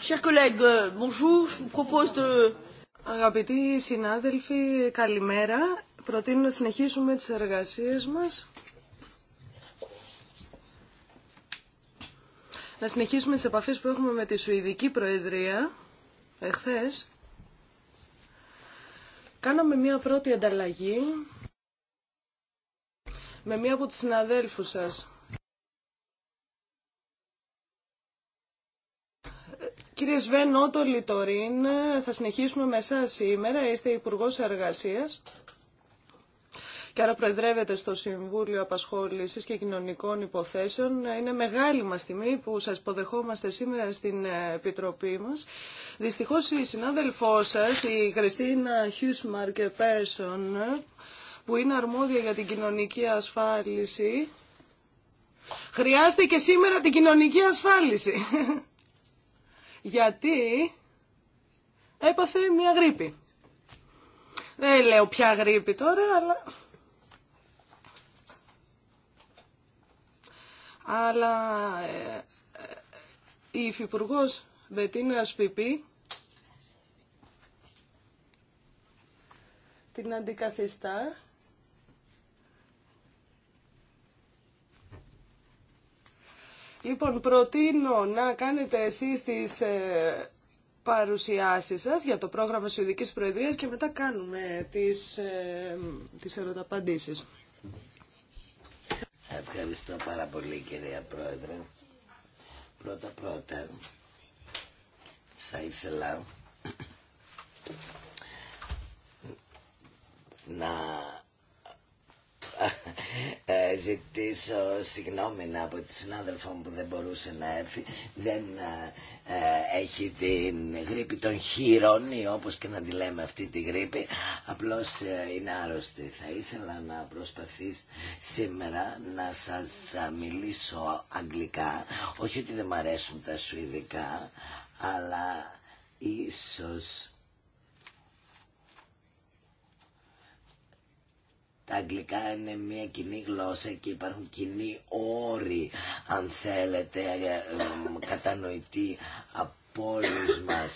Euh, Αγαπητοί συνάδελφοι, καλημέρα. Προτείνω να συνεχίσουμε τις εργασίες μας. Να συνεχίσουμε τις επαφές που έχουμε με τη Σουηδική Προεδρία εχθές. Κάναμε μια πρώτη ανταλλαγή με μία από τις συναδέλφους σας. Κύριε Σβέν Ότο Λιτορίν, θα συνεχίσουμε με εσά σήμερα. Είστε Υπουργό Εργασία και άρα προεδρεύετε στο Συμβούλιο Απασχόληση και Κοινωνικών Υποθέσεων. Είναι μεγάλη μα τιμή που σα υποδεχόμαστε σήμερα στην Επιτροπή μα. Δυστυχώ η συνάδελφό σα, η Χριστίνα Χιούσμαρκ Πέρσον, που είναι αρμόδια για την κοινωνική ασφάλιση, χρειάζεται και σήμερα την κοινωνική ασφάλιση γιατί έπαθε μια γρήπη. Δεν λέω πια γρήπη τώρα, αλλά... Αλλά ε, ε, η υφυπουργός Μπετίνα Σπιπή την αντικαθιστά Λοιπόν, προτείνω να κάνετε εσείς τις ε, παρουσιάσεις σας για το πρόγραμμα τη Προεδρίας και μετά κάνουμε τι ε, τις ερωταπαντήσεις. Ευχαριστώ πάρα πολύ κυρία Πρόεδρε. Πρώτα πρώτα θα ήθελα να ε, ζητήσω συγγνώμη από τη συνάδελφό μου που δεν μπορούσε να έρθει. Δεν ε, ε, έχει την γρήπη των χείρων ή όπως και να τη λέμε αυτή τη γρήπη. Απλώς είναι άρρωστη. Θα ήθελα να προσπαθεί σήμερα να σας μιλήσω αγγλικά. Όχι ότι δεν μ' αρέσουν τα σουηδικά, αλλά ίσως Τα αγγλικά είναι μια κοινή γλώσσα και υπάρχουν κοινοί όροι, αν θέλετε, ε, κατανοητοί από όλου μα.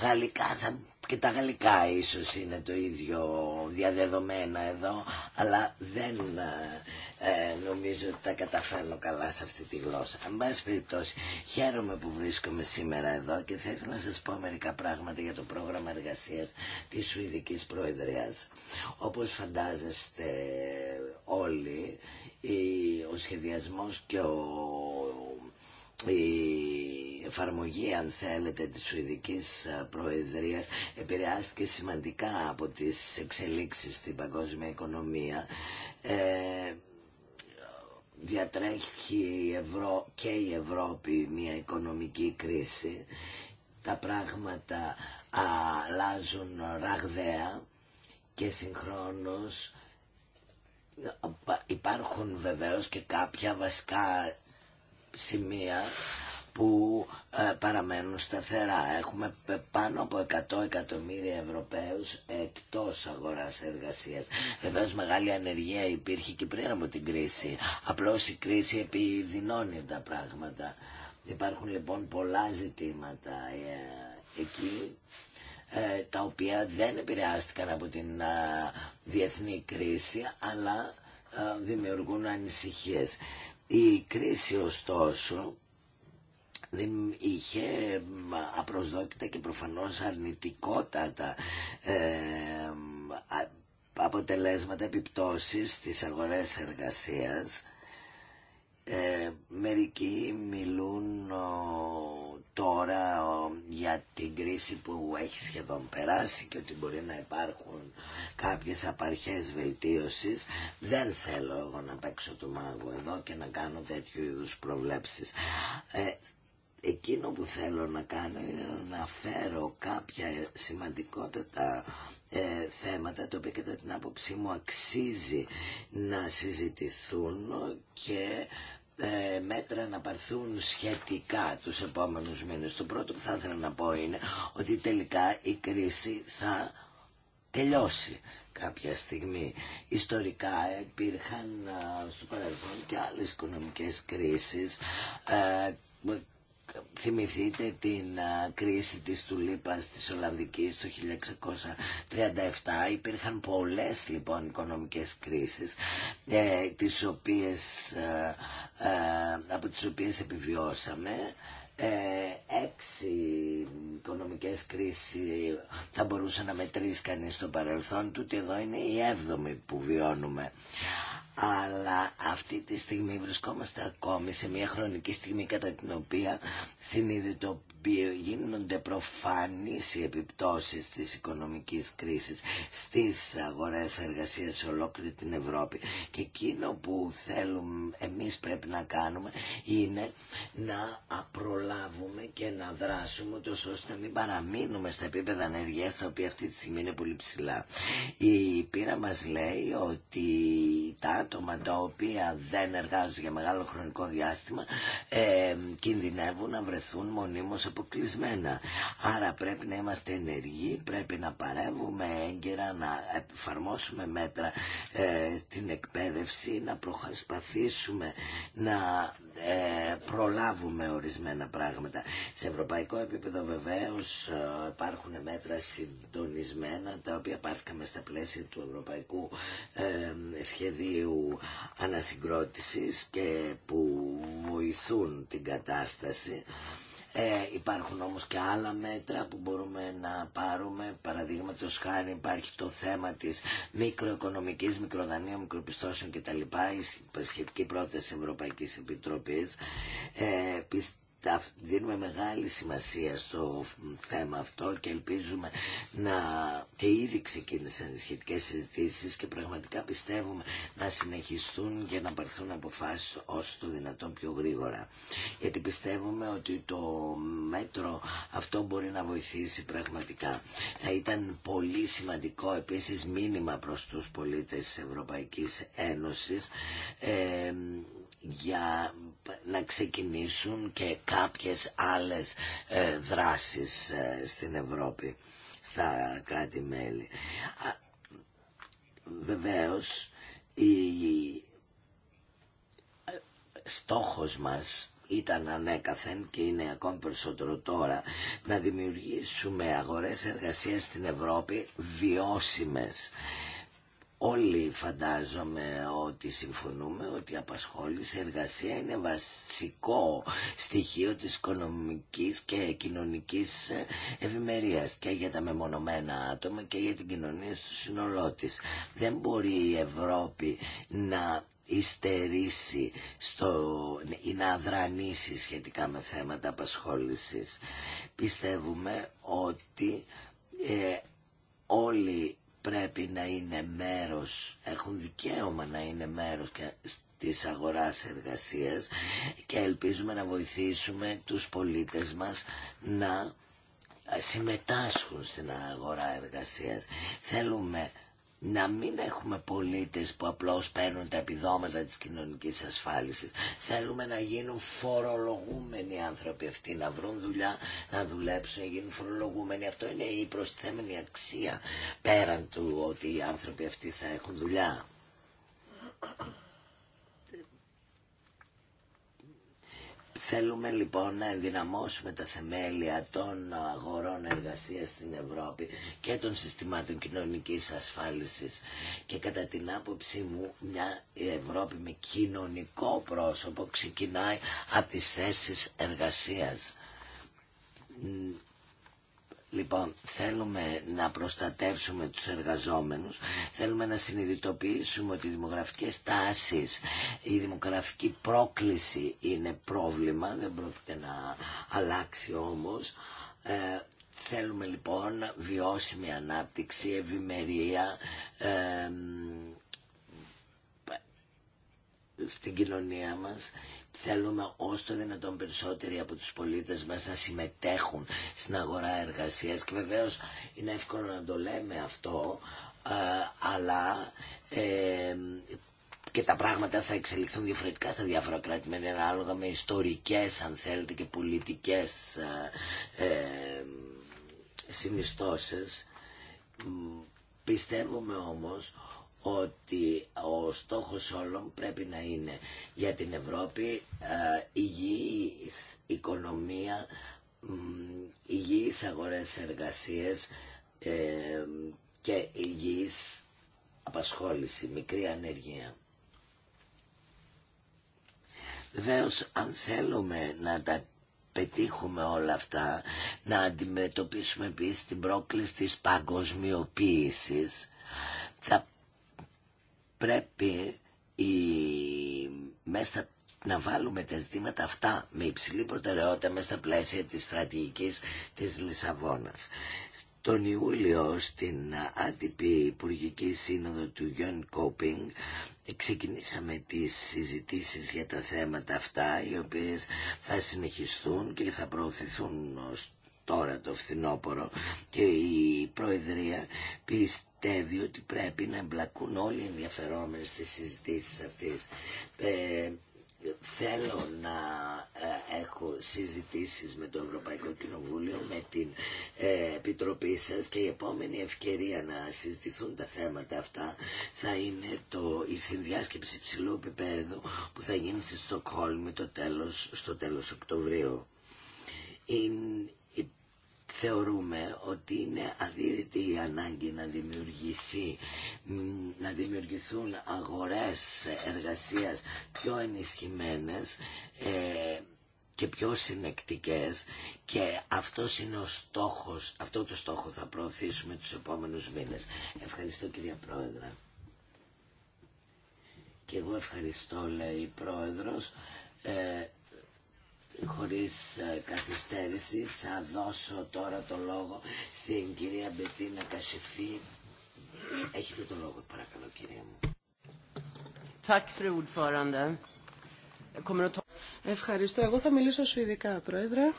Γαλλικά θα και τα γαλλικά ίσως είναι το ίδιο διαδεδομένα εδώ, αλλά δεν ε, ε, νομίζω ότι τα καταφέρνω καλά σε αυτή τη γλώσσα. Αν πάση περιπτώσει, χαίρομαι που βρίσκομαι σήμερα εδώ και θα ήθελα να σας πω μερικά πράγματα για το πρόγραμμα εργασίας της Σουηδικής Προεδρίας. Όπως φαντάζεστε όλοι, ο σχεδιασμός και η εφαρμογή αν θέλετε της Σουηδικής ε, Προεδρίας επηρεάστηκε σημαντικά από τις εξελίξεις στην παγκόσμια οικονομία ε, διατρέχει η Ευρώ... και η Ευρώπη μια οικονομική κρίση. Τα πράγματα αλλάζουν ραγδαία και συγχρόνως υπάρχουν βεβαίως και κάποια βασικά σημεία που ε, παραμένουν σταθερά. Έχουμε πάνω από 100 εκατομμύρια Ευρωπαίους εκτός αγοράς εργασίας. Βεβαίως μεγάλη ανεργία υπήρχε και πριν από την κρίση. Απλώς η κρίση επιδεινώνει τα πράγματα. Υπάρχουν λοιπόν πολλά ζητήματα ε, εκεί ε, τα οποία δεν επηρεάστηκαν από την διεθνή κρίση αλλά δημιουργούν ανησυχίες. Η κρίση ωστόσο δεν είχε απροσδόκητα και προφανώς αρνητικότατα ε, αποτελέσματα, επιπτώσεις στις αγορές εργασίας. Ε, μερικοί μιλούν τώρα για την κρίση που έχει σχεδόν περάσει και ότι μπορεί να υπάρχουν κάποιες απαρχές βελτίωσης. Δεν θέλω εγώ να παίξω το μάγο εδώ και να κάνω τέτοιου είδους προβλέψεις. Ε, Εκείνο που θέλω να κάνω είναι να φέρω κάποια σημαντικότατα ε, θέματα τα οποία κατά την άποψή μου αξίζει να συζητηθούν και ε, μέτρα να παρθούν σχετικά τους επόμενους μήνες. Το πρώτο που θα ήθελα να πω είναι ότι τελικά η κρίση θα τελειώσει κάποια στιγμή. Ιστορικά υπήρχαν ε, στο παρελθόν και άλλες οικονομικές κρίσεις θυμηθείτε την κρίση της τουλίπας της Ολλανδικής το 1637 υπήρχαν πολλές λοιπόν οικονομικές κρίσεις ε, τις οποίες, ε, ε, από τις οποίες επιβιώσαμε έξι οικονομικές κρίσεις θα μπορούσε να μετρήσει κανείς στο παρελθόν τούτη εδώ είναι η έβδομη που βιώνουμε αλλά αυτή τη στιγμή βρισκόμαστε ακόμη σε μια χρονική στιγμή κατά την οποία γίνονται προφανείς οι επιπτώσεις της οικονομικής κρίσης στις αγορές εργασίας σε ολόκληρη την Ευρώπη και εκείνο που θέλουμε εμείς πρέπει να κάνουμε είναι να προλάβουμε και να δράσουμε τόσο ώστε να μην παραμείνουμε στα επίπεδα ανεργίας τα οποία αυτή τη στιγμή είναι πολύ ψηλά. Η πείρα μας λέει ότι τα άτομα τα οποία δεν εργάζονται για μεγάλο χρονικό διάστημα ε, κινδυνεύουν να βρεθούν μονίμως αποκλεισμένα. Άρα πρέπει να είμαστε ενεργοί, πρέπει να παρεύουμε έγκαιρα, να εφαρμόσουμε μέτρα ε, στην εκπαίδευση, να προσπαθήσουμε να ε, προλάβουμε ορισμένα πράγματα. Σε ευρωπαϊκό επίπεδο βεβαίως ε, υπάρχουν μέτρα συντονισμένα τα οποία πάρθηκαν στα πλαίσια του ευρωπαϊκού ε, σχεδίου ανασυγκρότησης και που βοηθούν την κατάσταση. Ε, υπάρχουν όμως και άλλα μέτρα που μπορούμε να πάρουμε. Παραδείγματο χάρη υπάρχει το θέμα της μικροοικονομικής, μικροδανείων, μικροπιστώσεων κτλ. Η σχετική πρόταση Ευρωπαϊκής Επιτροπής. Ε, δίνουμε μεγάλη σημασία στο θέμα αυτό και ελπίζουμε να και ήδη ξεκίνησαν οι σχετικές συζητήσεις και πραγματικά πιστεύουμε να συνεχιστούν και να πάρθουν αποφάσεις όσο το δυνατόν πιο γρήγορα γιατί πιστεύουμε ότι το μέτρο αυτό μπορεί να βοηθήσει πραγματικά θα ήταν πολύ σημαντικό επίσης μήνυμα προς τους πολίτες της Ευρωπαϊκής Ένωσης ε, για να ξεκινήσουν και κάποιες άλλες ε, δράσεις ε, στην Ευρώπη, στα κράτη-μέλη. Βεβαίως, η, ε, στόχος μας ήταν ανέκαθεν και είναι ακόμη περισσότερο τώρα να δημιουργήσουμε αγορές εργασίας στην Ευρώπη βιώσιμες. Όλοι φαντάζομαι ότι συμφωνούμε ότι η απασχόληση, εργασία είναι βασικό στοιχείο της οικονομικής και κοινωνικής ευημερίας και για τα μεμονωμένα άτομα και για την κοινωνία στο σύνολό της. Δεν μπορεί η Ευρώπη να υστερήσει στο, ή να αδρανήσει σχετικά με θέματα απασχόλησης. Πιστεύουμε ότι ε, όλοι πρέπει να είναι μέρος, έχουν δικαίωμα να είναι μέρος της αγοράς εργασίας και ελπίζουμε να βοηθήσουμε τους πολίτες μας να συμμετάσχουν στην αγορά εργασίας. Θέλουμε να μην έχουμε πολίτες που απλώς παίρνουν τα επιδόματα της κοινωνικής ασφάλισης. Θέλουμε να γίνουν φορολογούμενοι άνθρωποι αυτοί, να βρουν δουλειά, να δουλέψουν, να γίνουν φορολογούμενοι. Αυτό είναι η προστιθέμενη αξία πέραν του ότι οι άνθρωποι αυτοί θα έχουν δουλειά. Θέλουμε λοιπόν να ενδυναμώσουμε τα θεμέλια των αγορών εργασίας στην Ευρώπη και των συστημάτων κοινωνικής ασφάλισης και κατά την άποψή μου μια Ευρώπη με κοινωνικό πρόσωπο ξεκινάει από τις θέσεις εργασίας Λοιπόν, θέλουμε να προστατεύσουμε τους εργαζόμενους, θέλουμε να συνειδητοποιήσουμε ότι οι δημογραφικές τάσεις, η δημογραφική πρόκληση είναι πρόβλημα, δεν πρόκειται να αλλάξει όμως. Ε, θέλουμε λοιπόν βιώσιμη ανάπτυξη, ευημερία ε, στην κοινωνία μας Θέλουμε όσο δυνατόν περισσότεροι από τους πολίτες μας να συμμετέχουν στην αγορά εργασίας και βεβαίως είναι εύκολο να το λέμε αυτό, ε, αλλά ε, και τα πράγματα θα εξελιχθούν διαφορετικά στα διάφορα κράτη μέλη ανάλογα με ιστορικές αν θέλετε και πολιτικές ε, ε συνιστώσεις. Πιστεύουμε όμως ότι ο στόχος όλων πρέπει να είναι για την Ευρώπη ε, υγιή οικονομία, υγιείς αγορές εργασίες ε, και υγιής απασχόληση, μικρή ανεργία. Βεβαίω αν θέλουμε να τα πετύχουμε όλα αυτά, να αντιμετωπίσουμε επίσης την πρόκληση της παγκοσμιοποίησης, θα πρέπει η... μέσα να βάλουμε τα ζητήματα αυτά με υψηλή προτεραιότητα μέσα στα πλαίσια της στρατηγικής της Λισαβόνας. Τον Ιούλιο στην άτυπη Υπουργική Σύνοδο του Γιον Κόπινγκ ξεκινήσαμε τις συζητήσεις για τα θέματα αυτά οι οποίες θα συνεχιστούν και θα προωθηθούν τώρα το φθινόπωρο και η Προεδρία πιστεύει ότι πρέπει να εμπλακούν όλοι οι ενδιαφερόμενοι στις συζητήσεις αυτές. Ε, θέλω να ε, έχω συζητήσεις με το Ευρωπαϊκό Κοινοβούλιο, με την ε, Επιτροπή σας και η επόμενη ευκαιρία να συζητηθούν τα θέματα αυτά θα είναι το, η συνδιάσκεψη ψηλού επίπεδου που θα γίνει στη Στοκχόλμη το τέλος, στο τέλος Οκτωβρίου θεωρούμε ότι είναι αδύρυτη η ανάγκη να δημιουργηθεί, να δημιουργηθούν αγορές εργασίας πιο ενισχυμένες ε, και πιο συνεκτικές και αυτός είναι ο στόχος, αυτό το στόχο θα προωθήσουμε τους επόμενους μήνες. Ευχαριστώ κυρία Πρόεδρα. Και εγώ ευχαριστώ λέει Πρόεδρος. Ε, χωρίς ε, καθυστέρηση θα δώσω τώρα το λόγο στην κυρία Μπετίνα Κασιφή. Έχετε το λόγο παρακαλώ κυρία μου. Ευχαριστώ. Εγώ θα μιλήσω σου ειδικά, Πρόεδρε.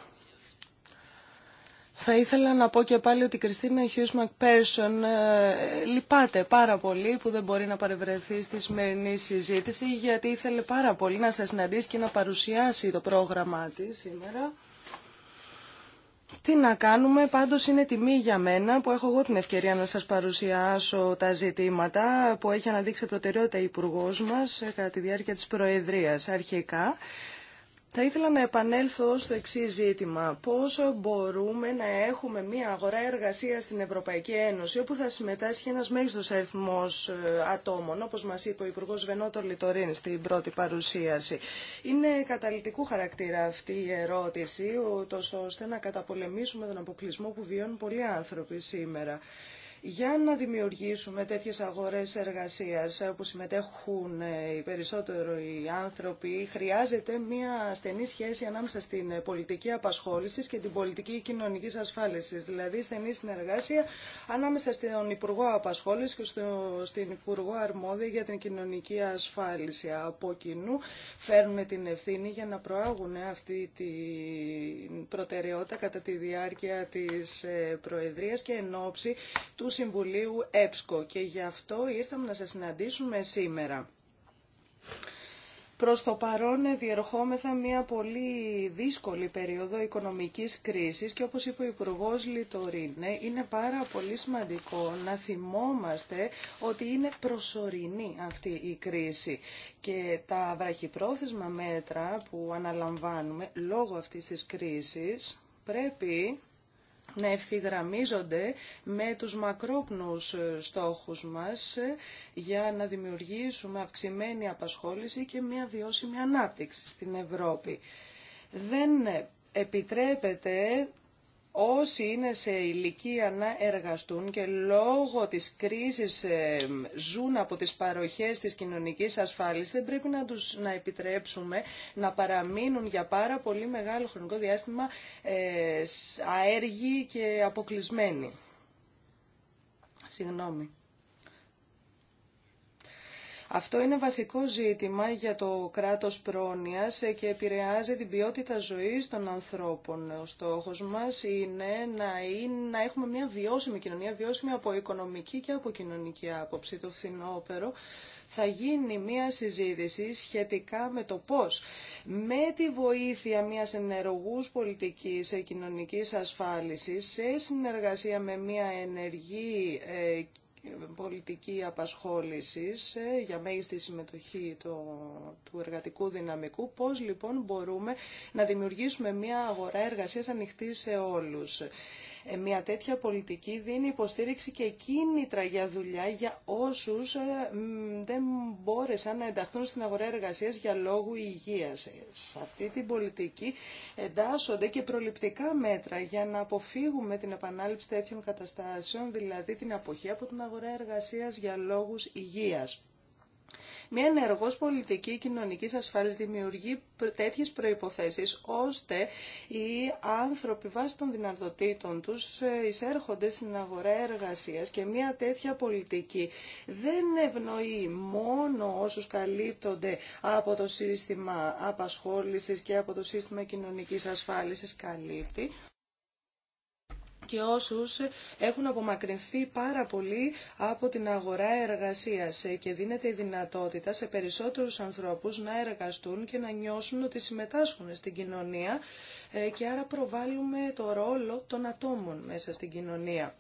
Θα ήθελα να πω και πάλι ότι η Κριστίνα Χιούς Πέρσον ε, λυπάται πάρα πολύ που δεν μπορεί να παρευρεθεί στη σημερινή συζήτηση γιατί ήθελε πάρα πολύ να σας συναντήσει και να παρουσιάσει το πρόγραμμά της σήμερα. Τι να κάνουμε, πάντως είναι τιμή για μένα που έχω εγώ την ευκαιρία να σας παρουσιάσω τα ζητήματα που έχει αναδείξει προτεραιότητα η Υπουργός μας ε, κατά τη διάρκεια της Προεδρίας αρχικά. Θα ήθελα να επανέλθω στο εξή ζήτημα. Πόσο μπορούμε να έχουμε μια αγορά εργασία στην Ευρωπαϊκή Ένωση όπου θα συμμετάσχει ένα μέγιστο αριθμό ε, ατόμων, όπω μα είπε ο Υπουργό Βενότο Λιτορίν στην πρώτη παρουσίαση. Είναι καταλητικού χαρακτήρα αυτή η ερώτηση, ούτω ώστε να καταπολεμήσουμε τον αποκλεισμό που βιώνουν πολλοί άνθρωποι σήμερα για να δημιουργήσουμε τέτοιες αγορές εργασίας ε, όπου συμμετέχουν ε, οι περισσότεροι άνθρωποι, χρειάζεται μια στενή σχέση ανάμεσα στην ε, πολιτική απασχόλησης και την πολιτική κοινωνικής ασφάλισης, δηλαδή στενή συνεργασία ανάμεσα στον Υπουργό Απασχόλησης και στο, στην Υπουργό Αρμόδια για την κοινωνική ασφάλιση. Από κοινού φέρνουν την ευθύνη για να προάγουν αυτή τη προτεραιότητα κατά τη διάρκεια της Προεδρίας και εν του Συμβουλίου ΕΠΣΚΟ και γι' αυτό ήρθαμε να σας συναντήσουμε σήμερα. Προς το παρόν διερχόμεθα μια πολύ δύσκολη περίοδο οικονομικής κρίσης και όπως είπε ο υπουργό Λιτορίνε είναι πάρα πολύ σημαντικό να θυμόμαστε ότι είναι προσωρινή αυτή η κρίση και τα βραχυπρόθεσμα μέτρα που αναλαμβάνουμε λόγω αυτής της κρίσης πρέπει να ευθυγραμμίζονται με τους μακρόπνους ε, στόχους μας ε, για να δημιουργήσουμε αυξημένη απασχόληση και μια βιώσιμη ανάπτυξη στην Ευρώπη. Δεν ε, επιτρέπεται όσοι είναι σε ηλικία να εργαστούν και λόγω της κρίσης ε, ζουν από τις παροχές της κοινωνικής ασφάλισης δεν πρέπει να τους να επιτρέψουμε να παραμείνουν για πάρα πολύ μεγάλο χρονικό διάστημα ε, αέργοι και αποκλεισμένοι. Συγγνώμη. Αυτό είναι βασικό ζήτημα για το κράτος πρόνοιας και επηρεάζει την ποιότητα ζωής των ανθρώπων. Ο στόχος μας είναι να, να έχουμε μια βιώσιμη κοινωνία, βιώσιμη από οικονομική και από κοινωνική άποψη. Το φθινόπερο θα γίνει μια συζήτηση σχετικά με το πώς με τη βοήθεια μιας ενεργούς πολιτικής κοινωνικής ασφάλισης σε συνεργασία με μια ενεργή ε, πολιτική απασχόλησης ε, για μέγιστη συμμετοχή του εργατικού δυναμικού. Πώς λοιπόν μπορούμε να δημιουργήσουμε μια αγορά εργασίας ανοιχτή σε όλους. Ε, μια τέτοια πολιτική δίνει υποστήριξη και κίνητρα για δουλειά για όσους ε, δεν μπόρεσαν να ενταχθούν στην αγορά εργασίας για λόγου υγείας. Ε, σε αυτή την πολιτική εντάσσονται και προληπτικά μέτρα για να αποφύγουμε την επανάληψη τέτοιων καταστάσεων, δηλαδή την αποχή από την αγορά εργασίας για λόγους υγείας. Μια ενεργός πολιτική κοινωνικής ασφάλισης δημιουργεί τέτοιε προϋποθέσεις ώστε οι άνθρωποι βάσει των δυνατοτήτων τους ε, εισέρχονται στην αγορά εργασίας και μια τέτοια πολιτική δεν ευνοεί μόνο όσους καλύπτονται από το σύστημα απασχόληση και από το σύστημα κοινωνικής ασφάλισης καλύπτει, και όσους έχουν απομακρυνθεί πάρα πολύ από την αγορά εργασίας και δίνεται η δυνατότητα σε περισσότερους ανθρώπους να εργαστούν και να νιώσουν ότι συμμετάσχουν στην κοινωνία ε, και άρα προβάλλουμε το ρόλο των ατόμων μέσα στην κοινωνία.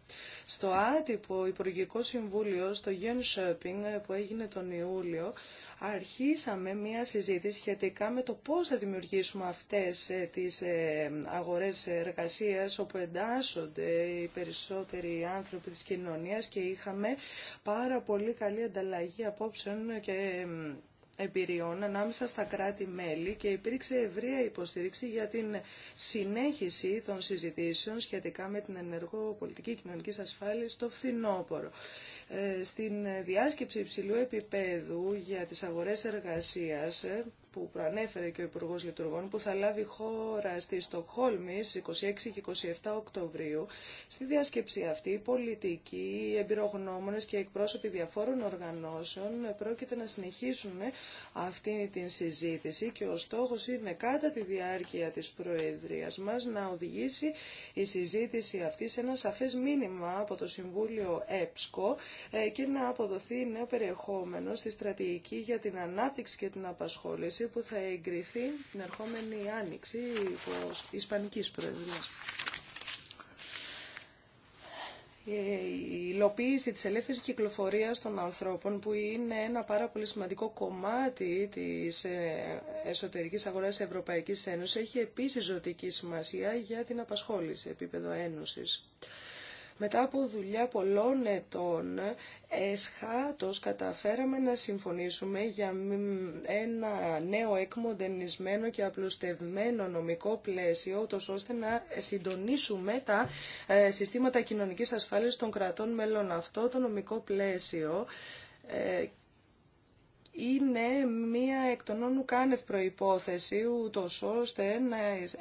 Στο άτυπο Υπουργικό Συμβούλιο, στο Γεν Σόπινγκ που έγινε τον Ιούλιο, αρχίσαμε μία συζήτηση σχετικά με το πώς θα δημιουργήσουμε αυτές ε, τις ε, αγορές εργασίας όπου εντάσσονται οι περισσότεροι άνθρωποι της κοινωνίας και είχαμε πάρα πολύ καλή ανταλλαγή απόψεων και εμπειριών ανάμεσα στα κράτη-μέλη και υπήρξε ευρεία υποστήριξη για την συνέχιση των συζητήσεων σχετικά με την ενεργό πολιτική κοινωνικής στο φθινόπωρο. Ε, στην διάσκεψη υψηλού επίπεδου για τις αγορές εργασίας ε, που προανέφερε και ο Υπουργό Λειτουργών, που θα λάβει χώρα στη Στοκχόλμη στις 26 και 27 Οκτωβρίου. Στη διάσκεψη αυτή, οι πολιτικοί, οι εμπειρογνώμονες και οι εκπρόσωποι διαφόρων οργανώσεων πρόκειται να συνεχίσουν αυτή την συζήτηση και ο στόχος είναι κατά τη διάρκεια της Προεδρίας μας να οδηγήσει η συζήτηση αυτή σε ένα σαφέ μήνυμα από το Συμβούλιο ΕΠΣΚΟ ε, και να αποδοθεί νέο περιεχόμενο στη στρατηγική για την ανάπτυξη και την απασχόληση που θα εγκριθεί την ερχόμενη άνοιξη υπό Ισπανικής Προεδρίας. Ε, η υλοποίηση της ελεύθερης κυκλοφορίας των ανθρώπων που είναι ένα πάρα πολύ σημαντικό κομμάτι της ε, εσωτερικής αγοράς Ευρωπαϊκής Ένωσης έχει επίσης ζωτική σημασία για την απασχόληση επίπεδο Ένωσης. Μετά από δουλειά πολλών ετών, εσχάτως καταφέραμε να συμφωνήσουμε για ένα νέο εκμοντενισμένο και απλουστευμένο νομικό πλαίσιο, ώστε να συντονίσουμε τα ε, συστήματα κοινωνικής ασφάλειας των κρατών μελών. Αυτό το νομικό πλαίσιο ε, είναι μία εκ των όνου κάνευ προϋπόθεση ούτως ώστε να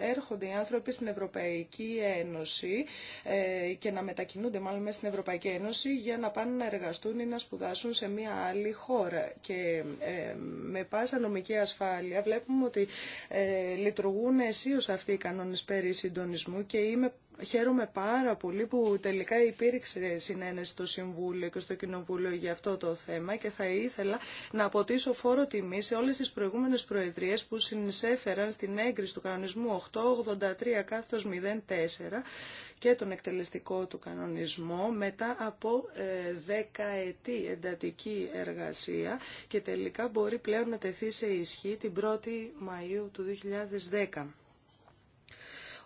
έρχονται οι άνθρωποι στην Ευρωπαϊκή Ένωση ε, και να μετακινούνται μάλλον μέσα στην Ευρωπαϊκή Ένωση για να πάνε να εργαστούν ή να σπουδάσουν σε μία άλλη χώρα. Και ε, με πάσα νομική ασφάλεια βλέπουμε ότι ε, λειτουργούν αισίως αυτοί οι κανόνες περί συντονισμού και είμαι Χαίρομαι πάρα πολύ που τελικά υπήρξε συνένεση στο Συμβούλιο και στο Κοινοβούλιο για αυτό το θέμα και θα ήθελα να αποτίσω φόρο τιμή σε όλες τις προηγούμενες προεδρίες που συνεισέφεραν στην έγκριση του κανονισμού 883 04 και τον εκτελεστικό του κανονισμό μετά από ε, δεκαετή εντατική εργασία και τελικά μπορεί πλέον να τεθεί σε ισχύ την 1η Μαΐου του 2010.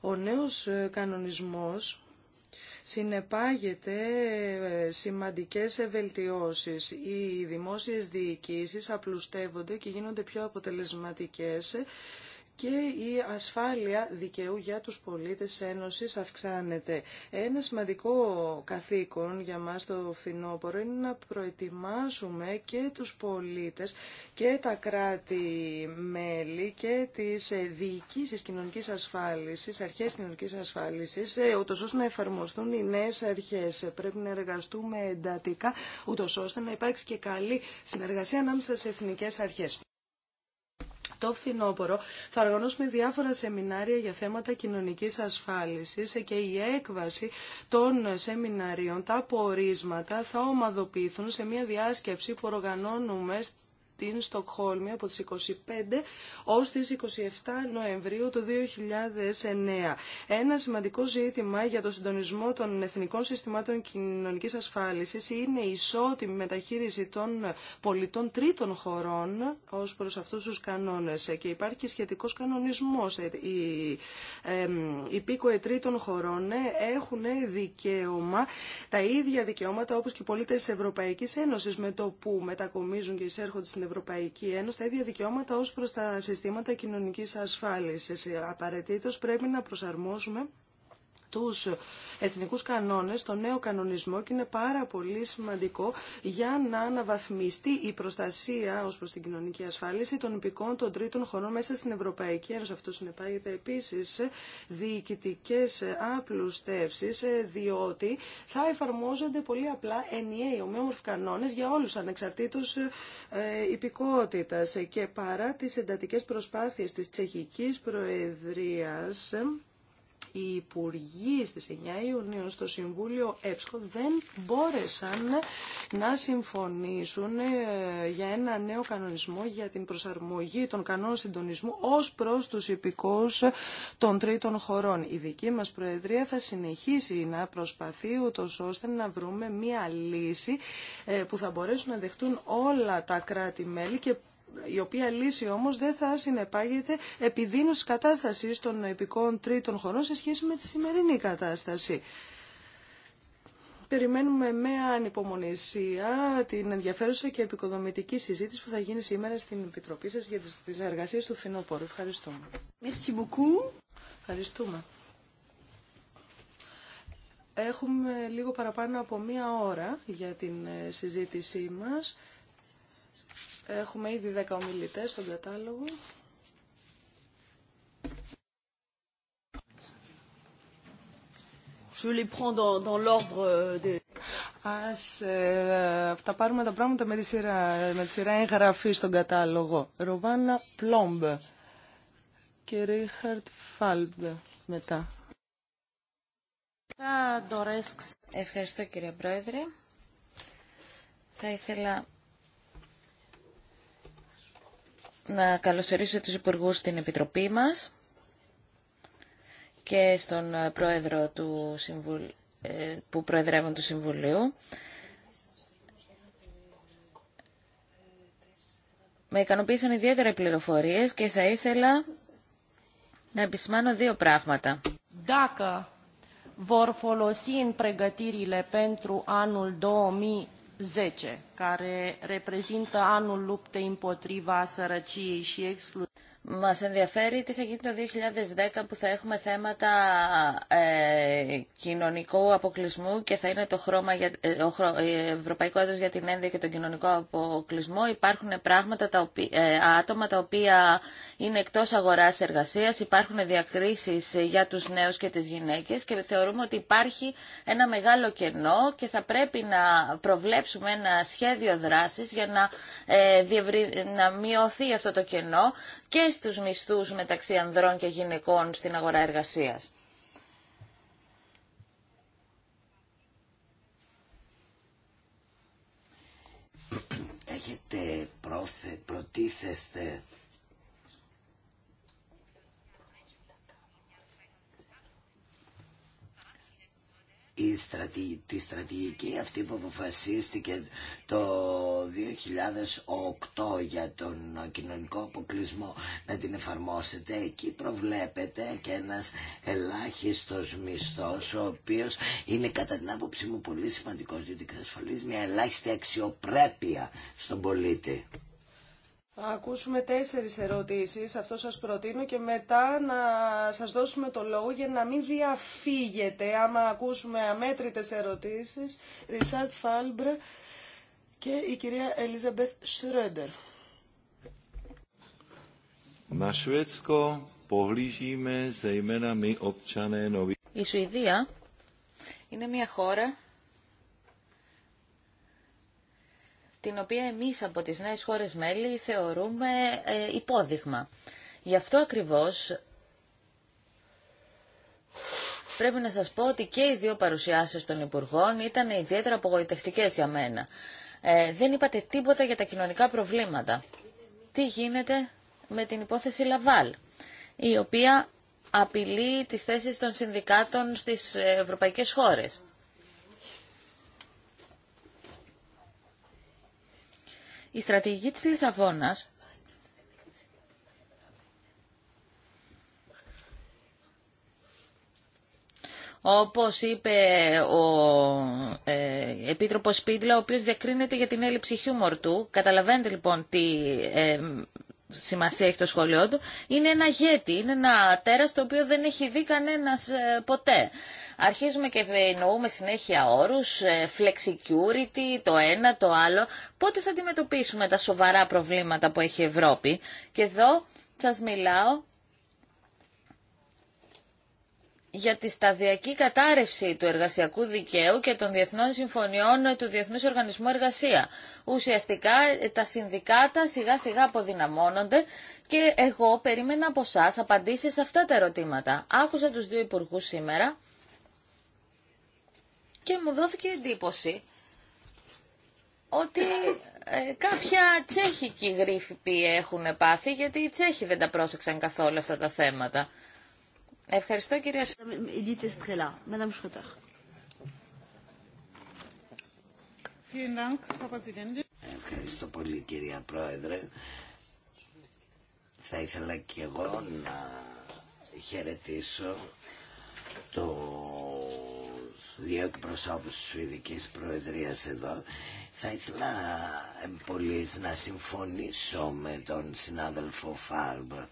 Ο νέος ε, κανονισμός συνεπάγεται ε, σημαντικές ευελτιώσεις. Οι δημόσιες διοικήσεις απλουστεύονται και γίνονται πιο αποτελεσματικές και η ασφάλεια δικαιού για τους πολίτες της Ένωσης αυξάνεται. Ένα σημαντικό καθήκον για μας το φθινόπωρο είναι να προετοιμάσουμε και τους πολίτες και τα κράτη-μέλη και τις διοικήσεις κοινωνικής ασφάλισης, αρχές κοινωνικής ασφάλισης, ε, ούτως ώστε να εφαρμοστούν οι νέες αρχές. Πρέπει να εργαστούμε εντατικά, ούτως ώστε να υπάρξει και καλή συνεργασία ανάμεσα σε εθνικές αρχές. Το φθινόπωρο θα οργανώσουμε διάφορα σεμινάρια για θέματα κοινωνικής ασφάλισης και η έκβαση των σεμιναρίων, τα πορίσματα θα ομαδοποιηθούν σε μια διάσκεψη που οργανώνουμε την Στοκχόλμη από τις 25 ως τις 27 Νοεμβρίου του 2009. Ένα σημαντικό ζήτημα για το συντονισμό των εθνικών συστημάτων κοινωνικής ασφάλισης είναι η ισότιμη μεταχείριση των πολιτών τρίτων χωρών ως προς αυτούς τους κανόνες και υπάρχει και σχετικός κανονισμός. Ε, οι υπήκοοι τρίτων χωρών ε, έχουν δικαίωμα, τα ίδια δικαιώματα όπως και οι πολίτες της Ευρωπαϊκής Ένωσης με το που μετακομίζουν και εισέρχονται στην Ευρωπαϊκή Ευρωπαϊκή Ένωση τα ίδια δικαιώματα ως προς τα συστήματα κοινωνικής ασφάλισης. Απαραίτητος πρέπει να προσαρμόσουμε τους εθνικούς κανόνες τον νέο κανονισμό και είναι πάρα πολύ σημαντικό για να αναβαθμιστεί η προστασία ως προς την κοινωνική ασφάλιση των υπηκών των τρίτων χωρών μέσα στην Ευρωπαϊκή Ένωση. Αυτό συνεπάγεται επίσης διοικητικές απλουστεύσεις διότι θα εφαρμόζονται πολύ απλά ενιαίοι ομοιόμορφοι κανόνες για όλους ανεξαρτήτως ε, υπηκότητας και παρά τις εντατικές προσπάθειες της Τσεχικής Προεδρίας οι Υπουργοί στις 9 Ιουνίου στο Συμβούλιο ΕΠΣΚΟ δεν μπόρεσαν να συμφωνήσουν ε, για ένα νέο κανονισμό για την προσαρμογή των κανόνων συντονισμού ως προς τους υπηκούς των τρίτων χωρών. Η δική μας Προεδρία θα συνεχίσει να προσπαθεί ούτω ώστε να βρούμε μια λύση ε, που θα μπορέσουν να δεχτούν όλα τα κράτη-μέλη η οποία λύση όμως δεν θα συνεπάγεται επιδείνωση κατάσταση των επικών τρίτων χωρών σε σχέση με τη σημερινή κατάσταση. Περιμένουμε με ανυπομονησία την ενδιαφέρουσα και επικοδομητική συζήτηση που θα γίνει σήμερα στην Επιτροπή σας για τις εργασίες του Φθινόπορου. Ευχαριστούμε. Merci Ευχαριστούμε. Έχουμε λίγο παραπάνω από μία ώρα για την ε, συζήτησή μας. Έχουμε ήδη 10 ομιλητές στον κατάλογο. Je les prends dans, dans l'ordre de... Ας ε, τα πάρουμε τα πράγματα με τη σειρά, με τη σειρά εγγραφή στον κατάλογο. Ροβάνα Πλόμπ και Ρίχαρτ Φάλμπ μετά. Ευχαριστώ κύριε Πρόεδρε. Θα ήθελα να καλωσορίσω τους υπουργούς στην Επιτροπή μας και στον ε, πρόεδρο του Συμβουλ... Ε, που προεδρεύουν του Συμβουλίου. Με ικανοποίησαν ιδιαίτερα οι πληροφορίες και θα ήθελα να επισημάνω δύο πράγματα. Dacă vor folosi în pregătirile pentru anul 2000 10, care reprezintă anul luptei împotriva sărăciei și excluziunii μας ενδιαφέρει τι θα γίνει το 2010 που θα έχουμε θέματα ε, κοινωνικού αποκλεισμού και θα είναι το χρώμα για, ε, ε Ευρωπαϊκό για την Ένδια και τον κοινωνικό αποκλεισμό. Υπάρχουν πράγματα, τα ε, άτομα τα οποία είναι εκτός αγοράς εργασίας, υπάρχουν διακρίσεις για τους νέους και τις γυναίκες και θεωρούμε ότι υπάρχει ένα μεγάλο κενό και θα πρέπει να προβλέψουμε ένα σχέδιο δράσης για να, να μειωθεί αυτό το κενό και στους μισθούς μεταξύ ανδρών και γυναικών στην αγορά εργασίας. Έχετε πρόθε, προτίθεστε η τη στρατηγική αυτή που αποφασίστηκε το 2008 για τον κοινωνικό αποκλεισμό να την εφαρμόσετε εκεί προβλέπεται και ένας ελάχιστος μισθός ο οποίος είναι κατά την άποψή μου πολύ σημαντικός διότι εξασφαλίζει μια ελάχιστη αξιοπρέπεια στον πολίτη ακούσουμε τέσσερις ερωτήσεις, αυτό σας προτείνω και μετά να σας δώσουμε το λόγο για να μην διαφύγετε άμα ακούσουμε αμέτρητες ερωτήσεις. Ρισάρτ Φάλμπρ και η κυρία Ελίζαμπεθ Σρέντερ. Η Σουηδία είναι μια χώρα την οποία εμείς από τις νέες χώρες μέλη θεωρούμε ε, υπόδειγμα. Γι' αυτό ακριβώς πρέπει να σας πω ότι και οι δύο παρουσιάσεις των Υπουργών ήταν ιδιαίτερα απογοητευτικές για μένα. Ε, δεν είπατε τίποτα για τα κοινωνικά προβλήματα. Τι γίνεται με την υπόθεση Λαβάλ, η οποία απειλεί τις θέσεις των συνδικάτων στις ε, ευρωπαϊκές χώρες. Η στρατηγική της Λισαβόνας Όπως είπε ο ε, Επίτροπος Σπίτλα, ο οποίος διακρίνεται για την έλλειψη χιούμορ του. Καταλαβαίνετε λοιπόν τι ε, σημασία έχει το σχολείο του, είναι ένα γέτη, είναι ένα τέρας το οποίο δεν έχει δει κανένας ε, ποτέ. Αρχίζουμε και εννοούμε συνέχεια όρους, ε, flexicurity, το ένα, το άλλο. Πότε θα αντιμετωπίσουμε τα σοβαρά προβλήματα που έχει η Ευρώπη. Και εδώ σας μιλάω για τη σταδιακή κατάρρευση του εργασιακού δικαίου και των διεθνών συμφωνιών του Διεθνούς Οργανισμού Εργασία ουσιαστικά τα συνδικάτα σιγά σιγά αποδυναμώνονται και εγώ περίμενα από εσά απαντήσει σε αυτά τα ερωτήματα. Άκουσα τους δύο υπουργού σήμερα και μου δόθηκε εντύπωση ότι ε, κάποια τσέχικοι γρήφοι έχουν πάθει, γιατί οι Τσέχοι δεν τα πρόσεξαν καθόλου αυτά τα θέματα. Ευχαριστώ κυρία Στρέλα. Ευχαριστώ πολύ κυρία Πρόεδρε. Θα ήθελα και εγώ να χαιρετήσω το δύο εκπροσώπους της Σουηδικής Προεδρίας εδώ. Θα ήθελα εμπολής να συμφωνήσω με τον συνάδελφο Φάρμπερ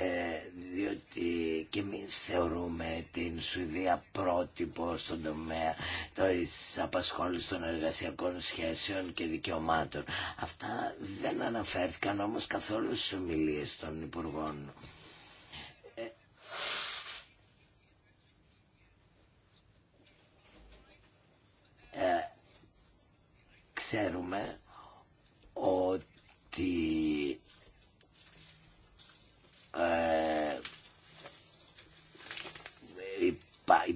ε, διότι και εμεί θεωρούμε την Σουηδία πρότυπο στον τομέα τη απασχόληση των εργασιακών σχέσεων και δικαιωμάτων. Αυτά δεν αναφέρθηκαν όμως καθόλου στις ομιλίες των Υπουργών. Ε, ε, ξέρουμε ότι ε,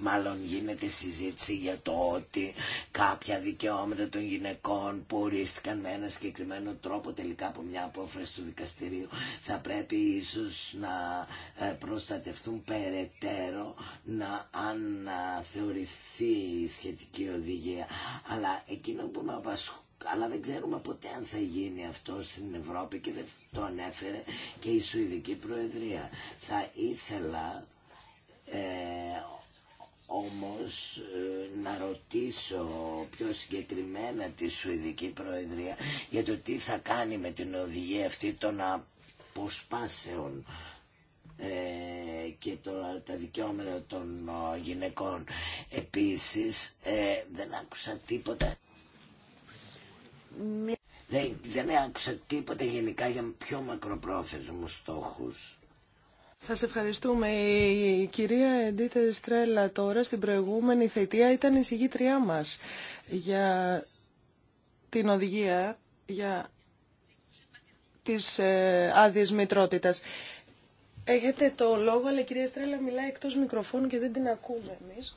μάλλον γίνεται συζήτηση για το ότι κάποια δικαιώματα των γυναικών που ορίστηκαν με ένα συγκεκριμένο τρόπο τελικά από μια απόφαση του δικαστηρίου θα πρέπει ίσως να ε, προστατευτούν περαιτέρω να αναθεωρηθεί η σχετική οδηγία. Αλλά εκείνο που με απασχολεί αλλά δεν ξέρουμε ποτέ αν θα γίνει αυτό στην Ευρώπη και δεν το ανέφερε και η Σουηδική Προεδρία. Θα ήθελα ε, όμως ε, να ρωτήσω πιο συγκεκριμένα τη Σουηδική Προεδρία για το τι θα κάνει με την οδηγία αυτή των αποσπάσεων ε, και το, τα δικαιώματα των ε, γυναικών. Επίσης ε, δεν άκουσα τίποτα δεν, δεν άκουσα τίποτα γενικά για πιο μακροπρόθεσμους στόχους. Σας ευχαριστούμε. Η κυρία Εντίθε Στρέλα τώρα στην προηγούμενη θετία ήταν η συγγήτριά μας για την οδηγία για τις ε, άδειες μητρότητας. Έχετε το λόγο, αλλά η κυρία Στρέλα μιλάει εκτός μικροφώνου και δεν την ακούμε εμείς.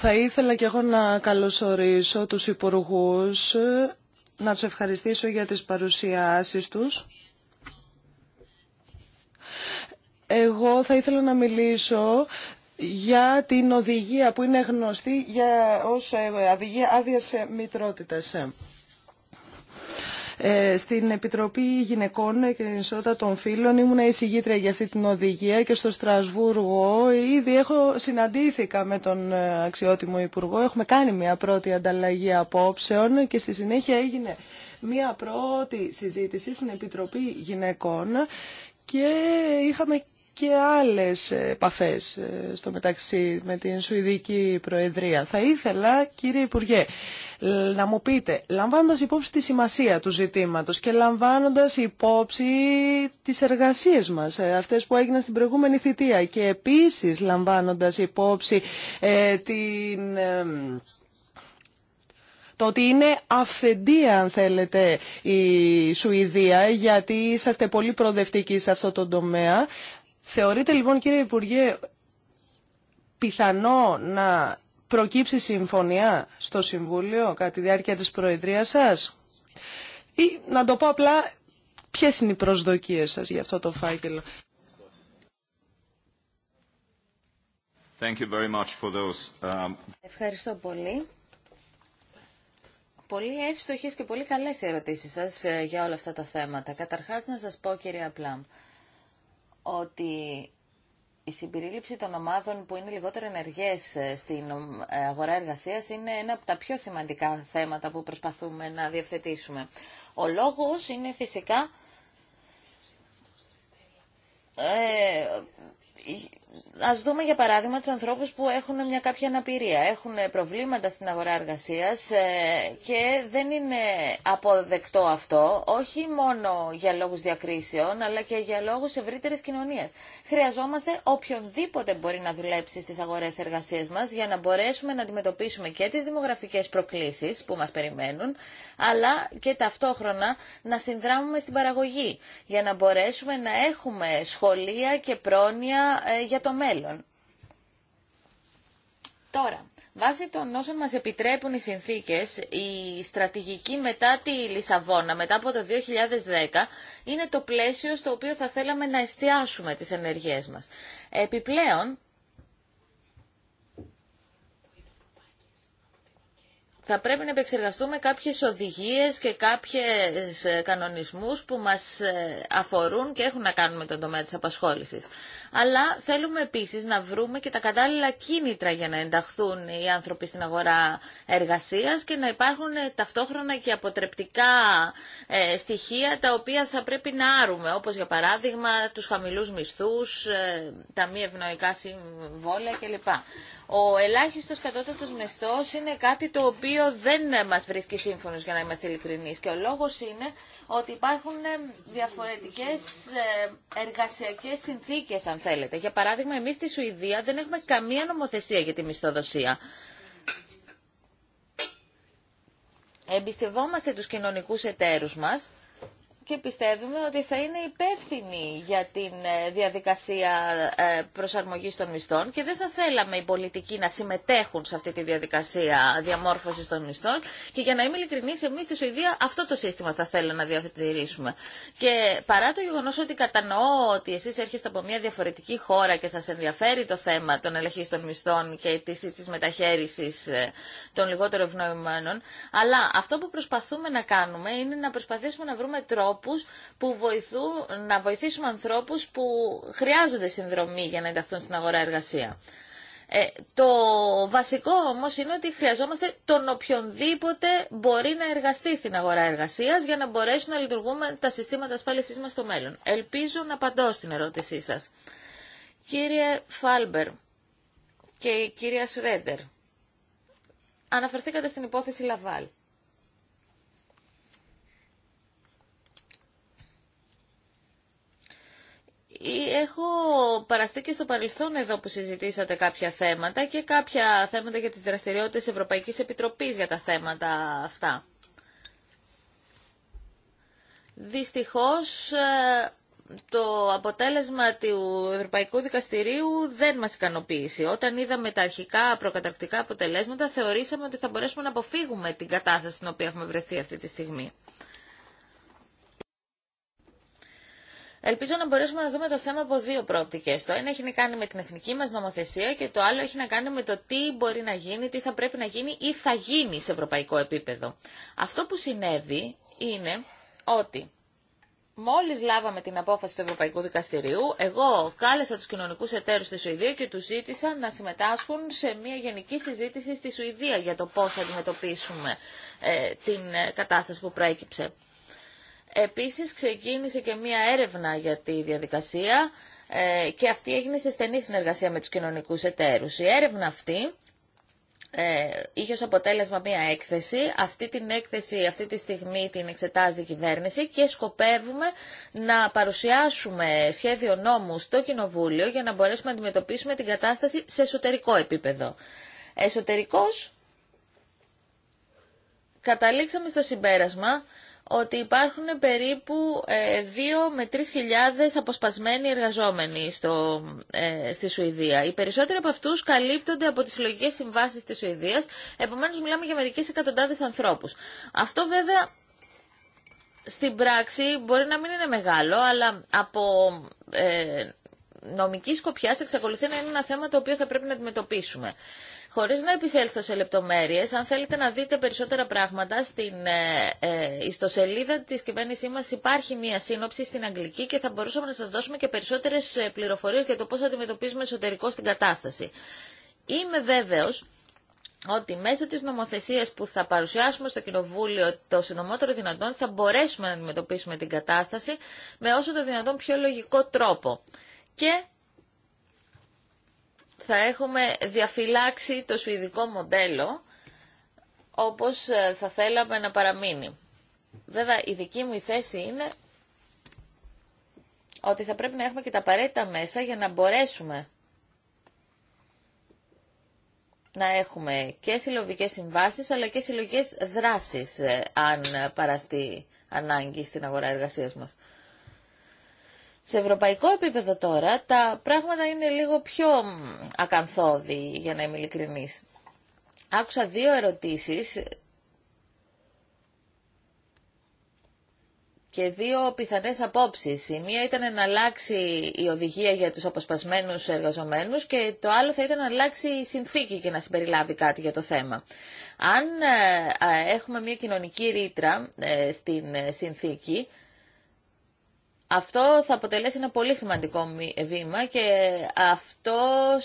Θα ήθελα και εγώ να καλωσορίσω τους υπουργούς, να τους ευχαριστήσω για τις παρουσιάσεις τους. Εγώ θα ήθελα να μιλήσω για την οδηγία που είναι γνωστή για, ως ε, οδηγία άδειας μητρότητας. Ε, στην Επιτροπή Γυναικών και την Ισότητα των Φίλων ήμουν εισηγήτρια για αυτή την οδηγία και στο Στρασβούργο ήδη έχω συναντήθηκα με τον ε, αξιότιμο Υπουργό. Έχουμε κάνει μια πρώτη ανταλλαγή απόψεων και στη συνέχεια έγινε μια πρώτη συζήτηση στην Επιτροπή Γυναικών και είχαμε και άλλες επαφές ε, στο μεταξύ με την Σουηδική Προεδρία. Θα ήθελα, κύριε Υπουργέ, να μου πείτε, λαμβάνοντας υπόψη τη σημασία του ζητήματος και λαμβάνοντας υπόψη τις εργασίες μας, ε, αυτές που έγιναν στην προηγούμενη θητεία και επίσης λαμβάνοντας υπόψη ε, την... το ότι είναι αυθεντία, αν θέλετε, η Σουηδία, γιατί είσαστε πολύ προοδευτικοί σε αυτό το τομέα. Θεωρείτε λοιπόν κύριε Υπουργέ πιθανό να προκύψει συμφωνία στο Συμβούλιο κατά τη διάρκεια της Προεδρίας σας ή να το πω απλά ποιες είναι οι προσδοκίες σας για αυτό το φάκελο. Um, Ευχαριστώ πολύ. Πολύ εύστοχες και πολύ καλές οι ερωτήσεις σας ε, για όλα αυτά τα θέματα. Καταρχάς να σας πω κύριε Πλάμ ότι η συμπερίληψη των ομάδων που είναι λιγότερο ενεργές ε, στην ε, αγορά εργασίας είναι ένα από τα πιο σημαντικά θέματα που προσπαθούμε να διευθετήσουμε. Ο λόγος είναι φυσικά ε, Ας δούμε για παράδειγμα τους ανθρώπους που έχουν μια κάποια αναπηρία, έχουν προβλήματα στην αγορά εργασίας ε, και δεν είναι αποδεκτό αυτό, όχι μόνο για λόγους διακρίσεων, αλλά και για λόγους ευρύτερης κοινωνίας χρειαζόμαστε οποιονδήποτε μπορεί να δουλέψει στις αγορές εργασίας μας για να μπορέσουμε να αντιμετωπίσουμε και τις δημογραφικές προκλήσεις που μας περιμένουν, αλλά και ταυτόχρονα να συνδράμουμε στην παραγωγή για να μπορέσουμε να έχουμε σχολεία και πρόνοια ε, για το μέλλον. Τώρα, Βάσει των όσων μας επιτρέπουν οι συνθήκες, η στρατηγική μετά τη Λισαβόνα, μετά από το 2010, είναι το πλαίσιο στο οποίο θα θέλαμε να εστιάσουμε τις ενεργειές μας. Επιπλέον, θα πρέπει να επεξεργαστούμε κάποιες οδηγίες και κάποιες ε, κανονισμούς που μας ε, αφορούν και έχουν να κάνουν με τον τομέα της απασχόλησης αλλά θέλουμε επίσης να βρούμε και τα κατάλληλα κίνητρα για να ενταχθούν οι άνθρωποι στην αγορά εργασίας και να υπάρχουν ε, ταυτόχρονα και αποτρεπτικά ε, στοιχεία τα οποία θα πρέπει να άρουμε, όπως για παράδειγμα τους χαμηλούς μισθούς, ε, τα μη ευνοϊκά συμβόλαια κλπ. Ο ελάχιστος κατώτατος μισθός είναι κάτι το οποίο δεν μας βρίσκει σύμφωνος για να είμαστε ειλικρινείς και ο λόγος είναι ότι υπάρχουν διαφορετικές εργασιακές συνθήκες θέλετε. Για παράδειγμα, εμείς στη Σουηδία δεν έχουμε καμία νομοθεσία για τη μισθοδοσία. Εμπιστευόμαστε τους κοινωνικούς εταίρους μας και πιστεύουμε ότι θα είναι υπεύθυνοι για την ε, διαδικασία ε, προσαρμογής των μισθών και δεν θα θέλαμε οι πολιτικοί να συμμετέχουν σε αυτή τη διαδικασία διαμόρφωσης των μισθών και για να είμαι ειλικρινής εμείς στη Σουηδία αυτό το σύστημα θα θέλαμε να διαθετηρήσουμε. Και παρά το γεγονός ότι κατανοώ ότι εσείς έρχεστε από μια διαφορετική χώρα και σας ενδιαφέρει το θέμα των των μισθών και της ίσης ε, των λιγότερων ευνοημένων, αλλά αυτό που προσπαθούμε να κάνουμε είναι να προσπαθήσουμε να βρούμε τρόπο που βοηθούν, να βοηθήσουμε ανθρώπους που χρειάζονται συνδρομή για να ενταχθούν στην αγορά εργασία. Ε, το βασικό όμως είναι ότι χρειαζόμαστε τον οποιονδήποτε μπορεί να εργαστεί στην αγορά εργασίας για να μπορέσουν να λειτουργούμε τα συστήματα ασφάλισης μας στο μέλλον. Ελπίζω να απαντώ στην ερώτησή σας. Κύριε Φάλμπερ και η κυρία Σρέντερ, αναφερθήκατε στην υπόθεση Λαβάλ. Ε, έχω παραστεί και στο παρελθόν εδώ που συζητήσατε κάποια θέματα και κάποια θέματα για τις δραστηριότητες Ευρωπαϊκής Επιτροπής για τα θέματα αυτά. Δυστυχώς ε, το αποτέλεσμα του Ευρωπαϊκού Δικαστηρίου δεν μας ικανοποίησε. Όταν είδαμε τα αρχικά προκαταρκτικά αποτελέσματα θεωρήσαμε ότι θα μπορέσουμε να αποφύγουμε την κατάσταση στην οποία έχουμε βρεθεί αυτή τη στιγμή. Ελπίζω να μπορέσουμε να δούμε το θέμα από δύο πρόπτικε. Το ένα έχει να κάνει με την εθνική μα νομοθεσία και το άλλο έχει να κάνει με το τι μπορεί να γίνει, τι θα πρέπει να γίνει ή θα γίνει σε ευρωπαϊκό επίπεδο. Αυτό που συνέβη είναι ότι μόλι λάβαμε την απόφαση του Ευρωπαϊκού Δικαστηρίου, εγώ κάλεσα του κοινωνικού εταίρους στη Σουηδία και του ζήτησα να συμμετάσχουν σε μια γενική συζήτηση στη Σουηδία για το πώ θα αντιμετωπίσουμε ε, την ε, κατάσταση που προέκυψε. Επίσης ξεκίνησε και μία έρευνα για τη διαδικασία ε, και αυτή έγινε σε στενή συνεργασία με τους κοινωνικούς εταίρους. Η έρευνα αυτή ε, είχε ως αποτέλεσμα μία έκθεση. Αυτή την έκθεση αυτή τη στιγμή την εξετάζει η κυβέρνηση και σκοπεύουμε να παρουσιάσουμε σχέδιο νόμου στο Κοινοβούλιο για να μπορέσουμε να αντιμετωπίσουμε την κατάσταση σε εσωτερικό επίπεδο. Εσωτερικός καταλήξαμε στο συμπέρασμα ότι υπάρχουν περίπου 2 ε, με 3.000 χιλιάδες αποσπασμένοι εργαζόμενοι στο, ε, στη Σουηδία. Οι περισσότεροι από αυτούς καλύπτονται από τις συλλογικές συμβάσεις της Σουηδίας, επομένως μιλάμε για μερικές εκατοντάδες ανθρώπους. Αυτό βέβαια στην πράξη μπορεί να μην είναι μεγάλο, αλλά από ε, νομική σκοπιά εξακολουθεί να είναι ένα θέμα το οποίο θα πρέπει να αντιμετωπίσουμε. Χωρίς να επισέλθω σε λεπτομέρειες, αν θέλετε να δείτε περισσότερα πράγματα, στην ε, ε, ιστοσελίδα της κυβέρνησή μας υπάρχει μία σύνοψη στην αγγλική και θα μπορούσαμε να σας δώσουμε και περισσότερες ε, πληροφορίες για το πώς αντιμετωπίζουμε εσωτερικό στην κατάσταση. Είμαι βέβαιος ότι μέσω της νομοθεσίας που θα παρουσιάσουμε στο Κοινοβούλιο το συντομότερο δυνατόν θα μπορέσουμε να αντιμετωπίσουμε την κατάσταση με όσο το δυνατόν πιο λογικό τρόπο. Και θα έχουμε διαφυλάξει το σουηδικό μοντέλο όπως ε, θα θέλαμε να παραμείνει. Βέβαια, η δική μου θέση είναι ότι θα πρέπει να έχουμε και τα απαραίτητα μέσα για να μπορέσουμε να έχουμε και συλλογικέ συμβάσεις αλλά και συλλογικέ δράσεις ε, αν παραστεί ανάγκη στην αγορά εργασίας μας. Σε ευρωπαϊκό επίπεδο τώρα τα πράγματα είναι λίγο πιο ακαθόδη για να είμαι ειλικρινής. Άκουσα δύο ερωτήσεις και δύο πιθανές απόψεις. Η μία ήταν να αλλάξει η οδηγία για τους αποσπασμένους εργαζομένους και το άλλο θα ήταν να αλλάξει η συνθήκη και να συμπεριλάβει κάτι για το θέμα. Αν ε, έχουμε μια κοινωνική ρήτρα ε, στην ε, συνθήκη, αυτό θα αποτελέσει ένα πολύ σημαντικό βήμα και αυτό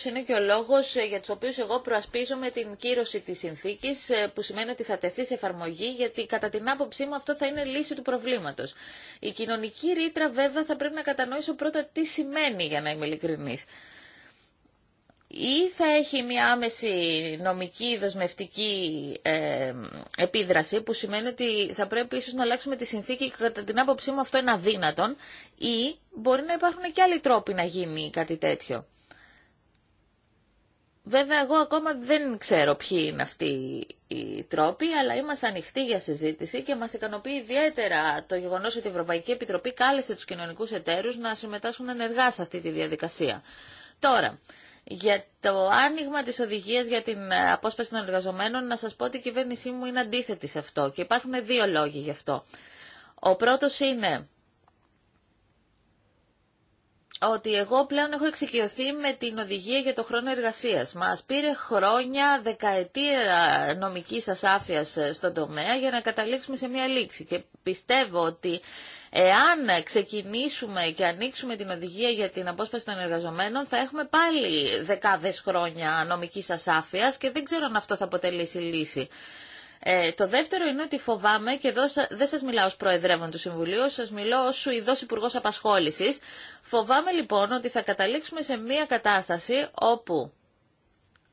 είναι και ο λόγος για του οποίου εγώ προασπίζομαι την κύρωση της συνθήκης ε, που σημαίνει ότι θα τεθεί σε εφαρμογή γιατί κατά την άποψή μου αυτό θα είναι λύση του προβλήματος. Η κοινωνική ρήτρα βέβαια θα πρέπει να κατανοήσω πρώτα τι σημαίνει για να είμαι ειλικρινή ή θα έχει μια άμεση νομική δεσμευτική ε, επίδραση που σημαίνει ότι θα πρέπει ίσως να αλλάξουμε τη συνθήκη και κατά την άποψή μου αυτό είναι αδύνατον ή μπορεί να υπάρχουν και άλλοι τρόποι να γίνει κάτι τέτοιο. Βέβαια εγώ ακόμα δεν ξέρω ποιοι είναι αυτοί οι τρόποι, αλλά είμαστε ανοιχτοί για συζήτηση και μας ικανοποιεί ιδιαίτερα το γεγονός ότι η Ευρωπαϊκή Επιτροπή κάλεσε τους κοινωνικούς εταίρους να συμμετάσχουν ενεργά σε αυτή τη διαδικασία. Τώρα, για το άνοιγμα της οδηγίας για την ε, απόσπαση των εργαζομένων, να σας πω ότι η κυβέρνησή μου είναι αντίθετη σε αυτό και υπάρχουν δύο λόγοι γι' αυτό. Ο πρώτος είναι ότι εγώ πλέον έχω εξοικειωθεί με την οδηγία για το χρόνο εργασίας. Μας πήρε χρόνια, δεκαετία νομικής ασάφεια ε, στον τομέα για να καταλήξουμε σε μια λήξη. Και πιστεύω ότι εάν ξεκινήσουμε και ανοίξουμε την οδηγία για την απόσπαση των εργαζομένων θα έχουμε πάλι δεκάδες χρόνια νομικής ασάφεια και δεν ξέρω αν αυτό θα αποτελέσει λύση. Ε, το δεύτερο είναι ότι φοβάμαι, και εδώ δεν σας μιλάω ως Προεδρεύον του Συμβουλίου, σας μιλώ ως Σουηδός υπουργό Απασχόλησης. Φοβάμαι λοιπόν ότι θα καταλήξουμε σε μια κατάσταση όπου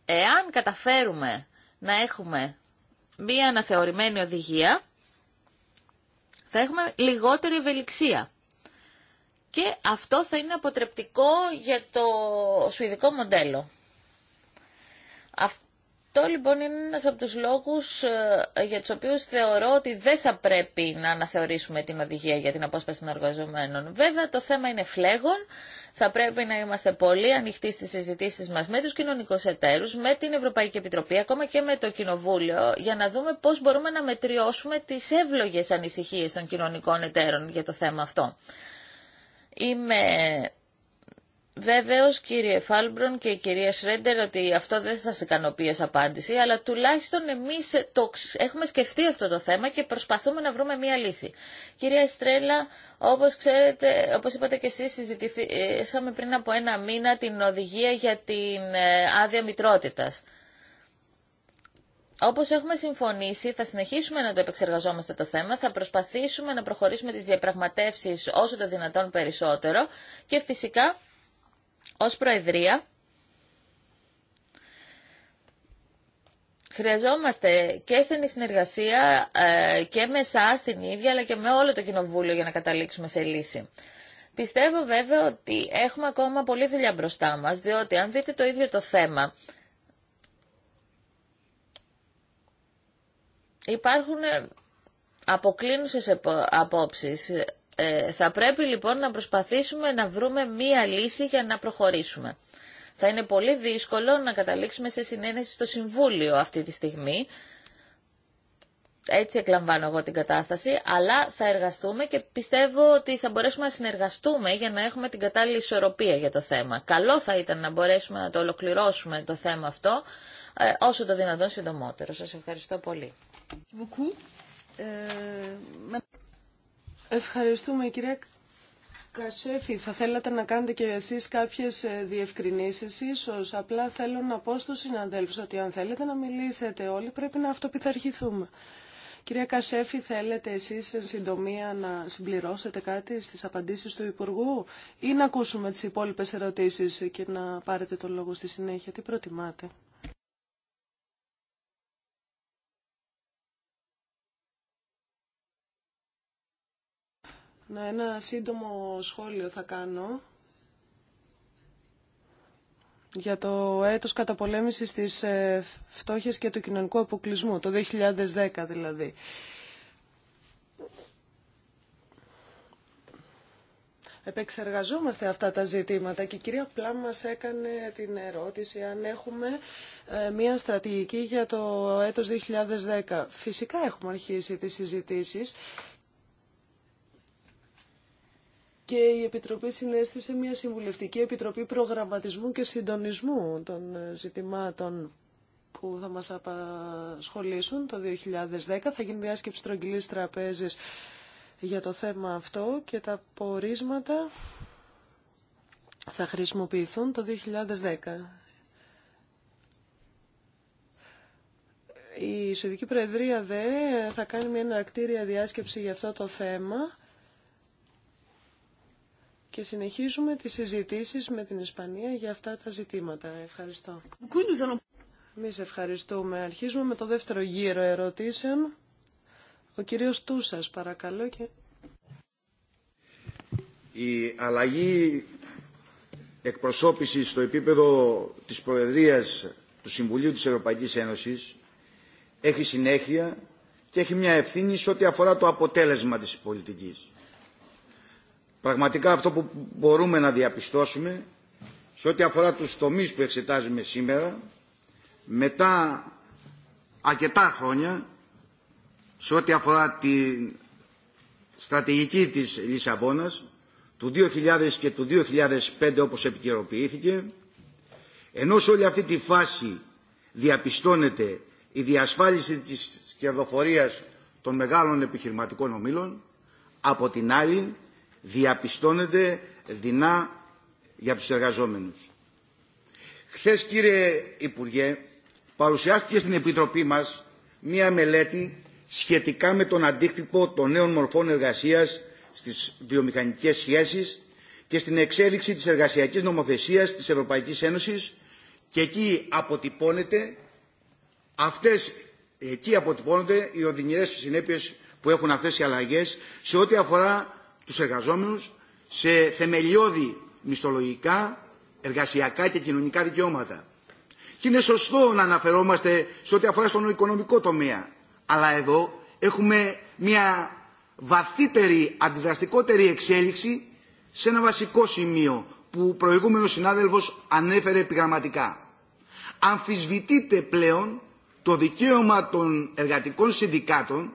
εάν καταφέρουμε να έχουμε μια αναθεωρημένη οδηγία, θα έχουμε λιγότερη ευελιξία. Και αυτό θα είναι αποτρεπτικό για το σουηδικό μοντέλο. Αυτό αυτό λοιπόν είναι ένας από τους λόγους ε, για τους οποίους θεωρώ ότι δεν θα πρέπει να αναθεωρήσουμε την οδηγία για την απόσπαση των εργαζομένων. Βέβαια το θέμα είναι φλέγον, θα πρέπει να είμαστε πολύ ανοιχτοί στις συζητήσεις μας με τους κοινωνικούς εταίρους, με την Ευρωπαϊκή Επιτροπή, ακόμα και με το Κοινοβούλιο, για να δούμε πώς μπορούμε να μετριώσουμε τις εύλογες ανησυχίες των κοινωνικών εταίρων για το θέμα αυτό. Είμαι Βεβαίω, κύριε Φάλμπρον και κυρία Σρέντερ ότι αυτό δεν σα ικανοποιεί ω απάντηση, αλλά τουλάχιστον εμεί ε, το έχουμε σκεφτεί αυτό το θέμα και προσπαθούμε να βρούμε μία λύση. Κυρία Στρέλα, όπω ξέρετε, όπως είπατε και εσείς, συζητήσαμε πριν από ένα μήνα την οδηγία για την ε, άδεια μητρότητας. Όπως έχουμε συμφωνήσει, θα συνεχίσουμε να το επεξεργαζόμαστε το θέμα, θα προσπαθήσουμε να προχωρήσουμε τις διαπραγματεύσεις όσο το δυνατόν περισσότερο και φυσικά ως Προεδρία χρειαζόμαστε και στην συνεργασία ε, και με εσά την ίδια αλλά και με όλο το Κοινοβούλιο για να καταλήξουμε σε λύση. Πιστεύω βέβαια ότι έχουμε ακόμα πολλή δουλειά μπροστά μας, διότι αν δείτε το ίδιο το θέμα, υπάρχουν ε, αποκλίνουσες απόψεις. Ε, θα πρέπει λοιπόν να προσπαθήσουμε να βρούμε μία λύση για να προχωρήσουμε. Θα είναι πολύ δύσκολο να καταλήξουμε σε συνένεση στο Συμβούλιο αυτή τη στιγμή. Έτσι εκλαμβάνω εγώ την κατάσταση, αλλά θα εργαστούμε και πιστεύω ότι θα μπορέσουμε να συνεργαστούμε για να έχουμε την κατάλληλη ισορροπία για το θέμα. Καλό θα ήταν να μπορέσουμε να το ολοκληρώσουμε το θέμα αυτό ε, όσο το δυνατόν συντομότερο. Σας ευχαριστώ πολύ. Ευχαριστούμε κυρία Κασέφη. Θα θέλατε να κάνετε και εσείς κάποιες ε, διευκρινήσεις ίσως. Απλά θέλω να πω στους συναδέλφους ότι αν θέλετε να μιλήσετε όλοι πρέπει να αυτοπιθαρχηθούμε. Κυρία Κασέφη, θέλετε εσείς σε συντομία να συμπληρώσετε κάτι στις απαντήσεις του Υπουργού ή να ακούσουμε τις υπόλοιπες ερωτήσεις και να πάρετε το λόγο στη συνέχεια. Τι προτιμάτε. Να ένα σύντομο σχόλιο θα κάνω για το έτος καταπολέμησης της ε, φτώχειας και του κοινωνικού αποκλεισμού, το 2010 δηλαδή. επεξεργαζόμαστε αυτά τα ζητήματα και η κυρία Πλάμ μας έκανε την ερώτηση αν έχουμε ε, μία στρατηγική για το έτος 2010. Φυσικά έχουμε αρχίσει τις συζητήσεις και η Επιτροπή συνέστησε μια συμβουλευτική επιτροπή προγραμματισμού και συντονισμού των ε, ζητημάτων που θα μας απασχολήσουν το 2010. Θα γίνει διάσκεψη τρογγυλής τραπέζης για το θέμα αυτό και τα πορίσματα θα χρησιμοποιηθούν το 2010. Η Σουηδική Προεδρία δε θα κάνει μια ενακτήρια διάσκεψη για αυτό το θέμα και συνεχίζουμε τις συζητήσεις με την Ισπανία για αυτά τα ζητήματα. Ευχαριστώ. Εμεί ευχαριστούμε. Αρχίζουμε με το δεύτερο γύρο ερωτήσεων. Ο κύριος Τούσας, παρακαλώ. Και... Η αλλαγή εκπροσώπησης στο επίπεδο της Προεδρίας του Συμβουλίου της Ευρωπαϊκής Ένωσης έχει συνέχεια και έχει μια ευθύνη σε ό,τι αφορά το αποτέλεσμα της πολιτικής. Πραγματικά αυτό που μπορούμε να διαπιστώσουμε σε ό,τι αφορά τους τομείς που εξετάζουμε σήμερα, μετά αρκετά χρόνια, σε ό,τι αφορά τη στρατηγική της Λισαβόνας, του 2000 και του 2005 όπως επικαιροποιήθηκε, ενώ σε όλη αυτή τη φάση διαπιστώνεται η διασφάλιση της κερδοφορίας των μεγάλων επιχειρηματικών ομήλων, από την άλλη διαπιστώνεται δεινά για τους εργαζόμενους. Χθες κύριε Υπουργέ παρουσιάστηκε στην Επιτροπή μας μία μελέτη σχετικά με τον αντίκτυπο των νέων μορφών εργασίας στις βιομηχανικές σχέσεις και στην εξέλιξη της εργασιακής νομοθεσίας της Ευρωπαϊκής Ένωσης και εκεί αποτυπώνεται αυτές, εκεί αποτυπώνονται οι οδυνηρές συνέπειες που έχουν αυτές οι αλλαγές σε ό,τι αφορά τους εργαζόμενους σε θεμελιώδη μισθολογικά, εργασιακά και κοινωνικά δικαιώματα. Και είναι σωστό να αναφερόμαστε σε ό,τι αφορά στον οικονομικό τομέα. Αλλά εδώ έχουμε μια βαθύτερη, αντιδραστικότερη εξέλιξη σε ένα βασικό σημείο που ο προηγούμενος συνάδελφος ανέφερε επιγραμματικά. Αμφισβητείται πλέον το δικαίωμα των εργατικών συνδικάτων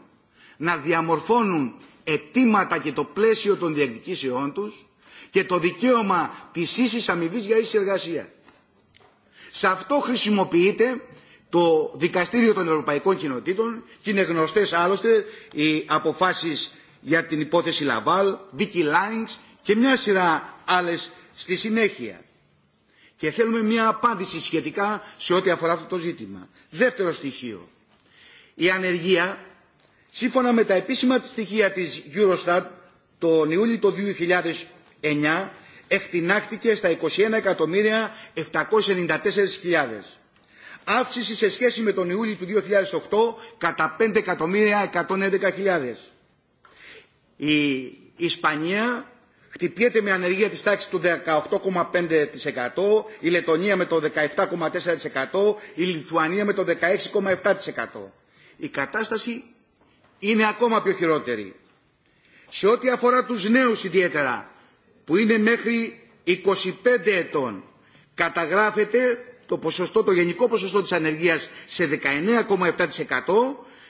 να διαμορφώνουν αιτήματα και το πλαίσιο των διεκδικήσεών τους και το δικαίωμα της ίσης αμοιβή για ίση εργασία. Σε αυτό χρησιμοποιείται το Δικαστήριο των Ευρωπαϊκών Κοινοτήτων και είναι γνωστές άλλωστε οι αποφάσεις για την υπόθεση Λαβάλ, Βίκυ Λάινγκς και μια σειρά άλλες στη συνέχεια. Και θέλουμε μια απάντηση σχετικά σε ό,τι αφορά αυτό το ζήτημα. Δεύτερο στοιχείο. Η ανεργία Σύμφωνα με τα επίσημα στοιχεία της Eurostat, τον Ιούλιο του 2009 εκτινάχθηκε στα 21.794.000. Αύξηση σε σχέση με τον Ιούλιο του 2008 κατά 5.111.000. Η Ισπανία χτυπιέται με ανεργία της τάξης του 18,5%, η Λετωνία με το 17,4%, η Λιθουανία με το 16,7%. Η κατάσταση είναι ακόμα πιο χειρότερη. Σε ό,τι αφορά τους νέους ιδιαίτερα, που είναι μέχρι 25 ετών, καταγράφεται το, ποσοστό, το γενικό ποσοστό της ανεργίας σε 19,7%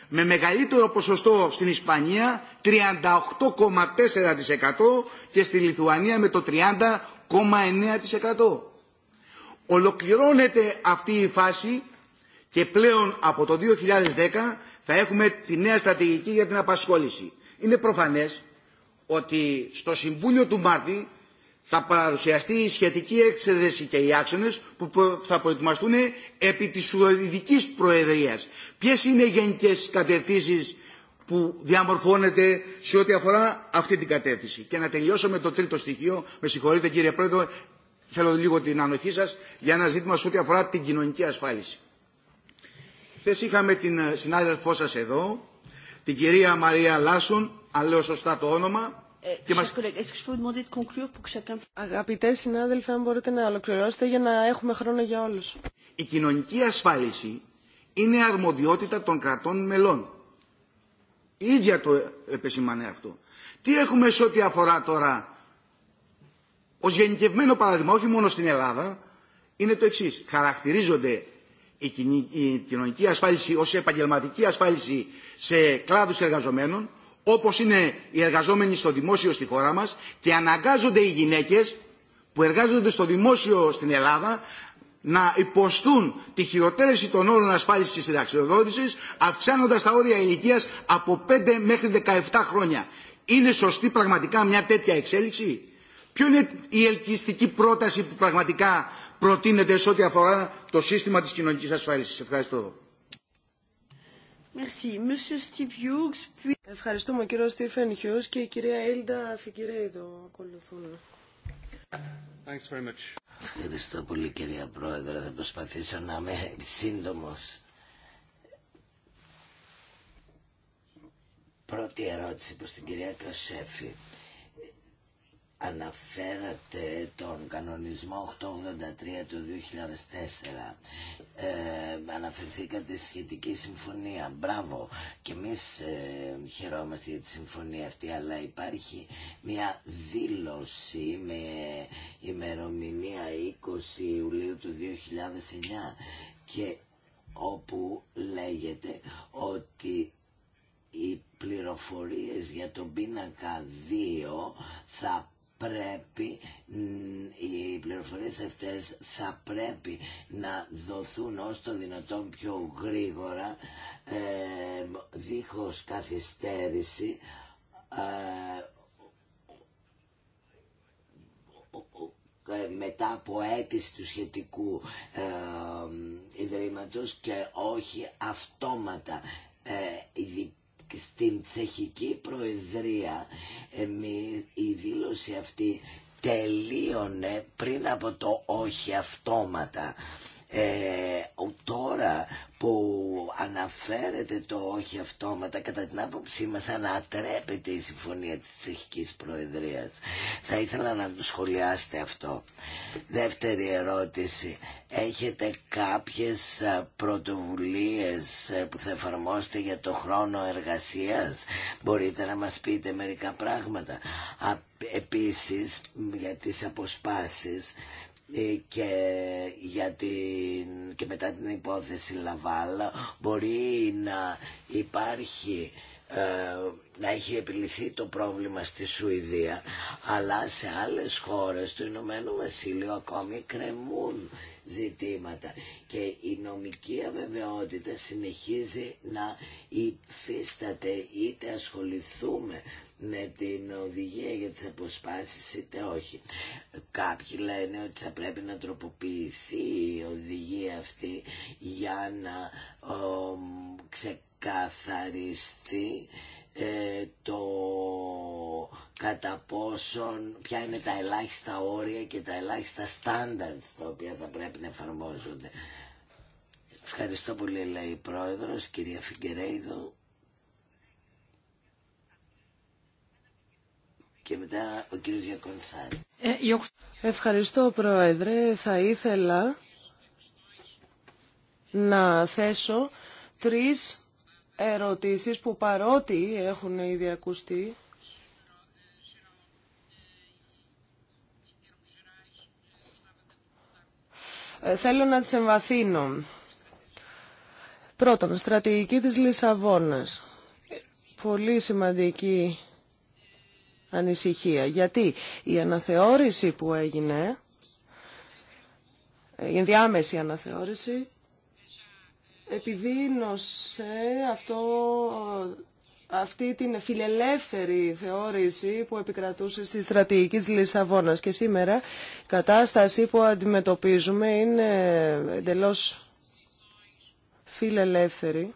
με μεγαλύτερο ποσοστό στην Ισπανία 38,4% και στη Λιθουανία με το 30,9%. Ολοκληρώνεται αυτή η φάση και πλέον από το 2010 θα έχουμε τη νέα στρατηγική για την απασχόληση. Είναι προφανές ότι στο Συμβούλιο του Μάρτη θα παρουσιαστεί η σχετική έξεδεση και οι άξονες που θα προετοιμαστούν επί της Σουηδικής Προεδρίας. Ποιες είναι οι γενικές κατευθύνσεις που διαμορφώνεται σε ό,τι αφορά αυτή την κατεύθυνση. Και να τελειώσω με το τρίτο στοιχείο, με συγχωρείτε κύριε Πρόεδρο, θέλω λίγο την ανοχή σας, για ένα ζήτημα σε ό,τι αφορά την κοινωνική ασφάλιση. Χθε είχαμε την ε, συνάδελφό σας εδώ, την κυρία Μαρία Λάσον, αν λέω σωστά το όνομα, ε, Αγαπητέ συνάδελφοι, αν μπορείτε να ολοκληρώσετε για να έχουμε χρόνο για όλους. Η κοινωνική ασφάλιση είναι αρμοδιότητα των κρατών μελών. Ίδια το επεσημάνε αυτό. Τι έχουμε σε ό,τι αφορά τώρα, ως γενικευμένο παράδειγμα, όχι μόνο στην Ελλάδα, είναι το εξής. Χαρακτηρίζονται η κοινωνική ασφάλιση ως επαγγελματική ασφάλιση σε κλάδους εργαζομένων, όπως είναι οι εργαζόμενοι στο δημόσιο στη χώρα μας και αναγκάζονται οι γυναίκες που εργάζονται στο δημόσιο στην Ελλάδα να υποστούν τη χειροτέρεση των όρων ασφάλισης και συνταξιοδότησης αυξάνοντας τα όρια ηλικίας από 5 μέχρι 17 χρόνια. Είναι σωστή πραγματικά μια τέτοια εξέλιξη. Ποιο είναι η ελκυστική πρόταση που πραγματικά προτείνεται σε ό,τι αφορά το σύστημα της κοινωνικής ασφάλισης. Ευχαριστώ. Ευχαριστούμε ο κύριος Στίφεν Χιούς και η κυρία Έλντα Φικυρέιδο ακολουθούν. Ευχαριστώ πολύ κυρία Πρόεδρε. Θα προσπαθήσω να είμαι σύντομος. Πρώτη ερώτηση προς την κυρία Κασέφη αναφέρατε τον κανονισμό 883 του 2004 ε, αναφερθήκατε στη σχετική συμφωνία μπράβο και εμείς ε, χαιρόμαστε για τη συμφωνία αυτή αλλά υπάρχει μια δήλωση με ημερομηνία 20 Ιουλίου του 2009 και όπου λέγεται ότι οι πληροφορίες για τον πίνακα 2 θα πρέπει οι πληροφορίες αυτές θα πρέπει να δοθούν ως το δυνατόν πιο γρήγορα ε, δίχως καθυστέρηση ε, ε μετά από αίτηση του σχετικού ε, ιδρύματος και όχι αυτόματα ε, στην τσεχική προεδρία η δήλωση αυτή τελείωνε πριν από το όχι αυτόματα. Ε, τώρα που αναφέρεται το όχι αυτόματα κατά την άποψή μας ανατρέπεται η συμφωνία της τσεχικής προεδρίας θα ήθελα να το σχολιάσετε αυτό δεύτερη ερώτηση έχετε κάποιες πρωτοβουλίες που θα εφαρμόσετε για το χρόνο εργασίας μπορείτε να μας πείτε μερικά πράγματα επίσης για τις αποσπάσεις ε, και, για και μετά την υπόθεση Λαβάλ μπορεί να υπάρχει ε, να έχει επιληθεί το πρόβλημα στη Σουηδία αλλά σε άλλες χώρες του Ηνωμένου Βασίλειου ακόμη κρεμούν ζητήματα και η νομική αβεβαιότητα συνεχίζει να υφίσταται είτε ασχοληθούμε με την οδηγία για τις αποσπάσεις είτε όχι. Κάποιοι λένε ότι θα πρέπει να τροποποιηθεί η οδηγία αυτή για να ο, ξεκαθαριστεί ε, το κατά πόσον, ποια είναι τα ελάχιστα όρια και τα ελάχιστα standards τα οποία θα πρέπει να εφαρμόζονται. Ευχαριστώ πολύ λέει η Πρόεδρος, κυρία Φιγκερέιδο. Και μετά ο κύριος ε, Ευχαριστώ Πρόεδρε. Θα ήθελα να θέσω τρεις ερωτήσεις που παρότι έχουν ήδη ακουστεί ε, θέλω να τις εμβαθύνω. Πρώτον, στρατηγική της Λισαβόνας. Πολύ σημαντική ανησυχία. Γιατί η αναθεώρηση που έγινε, η ενδιάμεση αναθεώρηση, επιδίνωσε αυτό, αυτή την φιλελεύθερη θεώρηση που επικρατούσε στη στρατηγική της Λισαβόνας. Και σήμερα η κατάσταση που αντιμετωπίζουμε είναι εντελώς φιλελεύθερη.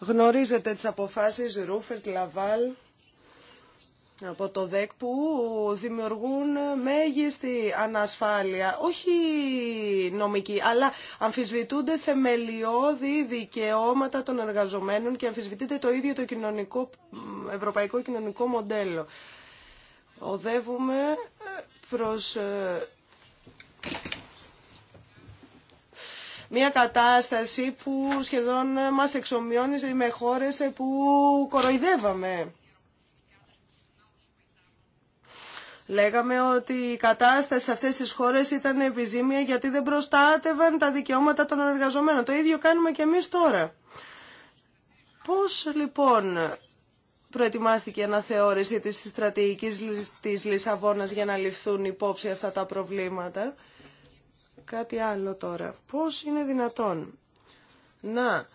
Γνωρίζετε τις αποφάσεις Ρούφερτ Λαβάλ από το ΔΕΚ που δημιουργούν μέγιστη ανασφάλεια, όχι νομική, αλλά αμφισβητούνται θεμελιώδη δικαιώματα των εργαζομένων και αμφισβητείται το ίδιο το κοινωνικό, ευρωπαϊκό κοινωνικό μοντέλο. Οδεύουμε προς ε, μια κατάσταση που σχεδόν μας εξομοιώνησε με χώρες που κοροϊδεύαμε. Λέγαμε ότι η κατάσταση σε αυτές τις χώρες ήταν επιζήμια γιατί δεν προστάτευαν τα δικαιώματα των εργαζομένων. Το ίδιο κάνουμε και εμείς τώρα. Πώς λοιπόν προετοιμάστηκε η αναθεώρηση της στρατηγικής της Λισαβόνας για να ληφθούν υπόψη αυτά τα προβλήματα κάτι άλλο τώρα. Πώς είναι δυνατόν να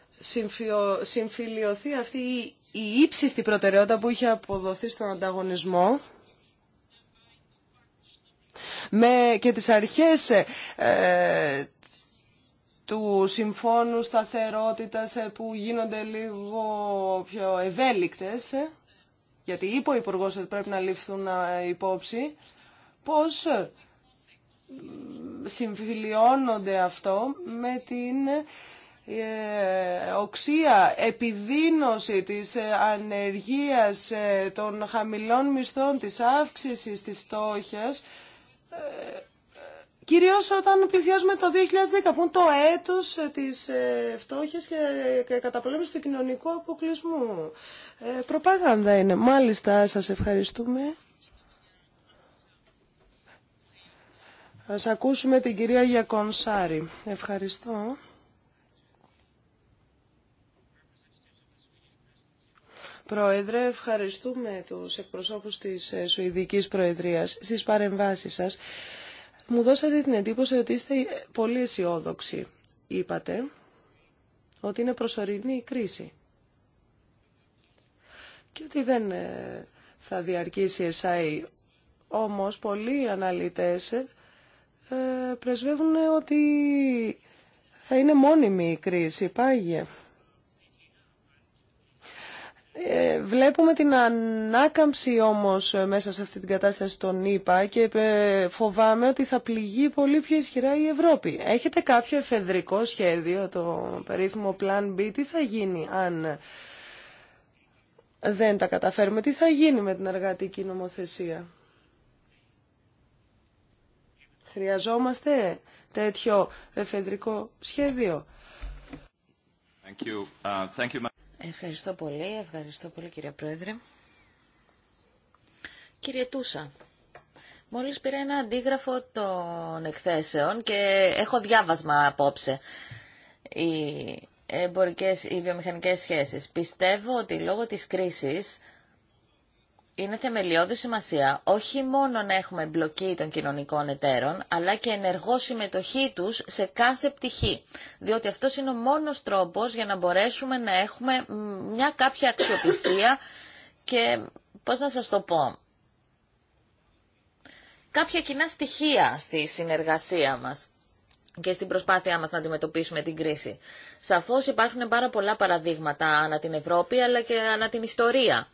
συμφιλειωθεί αυτή η ύψιστη προτεραιότητα που είχε αποδοθεί στον ανταγωνισμό με και τις αρχές ε, του συμφώνου σταθερότητας ε, που γίνονται λίγο πιο ευέλικτες, ε, γιατί είπε ο Υπουργός ότι πρέπει να ληφθούν υπόψη, πώς συμφιλιώνονται αυτό με την ε, οξία επιδίνωση της ε, ανεργίας ε, των χαμηλών μισθών, της αύξησης της φτώχειας, κυρίως όταν πλησιάζουμε το 2010, που είναι το έτος της φτώχειας και καταπολέμησης του κοινωνικού αποκλεισμού. Προπάγανδα είναι. Μάλιστα, σας ευχαριστούμε. Ας ακούσουμε την κυρία Γιακονσάρη. Ευχαριστώ. Πρόεδρε, ευχαριστούμε τους εκπροσώπους της ε, Σουηδικής Προεδρίας στις παρεμβάσεις σας. Μου δώσατε την εντύπωση ότι είστε ε, πολύ αισιόδοξοι. Είπατε ότι είναι προσωρινή η κρίση και ότι δεν ε, θα διαρκήσει εσάι. Όμως πολλοί αναλυτές ε, πρεσβεύουν ότι θα είναι μόνιμη η κρίση, πάγια. Ε, βλέπουμε την ανάκαμψη όμως μέσα σε αυτή την κατάσταση των ΗΠΑ και ε, φοβάμαι ότι θα πληγεί πολύ πιο ισχυρά η Ευρώπη. Έχετε κάποιο εφεδρικό σχέδιο, το περίφημο Plan B, τι θα γίνει αν δεν τα καταφέρουμε, τι θα γίνει με την εργατική νομοθεσία. Χρειαζόμαστε τέτοιο εφεδρικό σχέδιο. Thank you. Uh, thank you. Ευχαριστώ πολύ. Ευχαριστώ πολύ κύριε Πρόεδρε. Κύριε Τούσα, μόλις πήρα ένα αντίγραφο των εκθέσεων και έχω διάβασμα απόψε. Οι εμπορικές, οι βιομηχανικές σχέσεις. Πιστεύω ότι λόγω της κρίσης είναι θεμελιώδη σημασία όχι μόνο να έχουμε εμπλοκή των κοινωνικών εταίρων, αλλά και ενεργό συμμετοχή τους σε κάθε πτυχή. Διότι αυτό είναι ο μόνο τρόπο για να μπορέσουμε να έχουμε μια κάποια αξιοπιστία και πώς να σας το πω, κάποια κοινά στοιχεία στη συνεργασία μας και στην προσπάθειά μας να αντιμετωπίσουμε την κρίση. Σαφώς υπάρχουν πάρα πολλά παραδείγματα ανά την Ευρώπη αλλά και ανά την ιστορία.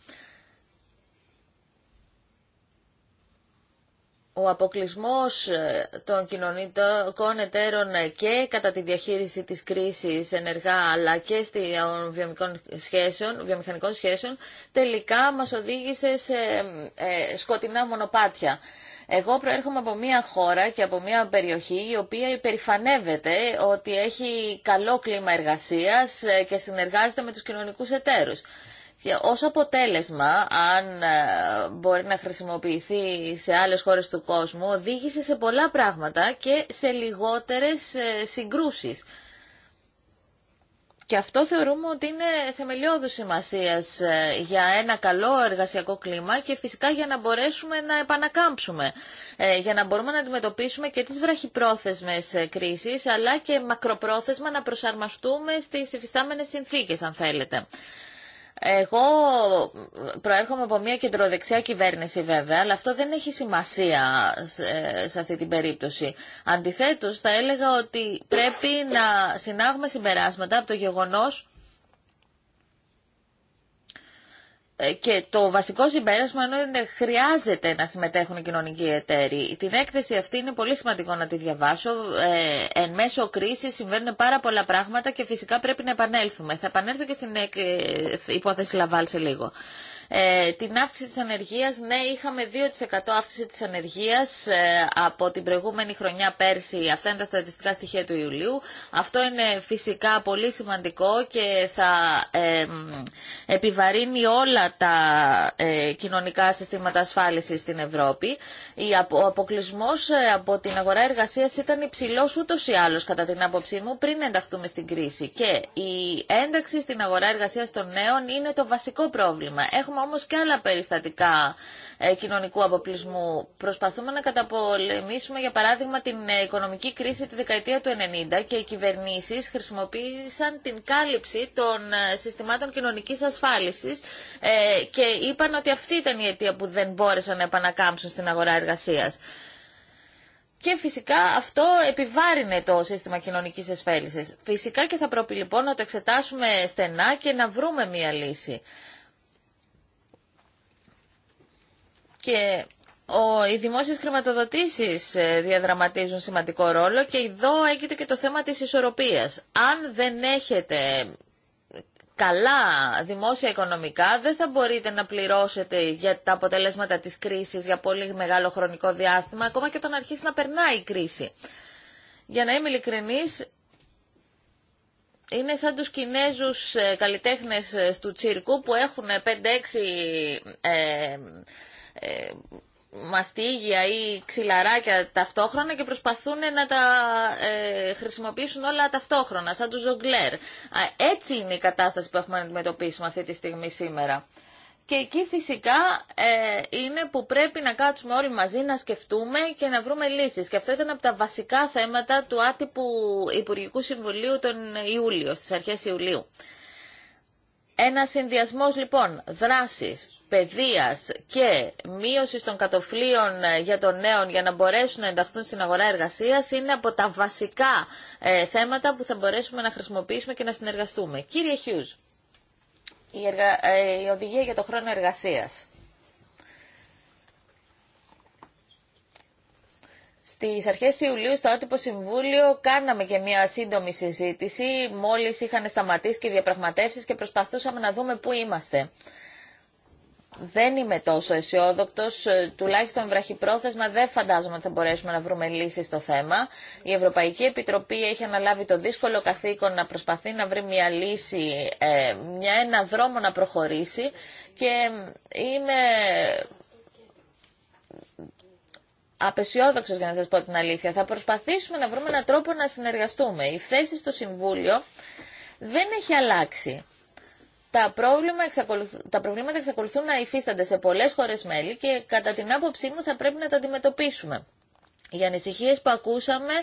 ο αποκλεισμός ε, των κοινωνικών εταίρων ε, και κατά τη διαχείριση της κρίσης ενεργά αλλά και στις ε, βιομηχανικών σχέσεων, τελικά μας οδήγησε σε σκοτεινά μονοπάτια. Εγώ προέρχομαι από μια χώρα και από μια περιοχή η οποία υπερηφανεύεται ότι έχει καλό κλίμα εργασίας και συνεργάζεται με τους κοινωνικούς εταίρους. Και ως αποτέλεσμα, αν ε, μπορεί να χρησιμοποιηθεί σε άλλες χώρες του κόσμου, οδήγησε σε πολλά πράγματα και σε λιγότερες ε, συγκρούσεις. Και αυτό θεωρούμε ότι είναι θεμελιώδους σημασία ε, για ένα καλό εργασιακό κλίμα και φυσικά για να μπορέσουμε να επανακάμψουμε, για να μπορούμε να αντιμετωπίσουμε και τις βραχυπρόθεσμες κρίσεις, αλλά και μακροπρόθεσμα να προσαρμαστούμε στις υφιστάμενες συνθήκες, αν θέλετε. Εγώ προέρχομαι από μια κεντροδεξιά κυβέρνηση βέβαια, αλλά αυτό δεν έχει σημασία σε αυτή την περίπτωση. Αντιθέτως, θα έλεγα ότι πρέπει να συνάγουμε συμπεράσματα από το γεγονός Ε, και το βασικό συμπέρασμα είναι ότι χρειάζεται να συμμετέχουν οι κοινωνικοί εταίροι. Την έκθεση αυτή είναι πολύ σημαντικό να τη διαβάσω. Ε, εν μέσω κρίση συμβαίνουν πάρα πολλά πράγματα και φυσικά πρέπει να επανέλθουμε. Θα επανέλθω και στην ε, υπόθεση Λαβάλ σε λίγο ε, την αύξηση της ανεργίας. Ναι, είχαμε 2% αύξηση της ανεργίας ε, από την προηγούμενη χρονιά πέρσι. Αυτά είναι τα στατιστικά στοιχεία του Ιουλίου. Αυτό είναι φυσικά πολύ σημαντικό και θα ε, επιβαρύνει όλα τα ε, κοινωνικά συστήματα ασφάλισης στην Ευρώπη. Ο αποκλεισμός ε, από την αγορά εργασίας ήταν υψηλός ούτως ή άλλως κατά την άποψή μου πριν ενταχθούμε στην κρίση. Και η ένταξη στην αγορά εργασίας των νέων είναι το βασικό πρόβλημα. Έχουμε έχουμε όμως και άλλα περιστατικά ε, κοινωνικού αποπλισμού. Προσπαθούμε να καταπολεμήσουμε, για παράδειγμα, την ε, οικονομική κρίση τη δεκαετία του 90 και οι κυβερνήσεις χρησιμοποίησαν την κάλυψη των ε, συστημάτων κοινωνικής ασφάλισης και είπαν ότι αυτή ήταν η αιτία που δεν μπόρεσαν να επανακάμψουν στην αγορά εργασίας. Και φυσικά αυτό επιβάρυνε το σύστημα κοινωνικής ασφάλισης. Φυσικά και θα πρέπει λοιπόν να το εξετάσουμε στενά και να βρούμε μία λύση. Και οι δημόσιε χρηματοδοτήσει ε, διαδραματίζουν σημαντικό ρόλο και εδώ έγινε και το θέμα της ισορροπίας. Αν δεν έχετε καλά δημόσια οικονομικά, δεν θα μπορείτε να πληρώσετε για τα αποτελέσματα της κρίσης για πολύ μεγάλο χρονικό διάστημα, ακόμα και όταν αρχίσει να περνάει η κρίση. Για να είμαι ειλικρινής, είναι σαν τους Κινέζους ε, καλλιτέχνες ε, του τσίρκου που έχουν 5-6 ε, μαστίγια ή ξυλαράκια ταυτόχρονα και προσπαθούν να τα ε, χρησιμοποιήσουν όλα ταυτόχρονα, σαν τους ζογκλέρ. Έτσι είναι η κατάσταση που έχουμε να αντιμετωπίσουμε αυτή τη στιγμή σήμερα. Και εκεί φυσικά ε, είναι που πρέπει να κάτσουμε όλοι μαζί να σκεφτούμε και να βρούμε λύσεις. Και αυτό ήταν από τα βασικά θέματα του άτυπου Υπουργικού Συμβουλίου τον Ιούλιο, στις αρχές Ιουλίου. Ένα συνδυασμό λοιπόν δράση, παιδεία και μείωση των κατοφλίων ε, για τον νέων για να μπορέσουν να ενταχθούν στην αγορά εργασίας είναι από τα βασικά ε, θέματα που θα μπορέσουμε να χρησιμοποιήσουμε και να συνεργαστούμε. Κύριε Χιούς, η, ε, οδηγία για το χρόνο εργασίας. Στις αρχές Ιουλίου στο Άτυπο Συμβούλιο κάναμε και μια σύντομη συζήτηση, μόλις είχαν σταματήσει και οι διαπραγματεύσεις και προσπαθούσαμε να δούμε πού είμαστε. Δεν είμαι τόσο αισιόδοκτο, ε, τουλάχιστον βραχυπρόθεσμα δεν φαντάζομαι ότι θα μπορέσουμε να βρούμε λύσει στο θέμα. Η Ευρωπαϊκή Επιτροπή έχει αναλάβει το δύσκολο καθήκον να προσπαθεί να βρει ε, μια λύση, ένα δρόμο να προχωρήσει και ε, είμαι Απεσιόδοξο για να σα πω την αλήθεια. Θα προσπαθήσουμε να βρούμε έναν τρόπο να συνεργαστούμε. Η θέση στο Συμβούλιο δεν έχει αλλάξει. Τα, πρόβλημα τα προβλήματα εξακολουθούν να υφίστανται σε πολλές χώρε μέλη και κατά την άποψή μου θα πρέπει να τα αντιμετωπίσουμε. Οι ανησυχίε που ακούσαμε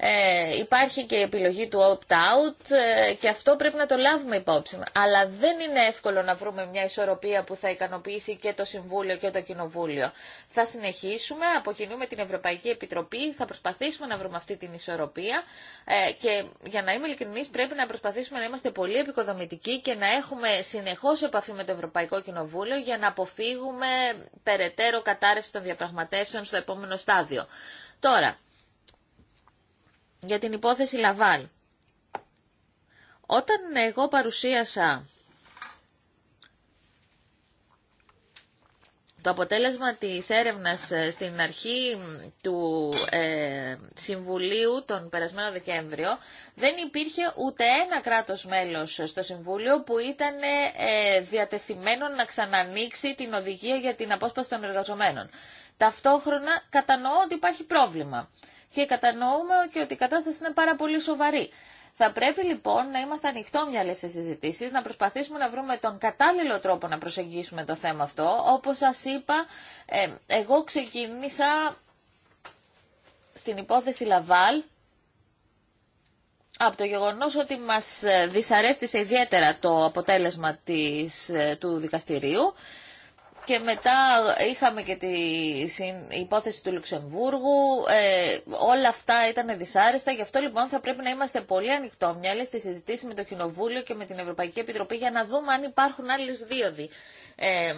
ε, υπάρχει και η επιλογή του opt-out ε, και αυτό πρέπει να το λάβουμε υπόψη. Αλλά δεν είναι εύκολο να βρούμε μια ισορροπία που θα ικανοποιήσει και το Συμβούλιο και το Κοινοβούλιο. Θα συνεχίσουμε, αποκινούμε την Ευρωπαϊκή Επιτροπή, θα προσπαθήσουμε να βρούμε αυτή την ισορροπία ε, και για να είμαι ειλικρινή πρέπει να προσπαθήσουμε να είμαστε πολύ επικοδομητικοί και να έχουμε συνεχώ επαφή με το Ευρωπαϊκό Κοινοβούλιο για να αποφύγουμε περαιτέρω κατάρρευση των διαπραγματεύσεων στο επόμενο στάδιο. Τώρα, για την υπόθεση Λαβάλ. Όταν εγώ παρουσίασα Το αποτέλεσμα της έρευνας ε, στην αρχή του ε, Συμβουλίου τον περασμένο Δεκέμβριο δεν υπήρχε ούτε ένα κράτος μέλος στο Συμβούλιο που ήταν ε, διατεθειμένο να ξανανοίξει την οδηγία για την απόσπαση των εργαζομένων. Ταυτόχρονα κατανοώ ότι υπάρχει πρόβλημα και κατανοούμε και ότι η κατάσταση είναι πάρα πολύ σοβαρή. Θα πρέπει λοιπόν να είμαστε ανοιχτόμυαλοι σε συζητήσεις, να προσπαθήσουμε να βρούμε τον κατάλληλο τρόπο να προσεγγίσουμε το θέμα αυτό. Όπως σας είπα, ε, εγώ ξεκίνησα στην υπόθεση Λαβάλ από το γεγονός ότι μας δυσαρέστησε ιδιαίτερα το αποτέλεσμα της, ε, του δικαστηρίου και μετά είχαμε και τη υπόθεση του Λουξεμβούργου. Ε, όλα αυτά ήταν δυσάρεστα. Γι' αυτό λοιπόν θα πρέπει να είμαστε πολύ ανοιχτόμυαλοι στη συζητήση με το Κοινοβούλιο και με την Ευρωπαϊκή Επιτροπή για να δούμε αν υπάρχουν άλλε δίωδοι. Ε,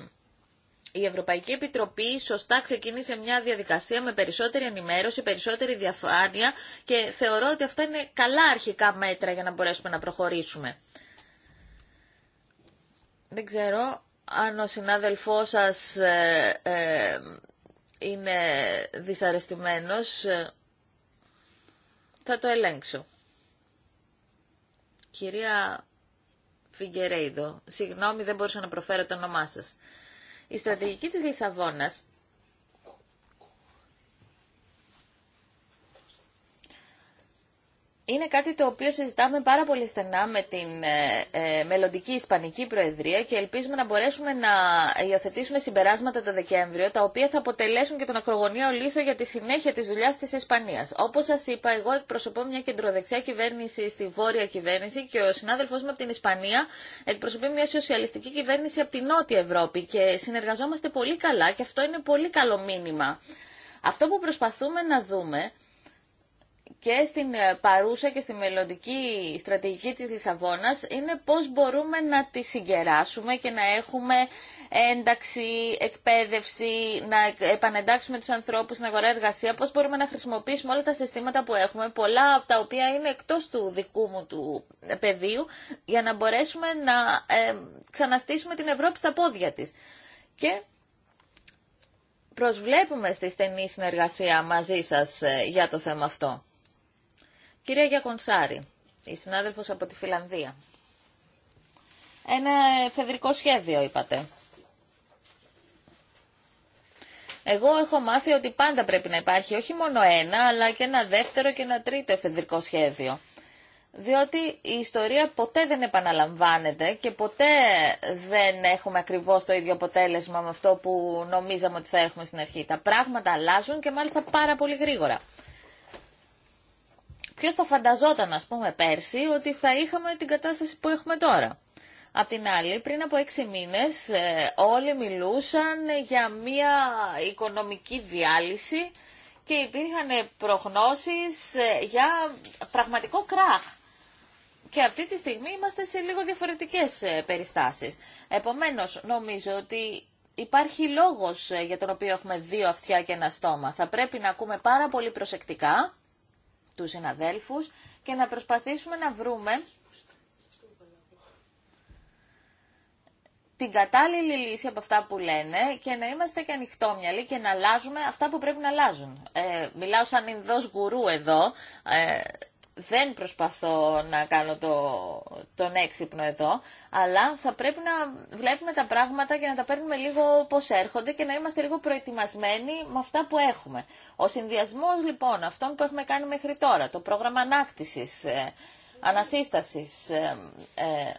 η Ευρωπαϊκή Επιτροπή σωστά ξεκίνησε μια διαδικασία με περισσότερη ενημέρωση, περισσότερη διαφάνεια και θεωρώ ότι αυτά είναι καλά αρχικά μέτρα για να μπορέσουμε να προχωρήσουμε. Δεν ξέρω αν ο συνάδελφός σας ε, ε, είναι δυσαρεστημένος, ε, θα το ελέγξω. Κυρία Φιγκερέιδο, συγγνώμη δεν μπορούσα να προφέρω το όνομά σας. Η στρατηγική της Λισαβόνας είναι κάτι το οποίο συζητάμε πάρα πολύ στενά με την ε, ε, μελλοντική Ισπανική Προεδρία και ελπίζουμε να μπορέσουμε να υιοθετήσουμε συμπεράσματα το Δεκέμβριο, τα οποία θα αποτελέσουν και τον ακρογωνίο λίθο για τη συνέχεια τη δουλειά τη Ισπανίας. Όπω σα είπα, εγώ εκπροσωπώ μια κεντροδεξιά κυβέρνηση στη βόρεια κυβέρνηση και ο συνάδελφο μου από την Ισπανία εκπροσωπεί μια σοσιαλιστική κυβέρνηση από την Νότια Ευρώπη και συνεργαζόμαστε πολύ καλά και αυτό είναι πολύ καλό μήνυμα. Αυτό που προσπαθούμε να δούμε και στην ε, παρούσα και στη μελλοντική στρατηγική της Λισαβόνας είναι πώς μπορούμε να τη συγκεράσουμε και να έχουμε ένταξη, εκπαίδευση, να επανεντάξουμε τους ανθρώπους στην αγορά εργασία, πώς μπορούμε να χρησιμοποιήσουμε όλα τα συστήματα που έχουμε, πολλά από τα οποία είναι εκτός του δικού μου του πεδίου, για να μπορέσουμε να ε, ξαναστήσουμε την Ευρώπη στα πόδια της. Και προσβλέπουμε στη στενή συνεργασία μαζί σας ε, για το θέμα αυτό. Κυρία Γιακονσάρη, η συνάδελφος από τη Φιλανδία. Ένα εφεδρικό σχέδιο είπατε. Εγώ έχω μάθει ότι πάντα πρέπει να υπάρχει όχι μόνο ένα, αλλά και ένα δεύτερο και ένα τρίτο εφεδρικό σχέδιο. Διότι η ιστορία ποτέ δεν επαναλαμβάνεται και ποτέ δεν έχουμε ακριβώς το ίδιο αποτέλεσμα με αυτό που νομίζαμε ότι θα έχουμε στην αρχή. Τα πράγματα αλλάζουν και μάλιστα πάρα πολύ γρήγορα. Ποιος θα φανταζόταν, ας πούμε, πέρσι ότι θα είχαμε την κατάσταση που έχουμε τώρα. Απ' την άλλη, πριν από έξι μήνες ε, όλοι μιλούσαν για μια οικονομική διάλυση και υπήρχαν προγνώσεις ε, για πραγματικό κράχ. Και αυτή τη στιγμή είμαστε σε λίγο διαφορετικές ε, περιστάσεις. Επομένως, νομίζω ότι υπάρχει λόγος για τον οποίο έχουμε δύο αυτιά και ένα στόμα. Θα πρέπει να ακούμε πάρα πολύ προσεκτικά του συναδέλφου και να προσπαθήσουμε να βρούμε την κατάλληλη λύση από αυτά που λένε και να είμαστε και ανοιχτόμυαλοι και να αλλάζουμε αυτά που πρέπει να αλλάζουν. Ε, μιλάω σαν Ινδός γκουρού εδώ, ε, δεν προσπαθώ να κάνω το, τον έξυπνο εδώ, αλλά θα πρέπει να βλέπουμε τα πράγματα και να τα παίρνουμε λίγο πώς έρχονται και να είμαστε λίγο προετοιμασμένοι με αυτά που έχουμε. Ο συνδυασμός λοιπόν αυτών που έχουμε κάνει μέχρι τώρα, το πρόγραμμα ανάκτησης, ε, ανασύστασης, ε, ε,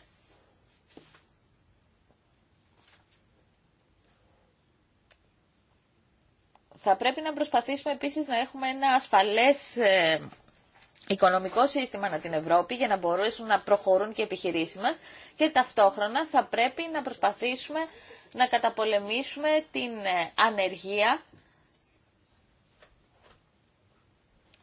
θα πρέπει να προσπαθήσουμε επίσης να έχουμε ένα ασφαλές ε, οικονομικό σύστημα να την Ευρώπη για να μπορέσουν να προχωρούν και οι επιχειρήσει μα και ταυτόχρονα θα πρέπει να προσπαθήσουμε να καταπολεμήσουμε την ε, ανεργία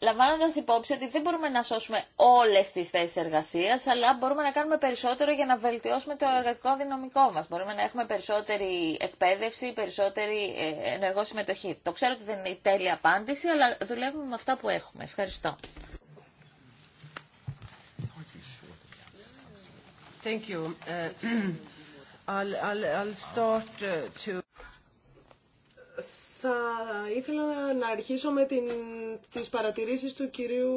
λαμβάνοντας υπόψη ότι δεν μπορούμε να σώσουμε όλες τις θέσεις εργασίας, αλλά μπορούμε να κάνουμε περισσότερο για να βελτιώσουμε το εργατικό δυναμικό μας. Μπορούμε να έχουμε περισσότερη εκπαίδευση, περισσότερη ε, ενεργό συμμετοχή. Το ξέρω ότι δεν είναι η τέλεια απάντηση, αλλά δουλεύουμε με αυτά που έχουμε. Ευχαριστώ. Thank uh, uh, Θα ήθελα να αρχίσω με την, τις παρατηρήσεις του κυρίου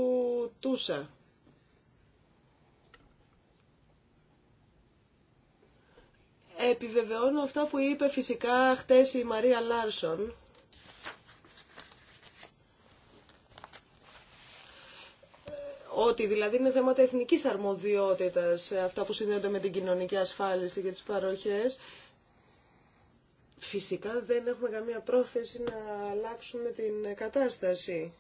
Τούσα. Επιβεβαιώνω αυτά που είπε φυσικά χτες η Μαρία Λάρσον Ότι δηλαδή είναι θέματα εθνικής αρμοδιότητας αυτά που συνδέονται με την κοινωνική ασφάλιση και τις παροχές. Φυσικά δεν έχουμε καμία πρόθεση να αλλάξουμε την κατάσταση.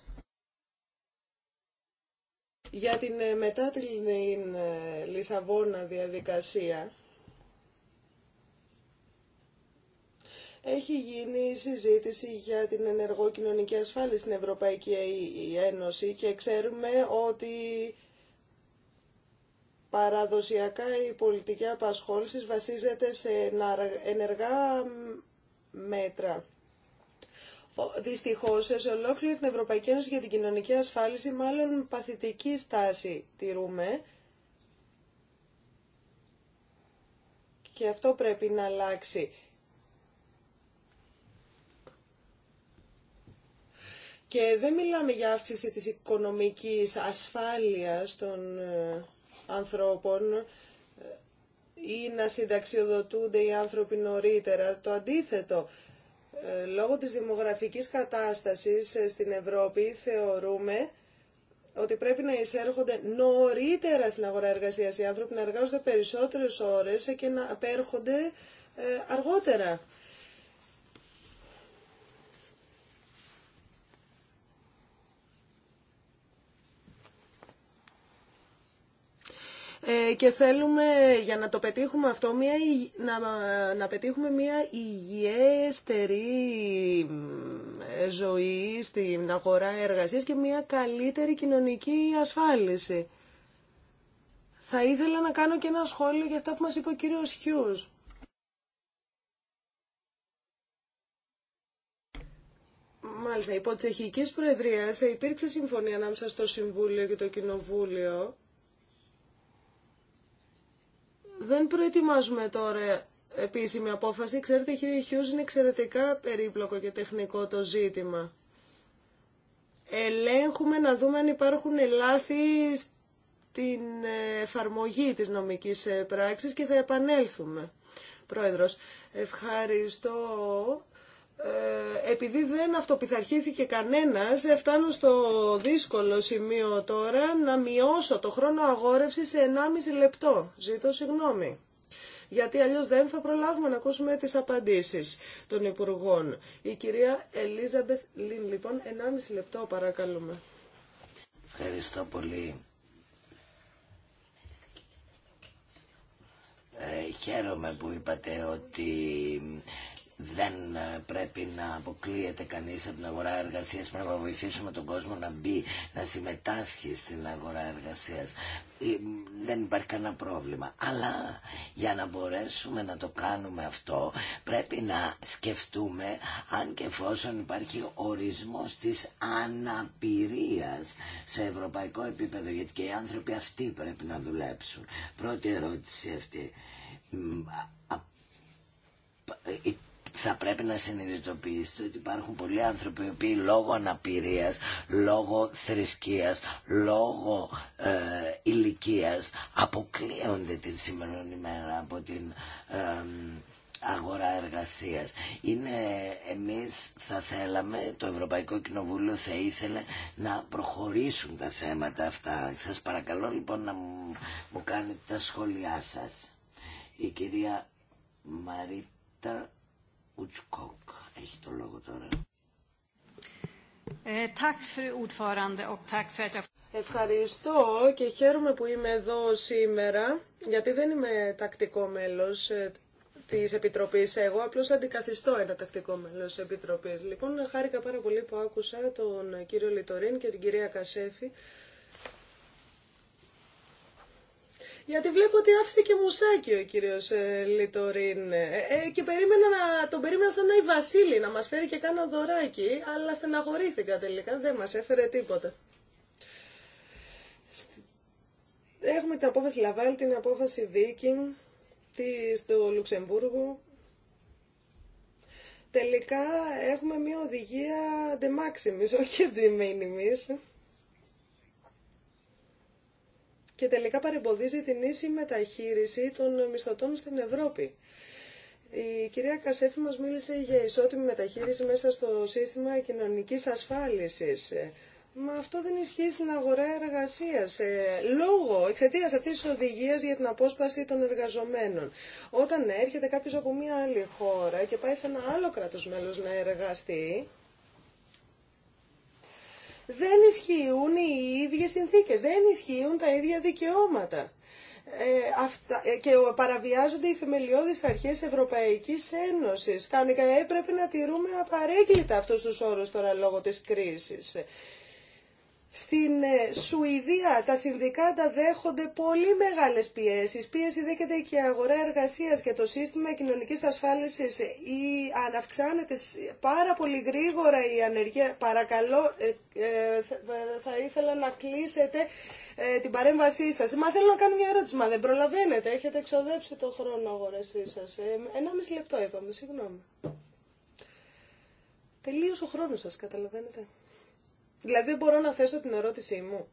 Για την ε, μετά την ε, Λισαβόνα διαδικασία, Έχει γίνει συζήτηση για την ενεργοκοινωνική ασφάλιση στην Ευρωπαϊκή Ένωση και ξέρουμε ότι παραδοσιακά η πολιτική απασχόληση βασίζεται σε ενεργά μέτρα. Δυστυχώ, σε ολόκληρη την Ευρωπαϊκή Ένωση για την κοινωνική ασφάλιση, μάλλον παθητική στάση τηρούμε. Και αυτό πρέπει να αλλάξει. Και δεν μιλάμε για αύξηση της οικονομικής ασφάλειας των ε, ανθρώπων ε, ή να συνταξιοδοτούνται οι άνθρωποι νωρίτερα. Το αντίθετο, ε, λόγω της δημογραφικής κατάστασης στην Ευρώπη θεωρούμε ότι πρέπει να εισέρχονται νωρίτερα στην αγορά εργασίας οι άνθρωποι, να εργάζονται περισσότερες ώρες και να απέρχονται αργότερα. Ε, και θέλουμε για να το πετύχουμε αυτό μια, να, να πετύχουμε μια υγιέστερη ζωή στην αγορά εργασίας και μια καλύτερη κοινωνική ασφάλιση. Θα ήθελα να κάνω και ένα σχόλιο για αυτά που μας είπε ο κύριος Χιούς. Μάλιστα, υπό τσεχικής προεδρίας υπήρξε συμφωνία ανάμεσα στο Συμβούλιο και το Κοινοβούλιο δεν προετοιμάζουμε τώρα επίσημη απόφαση. Ξέρετε, κύριε Χιούς, είναι εξαιρετικά περίπλοκο και τεχνικό το ζήτημα. Ελέγχουμε να δούμε αν υπάρχουν λάθη στην εφαρμογή της νομικής ε, πράξης και θα επανέλθουμε. Πρόεδρος, ευχαριστώ ε, επειδή δεν αυτοπιθαρχήθηκε κανένας, φτάνω στο δύσκολο σημείο τώρα να μειώσω το χρόνο αγόρευσης σε 1,5 λεπτό. Ζήτω συγγνώμη. Γιατί αλλιώς δεν θα προλάβουμε να ακούσουμε τις απαντήσεις των Υπουργών. Η κυρία Ελίζαμπεθ Λίν, λοιπόν, 1,5 λεπτό παρακαλούμε. Ευχαριστώ πολύ. Ε, χαίρομαι που είπατε ότι δεν ε, πρέπει να αποκλείεται κανείς από την αγορά εργασίας πρέπει να βοηθήσουμε τον κόσμο να μπει να συμμετάσχει στην αγορά εργασίας ε, δεν υπάρχει κανένα πρόβλημα αλλά για να μπορέσουμε να το κάνουμε αυτό πρέπει να σκεφτούμε αν και εφόσον υπάρχει ορισμός της αναπηρίας σε ευρωπαϊκό επίπεδο γιατί και οι άνθρωποι αυτοί πρέπει να δουλέψουν πρώτη ερώτηση αυτή ε, θα πρέπει να συνειδητοποιήσετε ότι υπάρχουν πολλοί άνθρωποι οι οποίοι λόγω αναπηρίας, λόγω θρησκείας, λόγω ε, ηλικίας αποκλείονται την σημερινή μέρα από την ε, αγορά εργασίας. Είναι εμείς θα θέλαμε, το Ευρωπαϊκό Κοινοβούλιο θα ήθελε να προχωρήσουν τα θέματα αυτά. Σας παρακαλώ λοιπόν να μου, μου κάνετε τα σχόλιά σας. Η κυρία Μαρίτα Ευχαριστώ και χαίρομαι που είμαι εδώ σήμερα, γιατί δεν είμαι τακτικό μέλος ε, της Επιτροπής. Εγώ απλώς αντικαθιστώ ένα τακτικό μέλος της Επιτροπής. Λοιπόν, χάρηκα πάρα πολύ που άκουσα τον κύριο Λιτορίν και την κυρία Κασέφη Γιατί βλέπω ότι άφησε και μουσάκι ο κύριο ε, Λιτορίν. Ε, ε, και περίμενα να, τον περίμενα σαν να η Βασίλη να μας φέρει και κάνα δωράκι, αλλά στεναχωρήθηκα τελικά, δεν μας έφερε τίποτα. Έχουμε την απόφαση Λαβάλ, την απόφαση Βίκινγκ, τη, στο Λουξεμβούργο. Τελικά έχουμε μια οδηγία de όχι de minimis. και τελικά παρεμποδίζει την ίση μεταχείριση των μισθωτών στην Ευρώπη. Η κυρία Κασέφη μας μίλησε για ισότιμη μεταχείριση μέσα στο σύστημα κοινωνικής ασφάλισης. Μα αυτό δεν ισχύει στην αγορά εργασία. Ε, λόγω, εξαιτία αυτή τη οδηγία για την απόσπαση των εργαζομένων. Όταν έρχεται κάποιο από μία άλλη χώρα και πάει σε ένα άλλο κράτο μέλο να εργαστεί, δεν ισχύουν οι ίδιες συνθήκες, δεν ισχύουν τα ίδια δικαιώματα. Ε, αυτά, ε, και παραβιάζονται οι θεμελιώδεις αρχές Ευρωπαϊκής Ένωσης. Κανονικά ε, έπρεπε να τηρούμε απαρέγκλητα αυτούς τους όρους τώρα λόγω της κρίσης. Στην ε, Σουηδία τα συνδικάτα δέχονται πολύ μεγάλες πιέσεις. Πίεση δέχεται και η αγορά εργασίας και το σύστημα κοινωνικής ασφάλισης. Η, αν πάρα πολύ γρήγορα η ανεργία, παρακαλώ ε, ε, θα ήθελα να κλείσετε την παρέμβασή σας. Μα θέλω να κάνω μια ερώτηση, μα δεν προλαβαίνετε, έχετε εξοδέψει το χρόνο αγορασή σας. Ένα μισή λεπτό είπαμε, συγγνώμη. Τελείωσε ο χρόνος σας, καταλαβαίνετε. Δηλαδή μπορώ να θέσω την ερώτησή μου.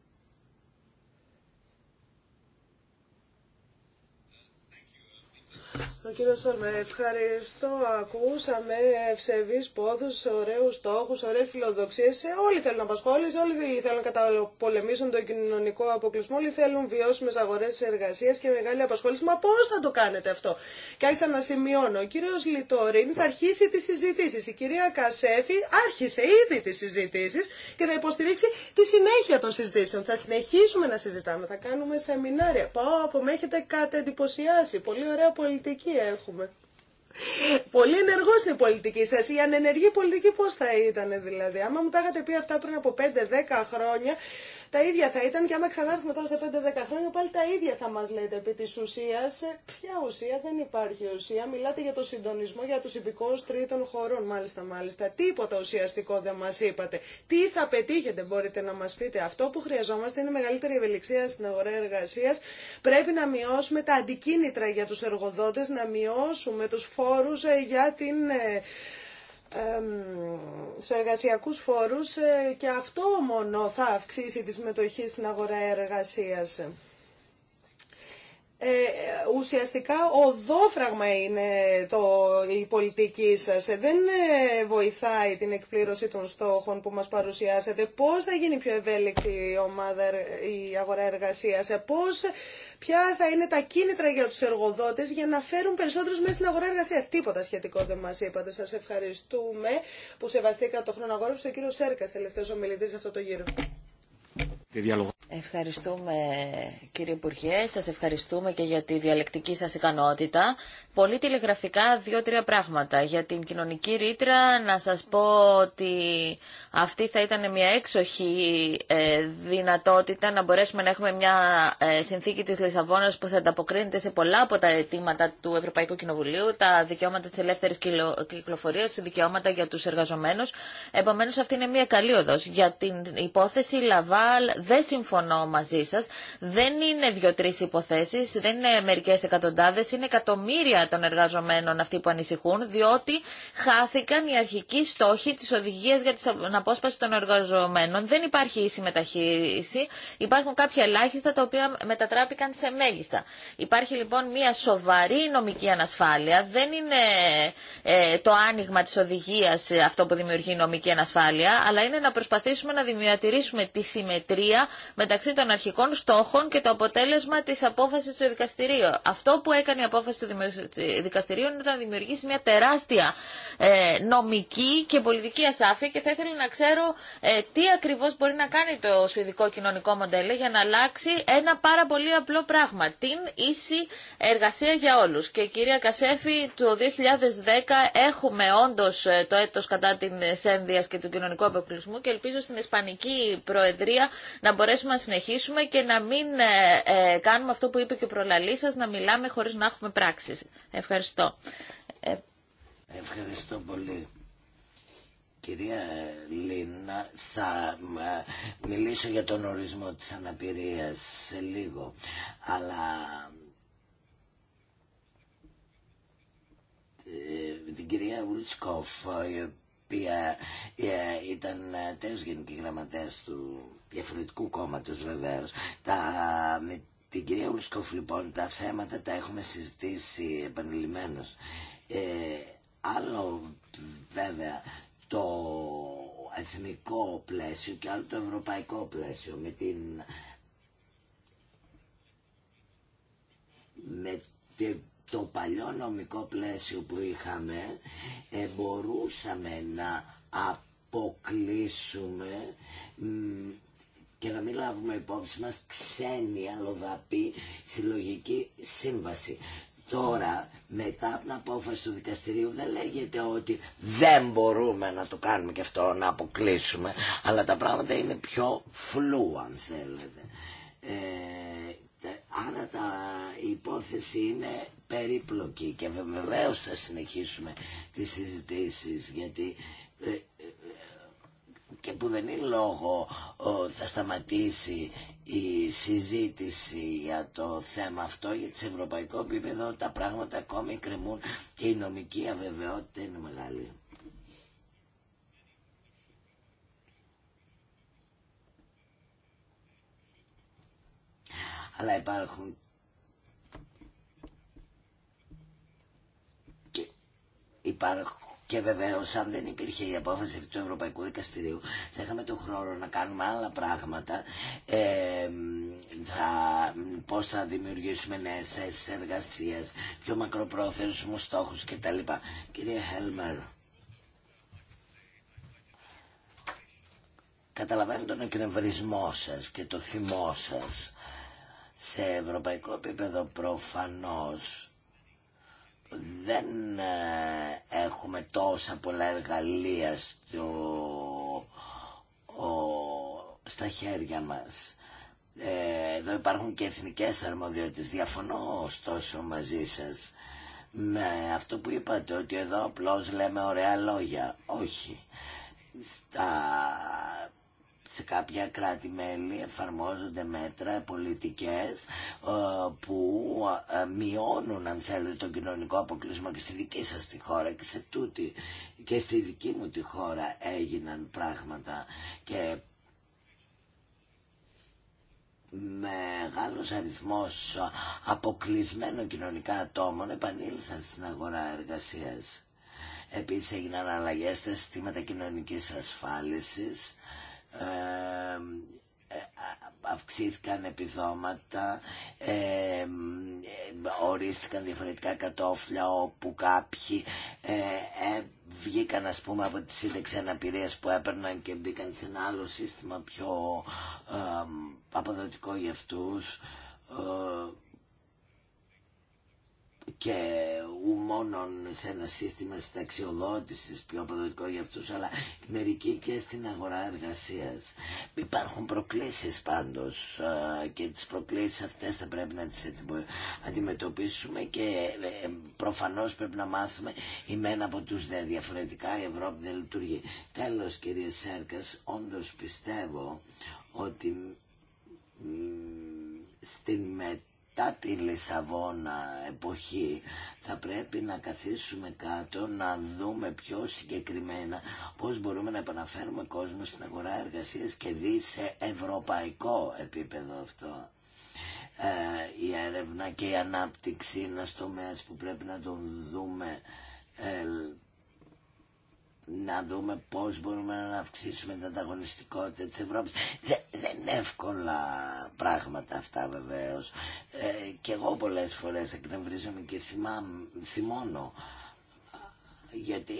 Ο κύριο ευχαριστώ. Ακούσαμε ευσεβεί πόθου, ωραίου στόχου, ωραίε φιλοδοξίε. Όλοι θέλουν απασχόληση, όλοι θέλουν να καταπολεμήσουν τον κοινωνικό αποκλεισμό, όλοι θέλουν βιώσιμε αγορέ εργασία και μεγάλη απασχόληση. Μα πώ θα το κάνετε αυτό. Και άρχισα να σημειώνω. Ο κύριο Λιτόριν θα αρχίσει τι συζητήσει. Η κυρία Κασέφη άρχισε ήδη τι συζητήσει και θα υποστηρίξει τη συνέχεια των συζητήσεων. Θα συνεχίσουμε να συζητάμε, θα κάνουμε σεμινάρια. Πάω από με έχετε Πολύ ωραία πολιτική έχουμε. Πολύ ενεργό η πολιτική σα. Η ανενεργή πολιτική πώ θα ήταν δηλαδή. Άμα μου τα είχατε πει αυτά πριν από 5-10 χρόνια, τα ίδια θα ήταν και άμα ξανάρθουμε τώρα σε 5-10 χρόνια πάλι τα ίδια θα μας λέτε επί της ουσίας. Ε, ποια ουσία δεν υπάρχει ουσία. Μιλάτε για το συντονισμό για τους υπηκόους τρίτων χωρών μάλιστα μάλιστα. Τίποτα ουσιαστικό δεν μας είπατε. Τι θα πετύχετε μπορείτε να μας πείτε. Αυτό που χρειαζόμαστε είναι μεγαλύτερη ευελιξία στην αγορά εργασίας. Πρέπει να μειώσουμε τα αντικίνητρα για τους εργοδότες, να μειώσουμε τους φόρους ε, για την ε, σε εργασιακούς φόρους ε, και αυτό μόνο θα αυξήσει τη συμμετοχή στην αγορά εργασίας. Ε, ουσιαστικά οδόφραγμα είναι το, η πολιτική σας. Ε, δεν ε, βοηθάει την εκπλήρωση των στόχων που μας παρουσιάσατε. Πώς θα γίνει πιο ευέλικτη η, ομάδα, ε, η αγορά εργασίας. Πώς, ποια θα είναι τα κίνητρα για τους εργοδότες για να φέρουν περισσότερους μέσα στην αγορά εργασίας. Τίποτα σχετικό δεν μας είπατε. Σας ευχαριστούμε που σεβαστήκατε το χρόνο αγόρευση. Ο κύριος Σέρκας, τελευταίος ομιλητής αυτό το γύρο. Ευχαριστούμε κύριε Υπουργέ, σας ευχαριστούμε και για τη διαλεκτική σας ικανότητα. Πολύ τηλεγραφικά δύο-τρία πράγματα. Για την κοινωνική ρήτρα να σας πω ότι αυτή θα ήταν μια έξοχη ε, δυνατότητα να μπορέσουμε να έχουμε μια ε, συνθήκη της Λισαβόνας που θα ανταποκρίνεται σε πολλά από τα αιτήματα του Ευρωπαϊκού Κοινοβουλίου, τα δικαιώματα της ελεύθερης κυκλοφορίας, δικαιώματα για τους εργαζομένους. Επομένως αυτή είναι μια καλή οδός. Για την υπόθεση Λαβάλ δεν συμφωνώ μαζί σας. Δεν είναι δύο-τρεις υποθέσεις, δεν είναι μερικές εκατοντάδες, είναι εκατομμύρια των εργαζομένων αυτοί που ανησυχούν, διότι χάθηκαν οι αρχικοί στόχοι τη οδηγία για την απόσπαση των εργαζομένων. Δεν υπάρχει ίση μεταχείριση, υπάρχουν κάποια ελάχιστα τα οποία μετατράπηκαν σε μέγιστα. Υπάρχει λοιπόν μια σοβαρή νομική ανασφάλεια, δεν είναι ε, το άνοιγμα τη οδηγία ε, αυτό που δημιουργεί νομική ανασφάλεια, αλλά είναι να προσπαθήσουμε να δημιουργήσουμε τη συμμετρία μεταξύ των αρχικών στόχων και το αποτέλεσμα τη απόφαση του δικαστηρίου. Αυτό που έκανε η απόφαση του δικαστηρίων ήταν να δημιουργήσει μια τεράστια ε, νομική και πολιτική ασάφεια και θα ήθελα να ξέρω ε, τι ακριβώς μπορεί να κάνει το σουηδικό κοινωνικό μοντέλο για να αλλάξει ένα πάρα πολύ απλό πράγμα, την ίση εργασία για όλους. Και κυρία Κασέφη, το 2010 έχουμε όντως ε, το έτος κατά την ένδυας και του κοινωνικού αποκλεισμού και ελπίζω στην Ισπανική Προεδρία να μπορέσουμε να συνεχίσουμε και να μην κάνουμε αυτό που είπε και ο προλαλής σας, να μιλάμε χωρίς να έχουμε πράξεις. Ευχαριστώ. Ε, Ευχαριστώ πολύ. Κυρία Λίνα, θα ε, μιλήσω για τον ορισμό της αναπηρίας σε λίγο, αλλά ε, την κυρία Ουλτσκοφ, η οποία ήταν τέλος γενική γραμματέας του διαφορετικού κόμματος βεβαίως, τα, την κυρία Ουλσκόφ λοιπόν τα θέματα τα έχουμε συζητήσει επανειλημμένως. Ε, άλλο βέβαια το εθνικό πλαίσιο και άλλο το ευρωπαϊκό πλαίσιο με την με το παλιό νομικό πλαίσιο που είχαμε ε, μπορούσαμε να αποκλείσουμε και να μην λάβουμε υπόψη μας ξένη αλλοδαπή συλλογική σύμβαση. Τώρα, μετά από την απόφαση του δικαστηρίου, δεν λέγεται ότι δεν μπορούμε να το κάνουμε και αυτό, να αποκλείσουμε, αλλά τα πράγματα είναι πιο φλού, αν θέλετε. Ε, άρα τα, η υπόθεση είναι περίπλοκη και βεβαίως θα συνεχίσουμε τις συζητήσεις, γιατί ε, ε, και που δεν είναι λόγο θα σταματήσει η συζήτηση για το θέμα αυτό γιατί σε ευρωπαϊκό επίπεδο τα πράγματα ακόμη κρεμούν και η νομική αβεβαιότητα είναι μεγάλη. Αλλά υπάρχουν και υπάρχουν και βεβαίω, αν δεν υπήρχε η απόφαση του Ευρωπαϊκού Δικαστηρίου, θα είχαμε τον χρόνο να κάνουμε άλλα πράγματα. Ε, θα, θα δημιουργήσουμε νέε θέσει εργασία, πιο μακροπρόθεσμου στόχου κτλ. Κύριε Χέλμερ. Καταλαβαίνω τον εκνευρισμό σα και το θυμό σα Σε ευρωπαϊκό επίπεδο προφανώς δεν ε, έχουμε τόσα πολλά εργαλεία ο, στα χέρια μας. Ε, εδώ υπάρχουν και εθνικές αρμοδιότητες. Διαφωνώ ωστόσο μαζί σας με αυτό που είπατε ότι εδώ απλώς λέμε ωραία λόγια. Όχι. Στα σε κάποια κράτη-μέλη εφαρμόζονται μέτρα πολιτικές ε, που ε, μειώνουν αν θέλετε τον κοινωνικό αποκλεισμό και στη δική σας τη χώρα και σε τούτη και στη δική μου τη χώρα έγιναν πράγματα και μεγάλος αριθμός αποκλεισμένων κοινωνικά ατόμων επανήλθαν στην αγορά εργασίας. Επίσης έγιναν αλλαγές στα συστήματα κοινωνικής ασφάλισης ε, αυξήθηκαν επιδόματα, ε, ορίστηκαν διαφορετικά κατόφλια όπου κάποιοι ε, ε, βγήκαν ας πούμε από τη σύνταξη αναπηρίας που έπαιρναν και μπήκαν σε ένα άλλο σύστημα πιο αποδοτικό για αυτούς. Ε, ού μόνον σε ένα σύστημα συνταξιοδότηση πιο αποδοτικό για αυτού, αλλά μερικοί και στην αγορά εργασία. Υπάρχουν προκλήσει πάντως και τι προκλήσει αυτές θα πρέπει να τι αντιμετωπίσουμε και ε, προφανώ πρέπει να μάθουμε η από του δε διαφορετικά η Ευρώπη δεν λειτουργεί. Τέλο κυρία Σέρκα, όντω πιστεύω ότι στην μετάφραση μετά Λισαβόνα εποχή θα πρέπει να καθίσουμε κάτω να δούμε πιο συγκεκριμένα πώς μπορούμε να επαναφέρουμε κόσμο στην αγορά εργασίας και δει σε ευρωπαϊκό επίπεδο αυτό. Ε, η έρευνα και η ανάπτυξη είναι ένα που πρέπει να τον δούμε ε, να δούμε πώς μπορούμε να αυξήσουμε την ανταγωνιστικότητα της Ευρώπης. Δεν, δεν είναι εύκολα πράγματα αυτά βεβαίως. Ε, και εγώ πολλές φορές εκνευρίζομαι και θυμά, θυμώνω. Γιατί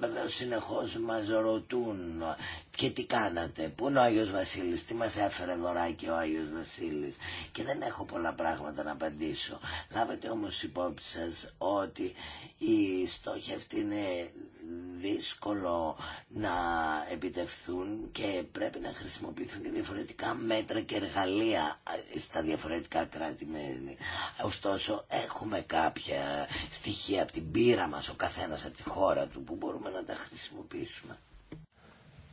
βεβαίως συνεχώς μας ρωτούν και τι κάνατε, πού είναι ο Άγιος Βασίλης, τι μας έφερε δωράκι ο Άγιος Βασίλης και δεν έχω πολλά πράγματα να απαντήσω. Λάβετε όμως υπόψη σας ότι η στόχη αυτή είναι δύσκολο να επιτευθούν και πρέπει να χρησιμοποιηθούν και διαφορετικά μέτρα και εργαλεία ε, στα διαφορετικά κράτη-μέλη. Ωστόσο έχουμε κάποια στοιχεία από την πείρα μας, ο καθένας από τη χώρα του, που μπορούμε να τα χρησιμοποιήσουμε.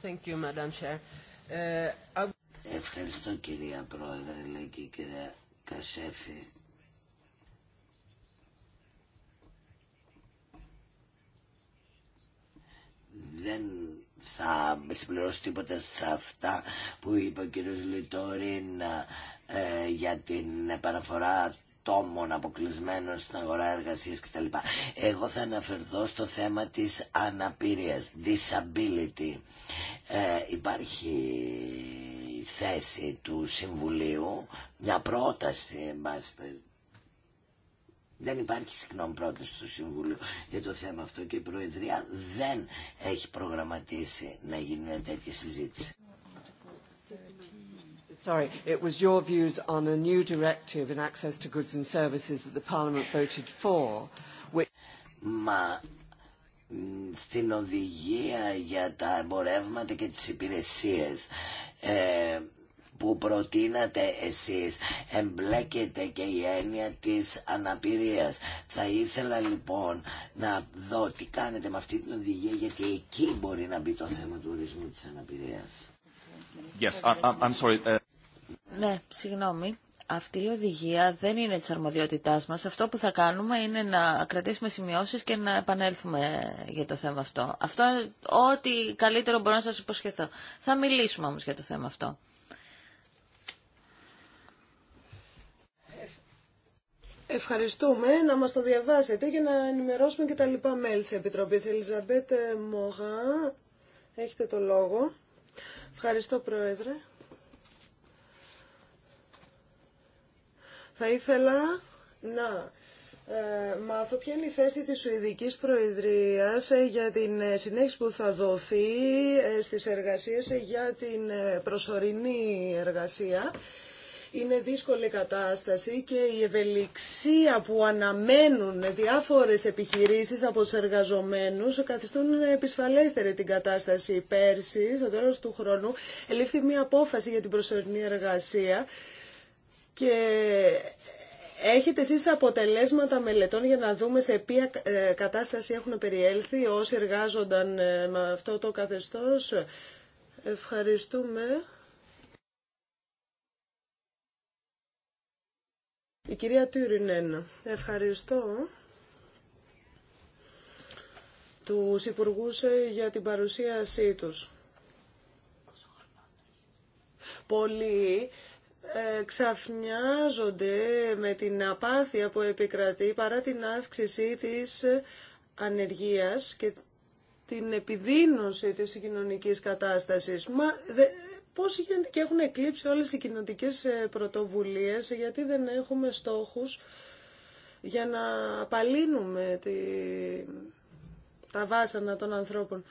Madam Chair. Ε, Ευχαριστώ κυρία Πρόεδρε, λέει και η κυρία Κασέφη. δεν θα συμπληρώσω τίποτα σε αυτά που είπε ο κύριος Λιτόριν ε, για την παραφορά τόμων αποκλεισμένων στην αγορά εργασίας κτλ. Εγώ θα αναφερθώ στο θέμα της αναπηρίας, disability. Ε, υπάρχει θέση του Συμβουλίου, μια πρόταση, εν πάση δεν υπάρχει συχνόν πρόταση στο Συμβούλιο για το θέμα αυτό και η Προεδρία δεν έχει προγραμματίσει να γίνει μια τέτοια συζήτηση. Sorry, it was your views on a new directive in access to goods and services that the Parliament voted for. Which... Μα στην οδηγία για τα εμπορεύματα και τις υπηρεσίες ε, που προτείνατε εσείς εμπλέκεται και η έννοια της αναπηρίας. Θα ήθελα λοιπόν να δω τι κάνετε με αυτή την οδηγία γιατί εκεί μπορεί να μπει το θέμα του ορισμού της αναπηρίας. Yes, I'm sorry. Uh, ναι, συγγνώμη. Αυτή η οδηγία δεν είναι της αρμοδιότητάς μας. Αυτό που θα κάνουμε είναι να κρατήσουμε σημειώσεις και να επανέλθουμε για το θέμα αυτό. Αυτό είναι ό,τι καλύτερο μπορώ να σας υποσχεθώ. Θα μιλήσουμε όμως για το θέμα αυτό. Ευχαριστούμε να μας το διαβάσετε για να ενημερώσουμε και τα λοιπά μέλη της Επιτροπής. Ελιζαμπέτ ε, Μογά, έχετε το λόγο. Ευχαριστώ Πρόεδρε. Θα ήθελα να ε, μάθω ποια είναι η θέση της Σουηδικής Προεδρίας ε, για την συνέχιση που θα δοθεί στις εργασίες για την προσωρινή εργασία. Είναι δύσκολη κατάσταση και η ευελιξία που αναμένουν διάφορες επιχειρήσεις από τους εργαζομένους καθιστούν επισφαλέστερη την κατάσταση. Πέρσι, στο τέλος του χρόνου, ελήφθη μια απόφαση για την προσωρινή εργασία και Έχετε εσείς αποτελέσματα μελετών για να δούμε σε ποια ε, κατάσταση έχουν περιέλθει όσοι εργάζονταν ε, με αυτό το καθεστώς. Ευχαριστούμε. Η κυρία Τούρινεν, ευχαριστώ τους υπουργούς ε, για την παρουσίασή τους. Πολλοί ε, ξαφνιάζονται με την απάθεια που επικρατεί παρά την αύξηση της ανεργίας και την επιδείνωση της κοινωνικής κατάστασης πώς γίνεται και έχουν εκλείψει όλες οι κοινωνικές ε, πρωτοβουλίε γιατί δεν έχουμε στόχους για να απαλύνουμε τη... τα βάσανα των ανθρώπων.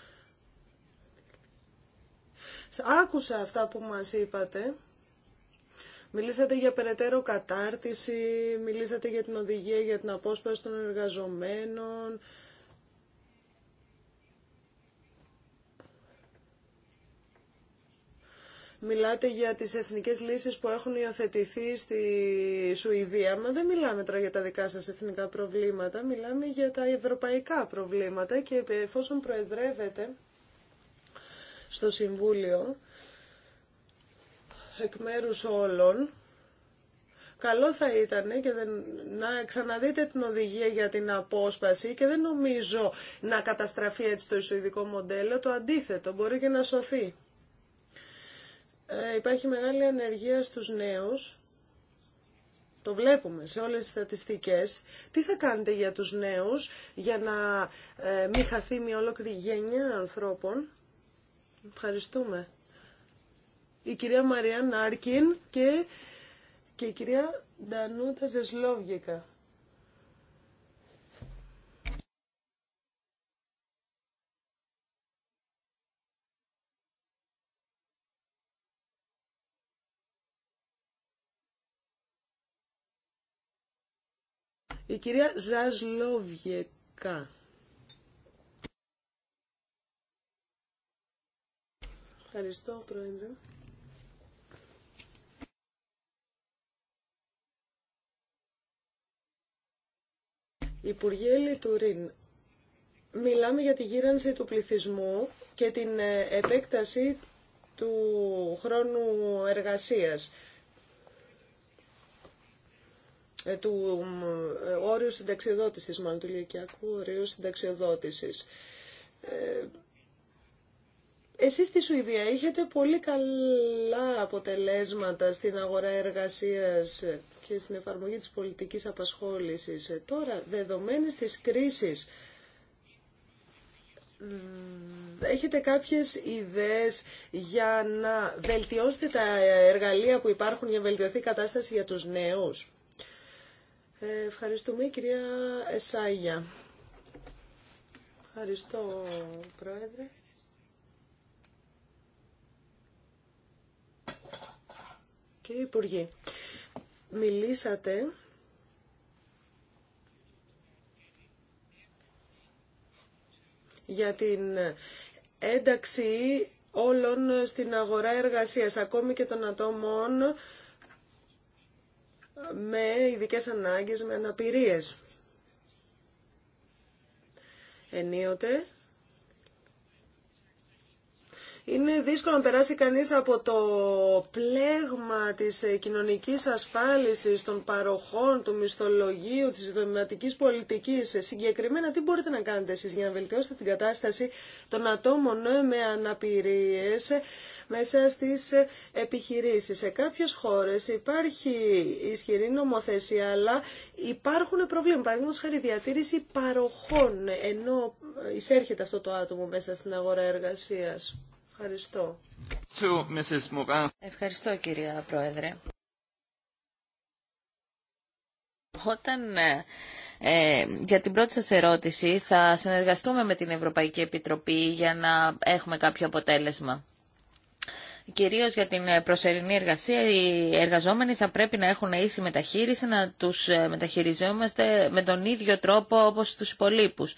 Άκουσα αυτά που μας είπατε. Μιλήσατε για περαιτέρω κατάρτιση, μιλήσατε για την οδηγία για την απόσπαση των εργαζομένων, Μιλάτε για τις εθνικές λύσεις που έχουν υιοθετηθεί στη Σουηδία. Μα δεν μιλάμε τώρα για τα δικά σας εθνικά προβλήματα, μιλάμε για τα ευρωπαϊκά προβλήματα και εφόσον προεδρεύετε στο Συμβούλιο εκ μέρου όλων, Καλό θα ήταν και να ξαναδείτε την οδηγία για την απόσπαση και δεν νομίζω να καταστραφεί έτσι το ισοειδικό μοντέλο. Το αντίθετο μπορεί και να σωθεί. Ε, υπάρχει μεγάλη ανεργία στους νέους. Το βλέπουμε σε όλες τις στατιστικές. Τι θα κάνετε για τους νέους για να ε, μην χαθεί μια ολόκληρη γενιά ανθρώπων. Ευχαριστούμε. Η κυρία Μαρία Νάρκιν και, και η κυρία Ντανούτα Ζεσλόβγικα. Η κυρία Ζαζλόβιεκα. Ευχαριστώ, Πρόεδρε. Υπουργέ Λιτουρίν, μιλάμε για τη γύρανση του πληθυσμού και την ε, επέκταση του χρόνου εργασίας. Ε, του ε, όριου συνταξιοδότησης, μάλλον του ηλικιακού όριου συνταξιοδότησης. Ε, εσείς στη Σουηδία είχετε πολύ καλά αποτελέσματα στην αγορά εργασίας και στην εφαρμογή της πολιτικής απασχόλησης. Τώρα, δεδομένης της κρίσης, έχετε κάποιες ιδέες για να βελτιώσετε τα εργαλεία που υπάρχουν για να βελτιωθεί η κατάσταση για τους νέους. Ευχαριστούμε κυρία Εσάγια. Ευχαριστώ πρόεδρε. Κύριε Υπουργή, μιλήσατε για την ένταξη όλων στην αγορά εργασίας, ακόμη και των ατόμων με ειδικέ ανάγκες, με αναπηρίες. Ενίοτε, είναι δύσκολο να περάσει κανείς από το πλέγμα της κοινωνικής ασφάλισης, των παροχών, του μισθολογίου, της δομηματικής πολιτικής. Συγκεκριμένα τι μπορείτε να κάνετε εσείς για να βελτιώσετε την κατάσταση των ατόμων ε, με αναπηρίες ε, μέσα στις ε, επιχειρήσεις. Σε κάποιες χώρες υπάρχει ισχυρή νομοθεσία, αλλά υπάρχουν προβλήματα. Παραδείγματο χάρη διατήρηση παροχών, ενώ εισέρχεται αυτό το άτομο μέσα στην αγορά εργασίας. Ευχαριστώ. Ευχαριστώ κυρία Πρόεδρε. Όταν ε, ε, για την πρώτη σας ερώτηση θα συνεργαστούμε με την Ευρωπαϊκή Επιτροπή για να έχουμε κάποιο αποτέλεσμα. Κυρίως για την ε, προσερινή εργασία, οι εργαζόμενοι θα πρέπει να έχουν ίση μεταχείριση, να τους ε, μεταχειριζόμαστε με τον ίδιο τρόπο όπως τους υπολείπους.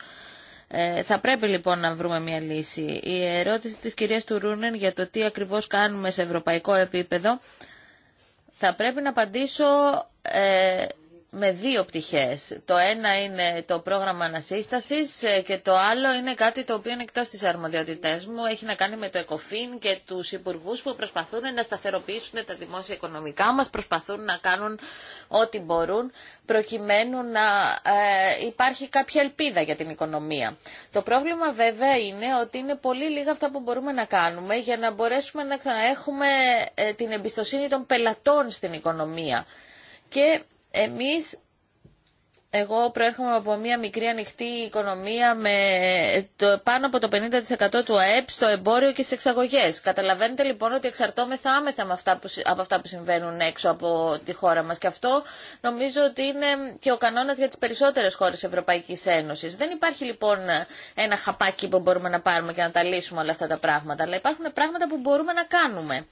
Ε, θα πρέπει λοιπόν να βρούμε μια λύση. Η ερώτηση της κυρίας Τουρούνεν για το τι ακριβώς κάνουμε σε ευρωπαϊκό επίπεδο θα πρέπει να απαντήσω ε, με δύο πτυχές. Το ένα είναι το πρόγραμμα ανασύστασης ε, και το άλλο είναι κάτι το οποίο είναι εκτός της αρμοδιότητές μου. Έχει να κάνει με το ΕΚΟΦΗΝ και τους υπουργούς που προσπαθούν να σταθεροποιήσουν τα δημόσια οικονομικά μας, προσπαθούν να κάνουν ό,τι μπορούν προκειμένου να ε, υπάρχει κάποια ελπίδα για την οικονομία. Το πρόβλημα βέβαια είναι ότι είναι πολύ λίγα αυτά που μπορούμε να κάνουμε για να μπορέσουμε να ξαναέχουμε ε, την εμπιστοσύνη των πελατών στην οικονομία. Και εμείς εγώ προέρχομαι από μια μικρή ανοιχτή οικονομία με το, πάνω από το 50% του ΑΕΠ στο εμπόριο και στις εξαγωγές. Καταλαβαίνετε λοιπόν ότι εξαρτώμεθα άμεθα με αυτά που, από αυτά που συμβαίνουν έξω από τη χώρα μας Και αυτό νομίζω ότι είναι και ο κανόνας για τι περισσότερε χώρε Ευρωπαϊκής Ένωσης. Δεν υπάρχει λοιπόν ένα χαπάκι που μπορούμε να πάρουμε και να τα λύσουμε όλα αυτά τα πράγματα. Αλλά υπάρχουν πράγματα που μπορούμε να κάνουμε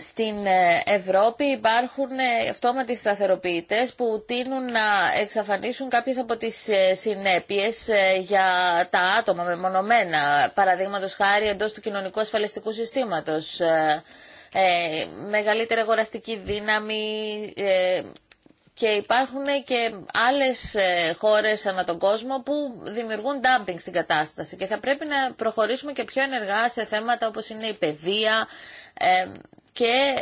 στην ε, Ευρώπη υπάρχουν ε, αυτόματοι σταθεροποιητές που τείνουν να εξαφανίσουν κάποιες από τις ε, συνέπειες για τα άτομα μεμονωμένα, παραδείγματος χάρη εντός του κοινωνικού ασφαλιστικού συστήματος, μεγαλύτερη αγοραστική δύναμη και υπάρχουν και άλλες χώρες ανά τον κόσμο που δημιουργούν dumping στην κατάσταση και θα πρέπει να προχωρήσουμε και πιο ενεργά σε θέματα όπως είναι η παιδεία, και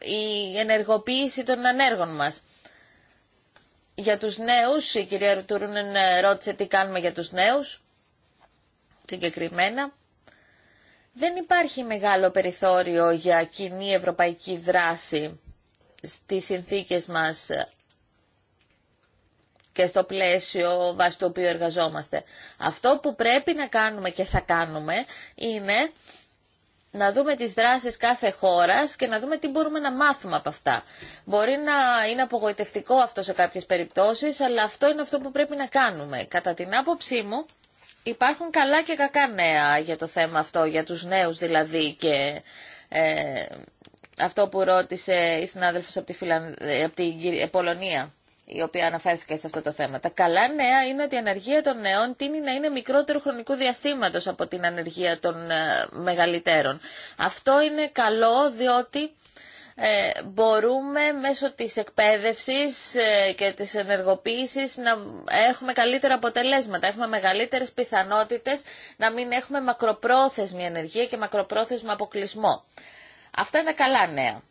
η ενεργοποίηση των ανέργων μας. Για τους νέους, η κυρία Ρουτούρουνεν ρώτησε τι κάνουμε για τους νέους, συγκεκριμένα. Δεν υπάρχει μεγάλο περιθώριο για κοινή ευρωπαϊκή δράση στις συνθήκες μας και στο πλαίσιο βάσει το οποίο εργαζόμαστε. Αυτό που πρέπει να κάνουμε και θα κάνουμε είναι να δούμε τις δράσεις κάθε χώρας και να δούμε τι μπορούμε να μάθουμε από αυτά. Μπορεί να είναι απογοητευτικό αυτό σε κάποιες περιπτώσεις, αλλά αυτό είναι αυτό που πρέπει να κάνουμε. Κατά την άποψή μου, υπάρχουν καλά και κακά νέα για το θέμα αυτό, για τους νέους δηλαδή και... Ε, αυτό που ρώτησε η συνάδελφος από τη, Φιλανδ... Ε, από την ε, Πολωνία η οποία αναφέρθηκε σε αυτό το θέμα. Τα καλά νέα είναι ότι η ανεργία των νέων τίνει να είναι μικρότερο χρονικού διαστήματος από την ανεργία των ε, μεγαλύτερων. Αυτό είναι καλό διότι ε, μπορούμε μέσω της εκπαίδευσης ε, και της ενεργοποίησης να έχουμε καλύτερα αποτελέσματα. Έχουμε μεγαλύτερες πιθανότητες να μην έχουμε μακροπρόθεσμη ενεργία και μακροπρόθεσμο αποκλεισμό. Αυτά είναι καλά νέα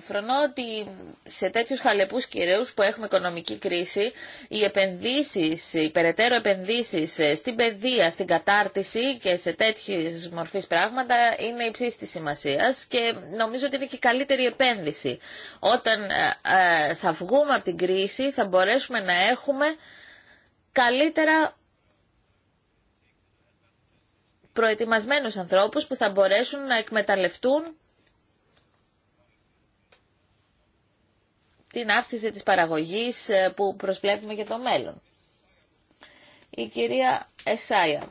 φρονώ ότι σε τέτοιους χαλεπούς κυρίους που έχουμε οικονομική κρίση, οι επενδύσεις, οι περαιτέρω επενδύσεις ε, στην παιδεία, στην κατάρτιση και σε τέτοιες μορφής πράγματα είναι υψή τη σημασίας και νομίζω ότι είναι και η καλύτερη επένδυση. Όταν ε, ε, θα βγούμε από την κρίση θα μπορέσουμε να έχουμε καλύτερα προετοιμασμένους ανθρώπους που θα μπορέσουν να εκμεταλλευτούν την αύξηση της παραγωγής ε, που προσβλέπουμε για το μέλλον. Η κυρία Εσάια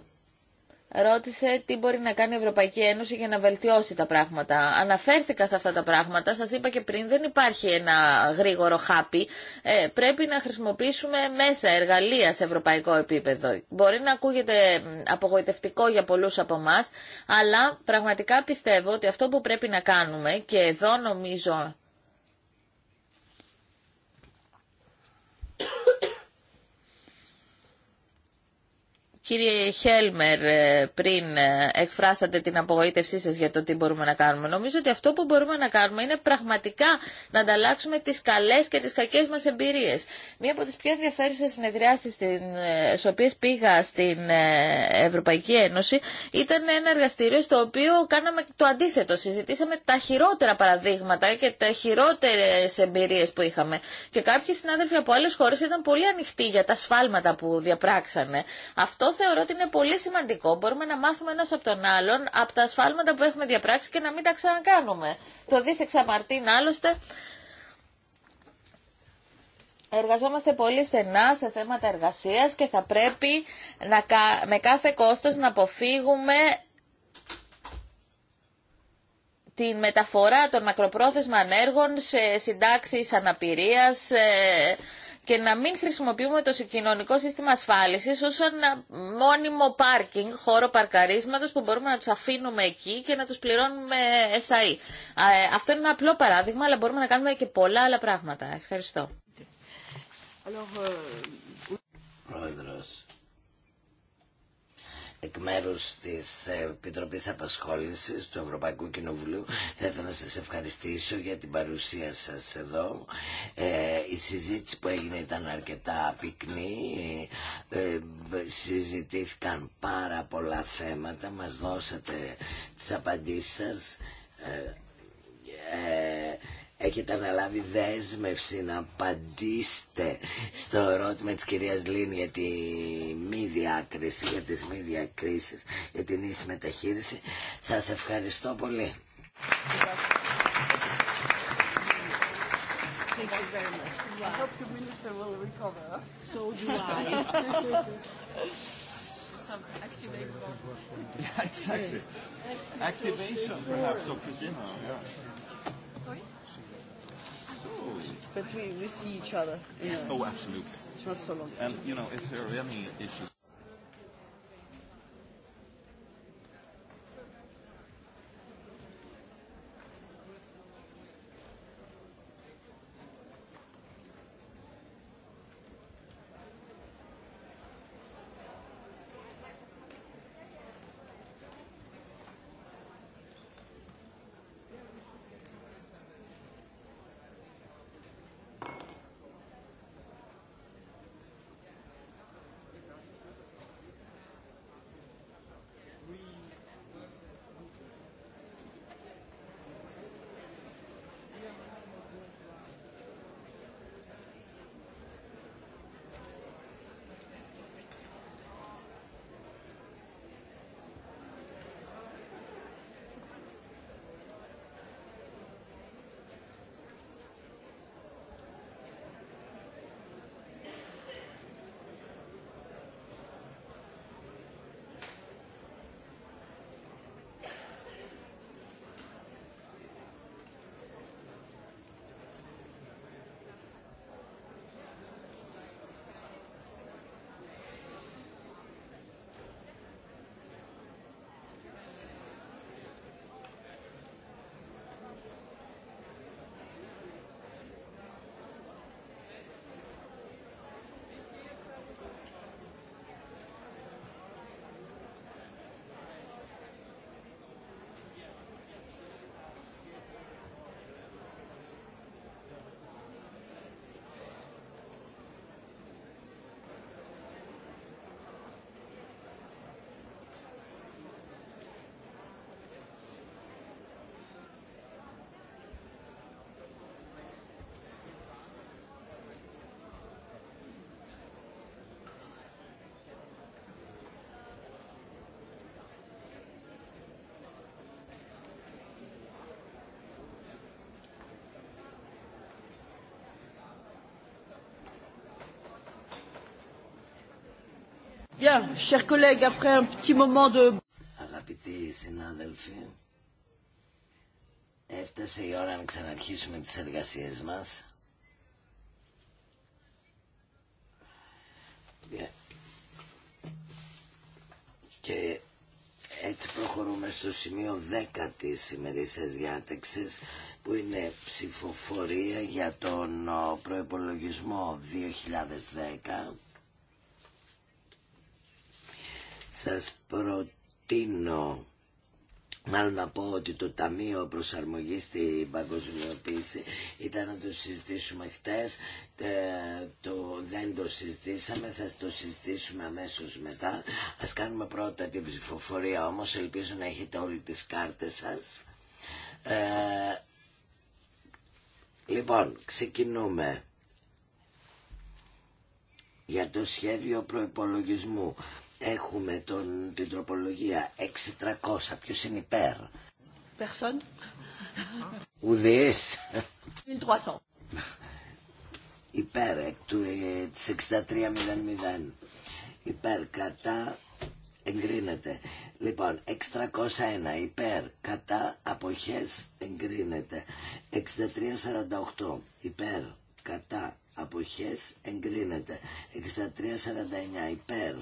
ρώτησε τι μπορεί να κάνει η Ευρωπαϊκή Ένωση για να βελτιώσει τα πράγματα. Αναφέρθηκα σε αυτά τα πράγματα, σας είπα και πριν, δεν υπάρχει ένα γρήγορο χάπι. Ε, πρέπει να χρησιμοποιήσουμε μέσα εργαλεία σε ευρωπαϊκό επίπεδο. Μπορεί να ακούγεται απογοητευτικό για πολλούς από εμά, αλλά πραγματικά πιστεύω ότι αυτό που πρέπει να κάνουμε, και εδώ νομίζω Κύριε Χέλμερ, ε, πριν ε, εκφράσατε την απογοήτευσή σας για το τι μπορούμε να κάνουμε, νομίζω ότι αυτό που μπορούμε να κάνουμε είναι πραγματικά να ανταλλάξουμε τις καλές και τις κακές μας εμπειρίες. Μία από τις πιο ενδιαφέρουσες συνεδριάσεις ε, στις οποίες πήγα στην Ευρωπαϊκή Ένωση ήταν ένα εργαστήριο στο οποίο κάναμε το αντίθετο. Συζητήσαμε τα χειρότερα παραδείγματα και τα χειρότερες εμπειρίες που είχαμε. Και κάποιοι συνάδελφοι από άλλες χώρες ήταν πολύ ανοιχτοί για τα σφάλματα που διαπράξανε. Αυτό θεωρώ ότι είναι πολύ σημαντικό. Μπορούμε να μάθουμε ένα από τον άλλον από τα ασφάλματα που έχουμε διαπράξει και να μην τα ξανακάνουμε. Το δει Μαρτίν, άλλωστε. Εργαζόμαστε πολύ στενά σε θέματα εργασίας και θα πρέπει να, με κάθε κόστος να αποφύγουμε την μεταφορά των μακροπρόθεσμα ανέργων σε συντάξεις αναπηρίας, ε, και να μην χρησιμοποιούμε το κοινωνικό σύστημα ασφάλισης ω ένα μόνιμο πάρκινγκ, χώρο παρκαρίσματος που μπορούμε να του αφήνουμε εκεί και να του πληρώνουμε SAE. Ε, αυτό είναι ένα απλό παράδειγμα, αλλά μπορούμε να κάνουμε και πολλά άλλα πράγματα. Ευχαριστώ. Euh, εκ μέρους της Επιτροπής Απασχόλησης του Ευρωπαϊκού Κοινοβουλίου θα ήθελα να σας ευχαριστήσω για την παρουσία σας εδώ. Ε, η συζήτηση που έγινε ήταν αρκετά πυκνή. Ε, συζητήθηκαν πάρα πολλά θέματα. Μας δώσατε τις απαντήσεις σας. Ε, ε, Έχετε αναλάβει δέσμευση να απαντήσετε στο ερώτημα της κυρίας Λίν για τη μη διάκριση, για τις μη διακρίσεις, για την ίση μεταχείριση. Σας ευχαριστώ πολύ. But we, we see each other. Yes, oh, absolutely. Not so long. And, you know, if there are any issues. Αγαπητοί συνάδελφοι, έφτασε η ώρα να ξαναρχίσουμε τις εργασίες μας. Και έτσι προχωρούμε στο σημείο 10 της σημερινής διάταξης που είναι ψηφοφορία για τον προϋπολογισμό 2010 σας προτείνω Μάλλον να πω ότι το Ταμείο Προσαρμογής στην Παγκοσμιοποίηση ήταν να το συζητήσουμε χτες, το, δεν το συζητήσαμε, θα το συζητήσουμε αμέσως μετά. Ας κάνουμε πρώτα την ψηφοφορία όμως, ελπίζω να έχετε όλοι τις κάρτες σας. Ε, λοιπόν, ξεκινούμε για το σχέδιο προϋπολογισμού. Έχουμε τον, την τροπολογία 6300. Ποιος είναι υπέρ. Περσόν. Ουδείς. 1300. Υπέρ εκ του 6300. Ε, υπέρ κατά εγκρίνεται. Λοιπόν, 601 υπέρ κατά αποχές εγκρίνεται. 6348 υπέρ κατά αποχές εγκρίνεται. 6349 υπέρ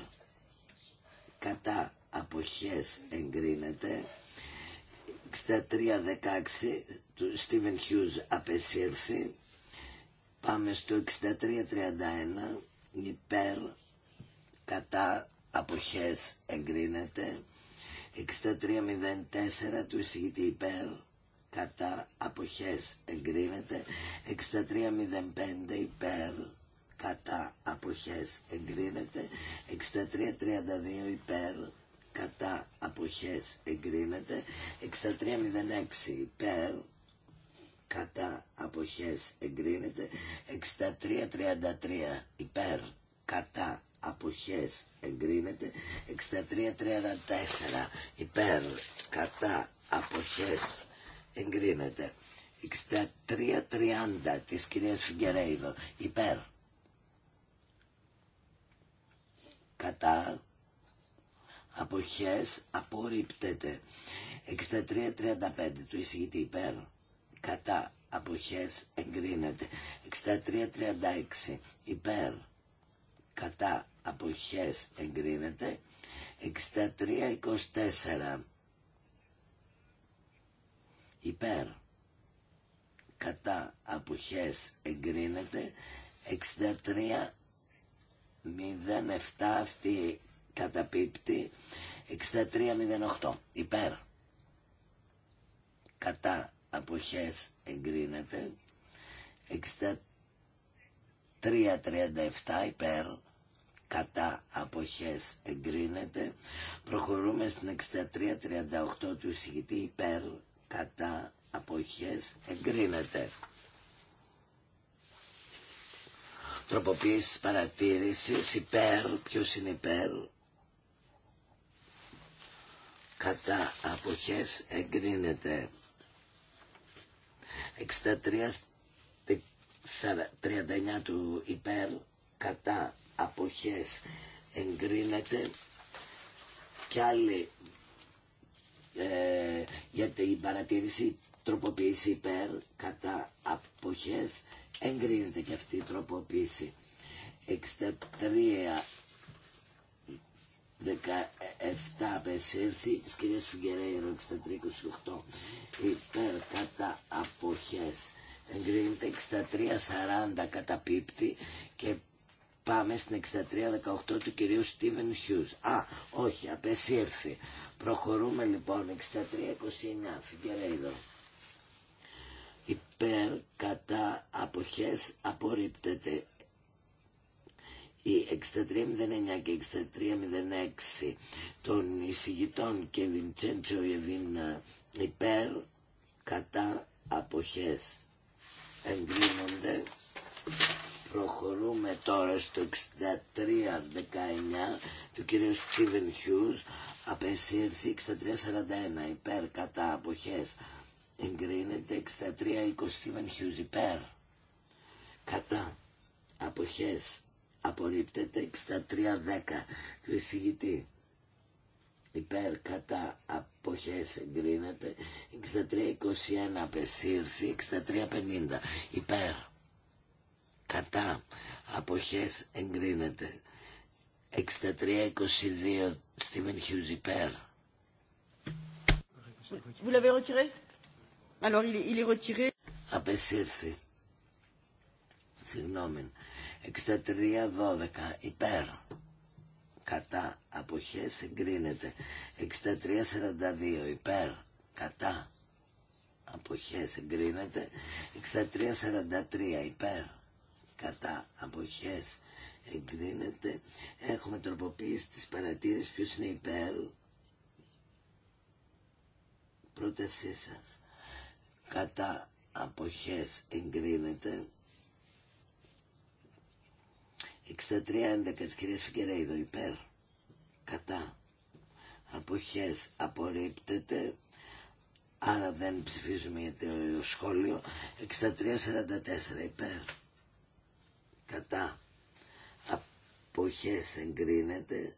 κατά αποχές εγκρίνεται 63-16 του Στίβεν Χιούζ απεσύρθη πάμε στο 63-31 υπέρ κατά αποχές εγκρίνεται 63-04 του εισηγητή υπέρ κατά αποχές εγκρίνεται 63-05 υπέρ κατά αποχές εγκρίνεται 63-32 υπέρ κατά αποχές 6306 63-06 υπέρ κατά αποχές εγκρίνεται 63-33 υπέρ κατά αποχές εγκρίνεται 63-34 υπέρ κατά αποχές εγκρίνεται 63-30 της κυρίας Φιγκερέιδο υπέρ κατά αποχές απορρίπτεται 63-35 του εισηγητή υπέρ κατά αποχές εγκρίνεται 63-36 υπέρ κατά αποχές εγκρίνεται 63-24 υπέρ κατά αποχές εγκρίνεται 63 07 αυτή καταπίπτει 6308 υπέρ κατά αποχές εγκρίνεται 6337 υπέρ κατά αποχές εγκρίνεται προχωρούμε στην 6338 του εισηγητή υπέρ κατά αποχές εγκρίνεται τροποποίησης παρατήρησης υπέρ, ποιος είναι υπέρ κατά αποχές εγκρίνεται 63 39 του υπέρ κατά αποχές εγκρίνεται και άλλη ε, για την παρατήρηση τροποποίηση υπέρ κατά αποχές εγκρίνεται και αυτή η τροποποίηση 63 17 απεσύρθη της κυρίας Φιγκερέιρο 63-28 υπέρ κατά αποχές εγκρίνεται 63-40 καταπίπτει και πάμε στην 63-18 του κυρίου Στίβεν Χιούς α όχι απεσύρθη προχωρούμε λοιπόν 63-29 Φιγκερέιρο υπέρ κατά αποχές απορρίπτεται η 6309 και 6306 των εισηγητών και Βιντσέντσο Ιεβίνα υπέρ κατά αποχές εγκρίνονται προχωρούμε τώρα στο 6319 του κυρίου Στίβεν Χιούς απεσύρθη 6341 υπέρ κατά αποχές εγκρίνεται 63-20 Στίβεν Hughes υπέρ κατά αποχές απορρίπτεται 63-10 του εισηγητή υπέρ κατά αποχές εγκρίνεται 63-21 απεσύρθη 63-50 υπέρ κατά αποχές εγκρίνεται 63-22 Στίβεν Hughes υπέρ Vous l'avez retiré Alors, il, est retiré. Απεσύρθη. Συγγνώμη. 63-12 υπέρ. Κατά αποχές εγκρίνεται. 63-42 υπέρ. Κατά αποχές εγκρίνεται. 63-43 υπέρ. Κατά αποχές εγκρίνεται. Έχουμε τροποποίηση της παρατήρησης ποιος είναι υπέρ. Πρότασή σας κατά αποχές εγκρίνεται 63-11 της υπέρ κατά αποχές απορρίπτεται άρα δεν ψηφίζουμε για το σχόλιο 63-44 υπέρ κατά αποχές εγκρίνεται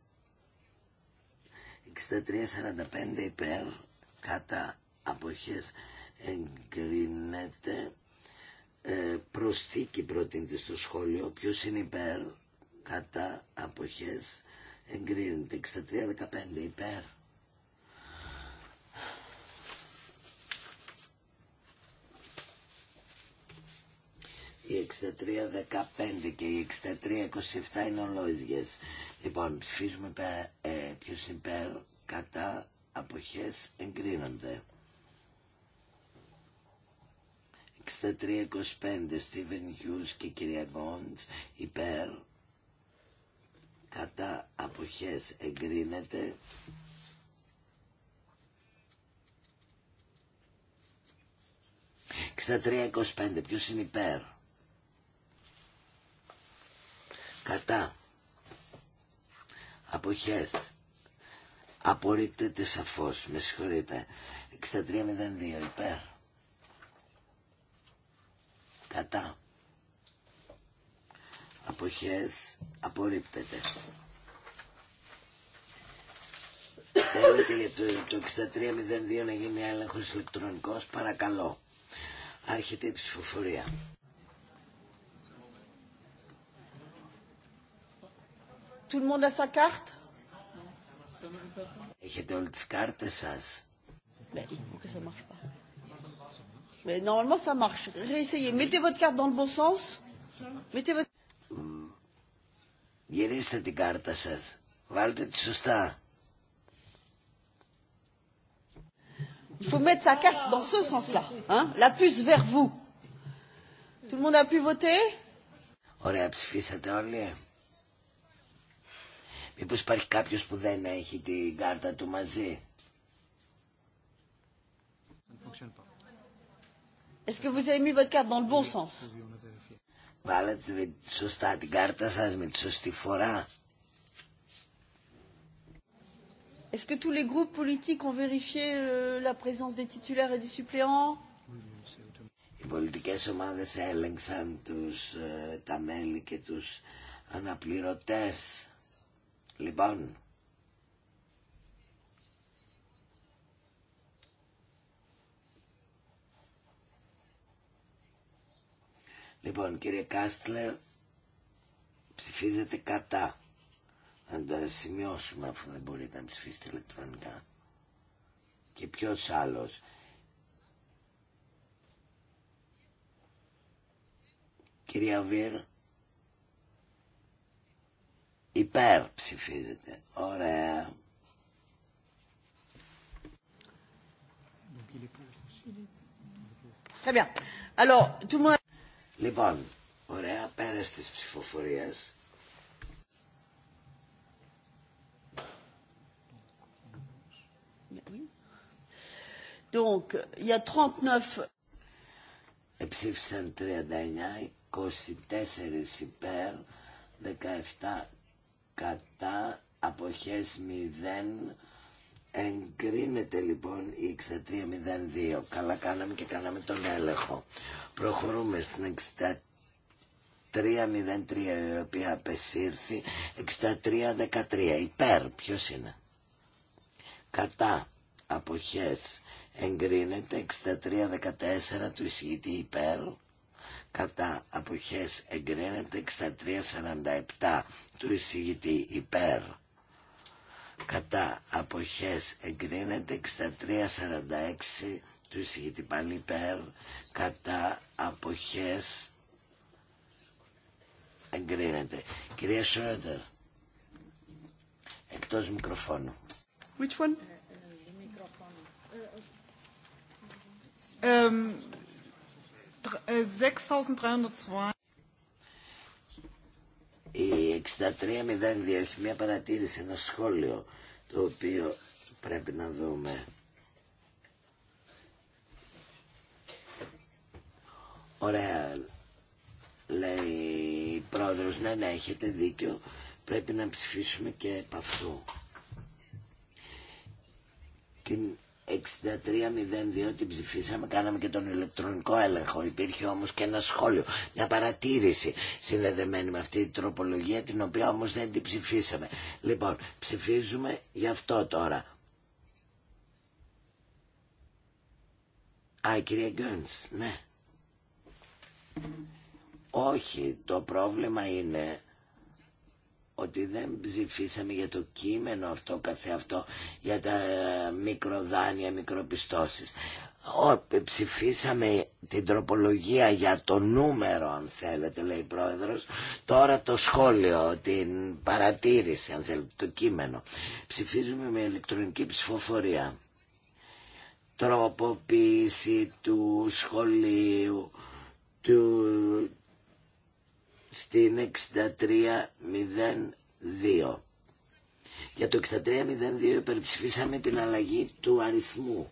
63-45 υπέρ κατά αποχές εγκρίνεται ε, προσθήκη προτείνεται στο σχόλιο Ποιο είναι υπέρ κατά αποχές εγκρίνεται 63-15 υπέρ η 63-15 και η 63-27 είναι ολόιδιες λοιπόν ψηφίζουμε ποιο ε, ποιος υπέρ κατά αποχές εγκρίνονται 63-25 Στίβεν Χιούς και κυρία Γκόντς υπέρ κατά αποχές εγκρίνεται στα 325 ποιος είναι υπέρ κατά αποχές απορρίπτεται σαφώς με συγχωρείτε 6302 υπέρ κατά αποχές απορρίπτεται θέλετε για το, το 6302 να γίνει έλεγχος ηλεκτρονικός παρακαλώ άρχεται η ψηφοφορία Tout le monde a Έχετε όλες τις κάρτες σας. Mais, que ça marche Mais normalement, ça marche. Réessayez. Mettez votre carte dans le bon sens. Mettez votre... Γυρίστε την κάρτα σας. Βάλτε τη σωστά. Il faut mettre sa carte dans ce sens-là. Hein? La puce vers vous. Tout le monde a pu voter Ωραία, ψηφίσατε όλοι. Μήπως υπάρχει κάποιος που δεν έχει την κάρτα του μαζί. Est-ce que vous avez mis votre carte dans le bon sens? Βάλατε με, σωστά την κάρτα σας με τη σωστή φορά. Est-ce que tous les groupes politiques ont vérifié la présence des titulaires et des suppléants? Οι πολιτικές ομάδες έλεγξαν τους, τα μέλη και τους αναπληρωτές. Λοιπόν, Λοιπόν, κύριε Κάστλερ, ψηφίζετε κατά. Να τα σημειώσουμε αφού δεν μπορείτε να ψηφίσετε ηλεκτρονικά. Και ποιος άλλος. Κυρία Βίρ, υπέρ ψηφίζετε. Ωραία. Très Λοιπόν, ωραία, πέρα τις ψηφοφορίες. Donc, il y 39... Εψήφισαν 39, 24 υπέρ, 17 κατά, αποχές 0, Εγκρίνεται λοιπόν η 6302. Καλά κάναμε και κάναμε τον έλεγχο. Προχωρούμε στην 6303 η οποία απεσύρθη. 6313 υπέρ. Ποιος είναι. Κατά. Αποχές. Εγκρίνεται 6314 του εισηγητή υπέρ. Κατά αποχές εγκρίνεται 6347 του εισηγητή υπέρ κατά αποχές εγκρίνεται 63-46 του εισηγητή πάλι κατά αποχές εγκρίνεται κυρία εκτός μικροφώνου Which one? Um, 6302 ε, η 6302 έχει μια παρατήρηση, ένα σχόλιο το οποίο πρέπει να δούμε. Ωραία, λέει η πρόεδρος, ναι, ναι, έχετε δίκιο, πρέπει να ψηφίσουμε και επ' αυτού. Την 6302 την ψηφίσαμε, κάναμε και τον ηλεκτρονικό έλεγχο. Υπήρχε όμως και ένα σχόλιο, μια παρατήρηση συνδεδεμένη με αυτή την τροπολογία, την οποία όμως δεν την ψηφίσαμε. Λοιπόν, ψηφίζουμε γι' αυτό τώρα. Α, κυρία Γκέντς, ναι. Όχι, το πρόβλημα είναι ότι δεν ψηφίσαμε για το κείμενο αυτό καθεαυτό, για τα ε, μικροδάνεια, μικροπιστώσεις. Ό, ψηφίσαμε την τροπολογία για το νούμερο, αν θέλετε, λέει η Πρόεδρος. Τώρα το σχόλιο, την παρατήρηση, αν θέλετε, το κείμενο. Ψηφίζουμε με ηλεκτρονική ψηφοφορία. Τροποποίηση του σχολείου, του, στην 6302. Για το 6302 υπερψηφίσαμε την αλλαγή του αριθμού.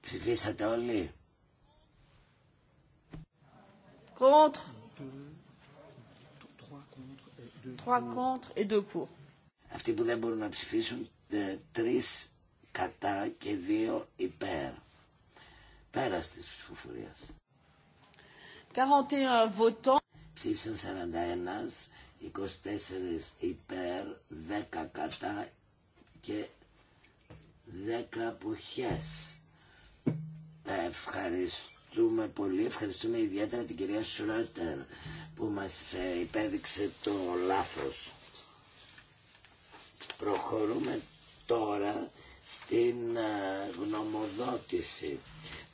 Ψηφίσατε όλοι. Contre. 3 contre et 2 pour. Αυτοί που δεν μπορούν να ψηφίσουν, 3 ε, κατά και 2 υπέρ. Πέρας της ψηφοφορίας. 41 votants. Ψήφισαν 41, 24 υπέρ, 10 κατά και 10 αποχές. Ευχαριστούμε πολύ, ευχαριστούμε ιδιαίτερα την κυρία Σρότερ που μας ε, υπέδειξε το λάθος. Προχωρούμε τώρα στην ε, γνωμοδότηση.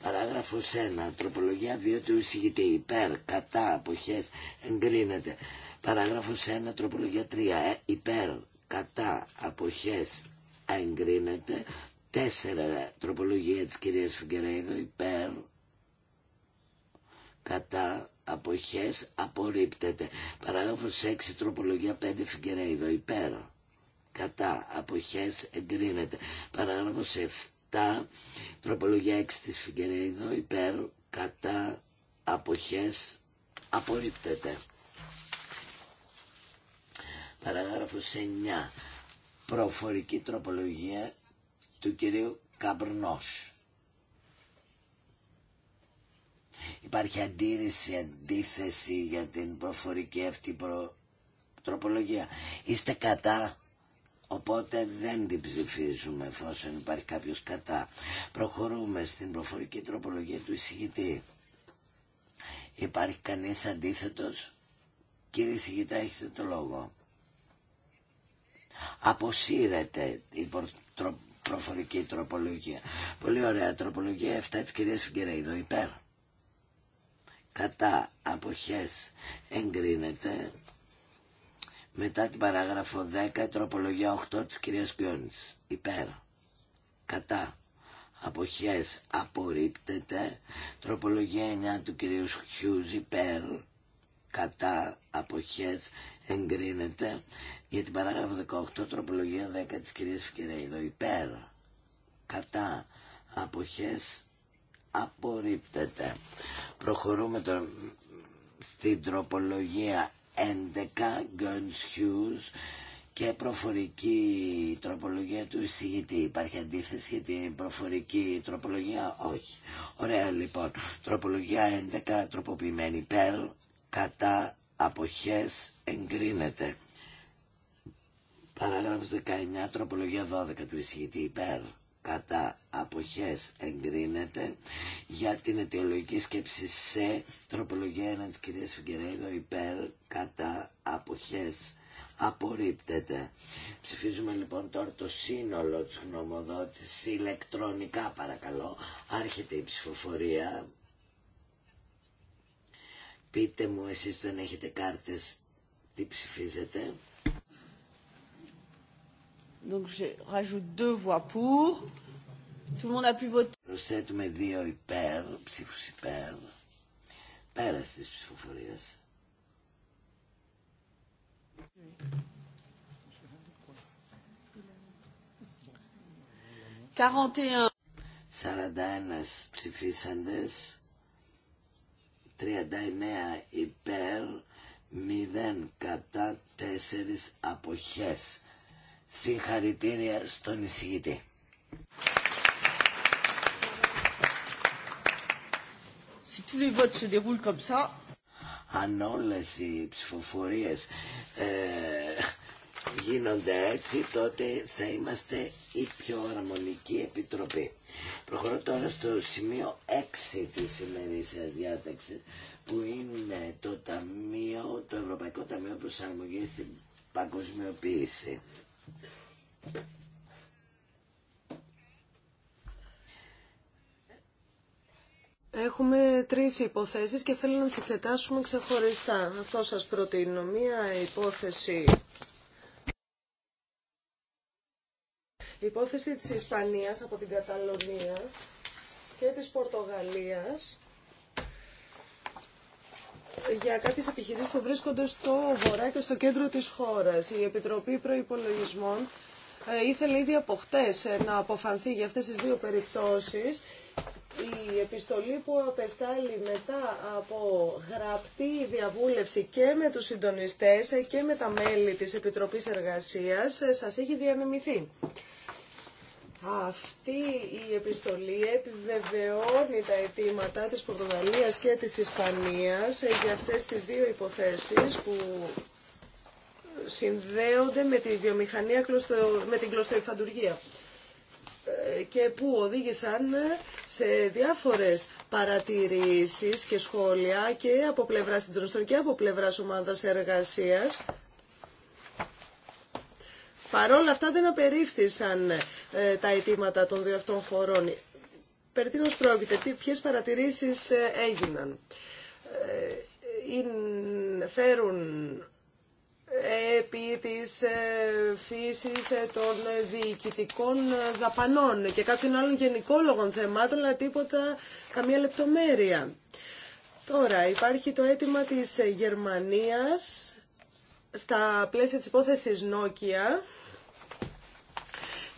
Παράγραφος 1. Τροπολογία 2 του εισηγητή. Υπέρ, κατά, αποχές, εγκρίνεται. Παράγραφος 1. Τροπολογία 3. Ε, υπέρ, κατά, αποχές, εγκρίνεται. 4. Τροπολογία της κυρίας Φιγκερέιδο. Υπέρ, κατά, αποχές, απορρίπτεται. Παράγραφος 6. Τροπολογία 5. Φιγκερέιδο. Υπέρ κατά αποχές εγκρίνεται. Παράγραφος 7, τροπολογία 6 της Φιγκερέιδο, υπέρ, κατά αποχές απορρίπτεται. Παράγραφος 9, προφορική τροπολογία του κυρίου Καμπρνός. Υπάρχει αντίρρηση, αντίθεση για την προφορική αυτή προ... τροπολογία. Είστε κατά Οπότε δεν την ψηφίζουμε εφόσον υπάρχει κάποιος κατά. Προχωρούμε στην προφορική τροπολογία του εισηγητή. Υπάρχει κανείς αντίθετος. Κύριε εισηγητά έχετε το λόγο. Αποσύρεται η προφορική τροπολογία. Πολύ ωραία τροπολογία 7 της κυρίας Φιγκερέιδο υπέρ. Κατά αποχές εγκρίνεται μετά την παράγραφο 10, τροπολογία 8 της κυρίας Γκιόνης. Υπέρ. Κατά. Αποχές απορρίπτεται. Τροπολογία 9 του κυρίου Χιούζ υπέρ. Κατά. Αποχές εγκρίνεται. Για την παράγραφο 18, τροπολογία 10 της κυρίας Φικηρέιδο. Υπέρ. Κατά. Αποχές απορρίπτεται. Προχωρούμε τώρα στην τροπολογία 11 Guns Hughes και προφορική τροπολογία του εισηγητή. Υπάρχει αντίθεση για την προφορική τροπολογία. Όχι. Ωραία λοιπόν. Τροπολογία 11 τροποποιημένη υπέρ κατά αποχές εγκρίνεται. Παράγραφος 19 τροπολογία 12 του εισηγητή υπέρ κατά αποχές εγκρίνεται για την αιτιολογική σκέψη σε τροπολογία 1 της κυρίας Φιγκερέδο υπέρ κατά αποχές απορρίπτεται. Ψηφίζουμε λοιπόν τώρα το σύνολο της γνωμοδότησης ηλεκτρονικά παρακαλώ. Άρχεται η ψηφοφορία. Πείτε μου εσείς δεν έχετε κάρτες τι ψηφίζετε. Donc je rajoute deux voix pour. δύο υπέρ, ψήφους υπέρ. πέρα της ψηφοφορίας. Σαράντα ψηφίσαντες, υπέρ, 0 κατά 4 αποχές. Συγχαρητήρια στον εισηγητή. Αν όλε οι ψηφοφορίε ε, γίνονται έτσι, τότε θα είμαστε η πιο αρμονική επιτροπή. Προχωρώ τώρα στο σημείο 6 της ημερήσιας διάταξη, που είναι το, ταμείο, το Ευρωπαϊκό Ταμείο Προσαρμογής στην Παγκοσμιοποίηση. Έχουμε τρεις υποθέσεις και θέλω να τις εξετάσουμε ξεχωριστά. Αυτό σας προτείνω. Μία υπόθεση... Η υπόθεση της Ισπανίας από την Καταλωνία και της Πορτογαλίας για κάποιε επιχειρήσει που βρίσκονται στο βορρά και στο κέντρο της χώρας. Η Επιτροπή Προϋπολογισμών ε, ήθελε ήδη από χτέ ε, να αποφανθεί για αυτές τις δύο περιπτώσεις. Η επιστολή που απεστάλλει μετά από γραπτή διαβούλευση και με τους συντονιστές ε, και με τα μέλη της Επιτροπής Εργασίας σας έχει διανεμηθεί. Αυτή η επιστολή επιβεβαιώνει τα αιτήματα της Πορτογαλίας και της Ισπανίας για αυτές τις δύο υποθέσεις που συνδέονται με τη βιομηχανία, με την κλωστοϊφαντουργία ε, και που οδήγησαν σε διάφορες παρατηρήσεις και σχόλια και από πλευρά συντονιστών και από πλευρά ομάδας εργασίας Παρόλα αυτά δεν απερίφθησαν ε, τα αιτήματα των δύο αυτών χωρών. Περί τίνος πρόκειται, ποιες παρατηρήσεις ε, έγιναν. Ε, φέρουν επί της φύσης των διοικητικών δαπανών και κάποιων άλλων γενικόλογων θεμάτων, αλλά τίποτα, καμία λεπτομέρεια. Τώρα, υπάρχει το αίτημα της Γερμανίας στα πλαίσια της υπόθεσης Νόκια,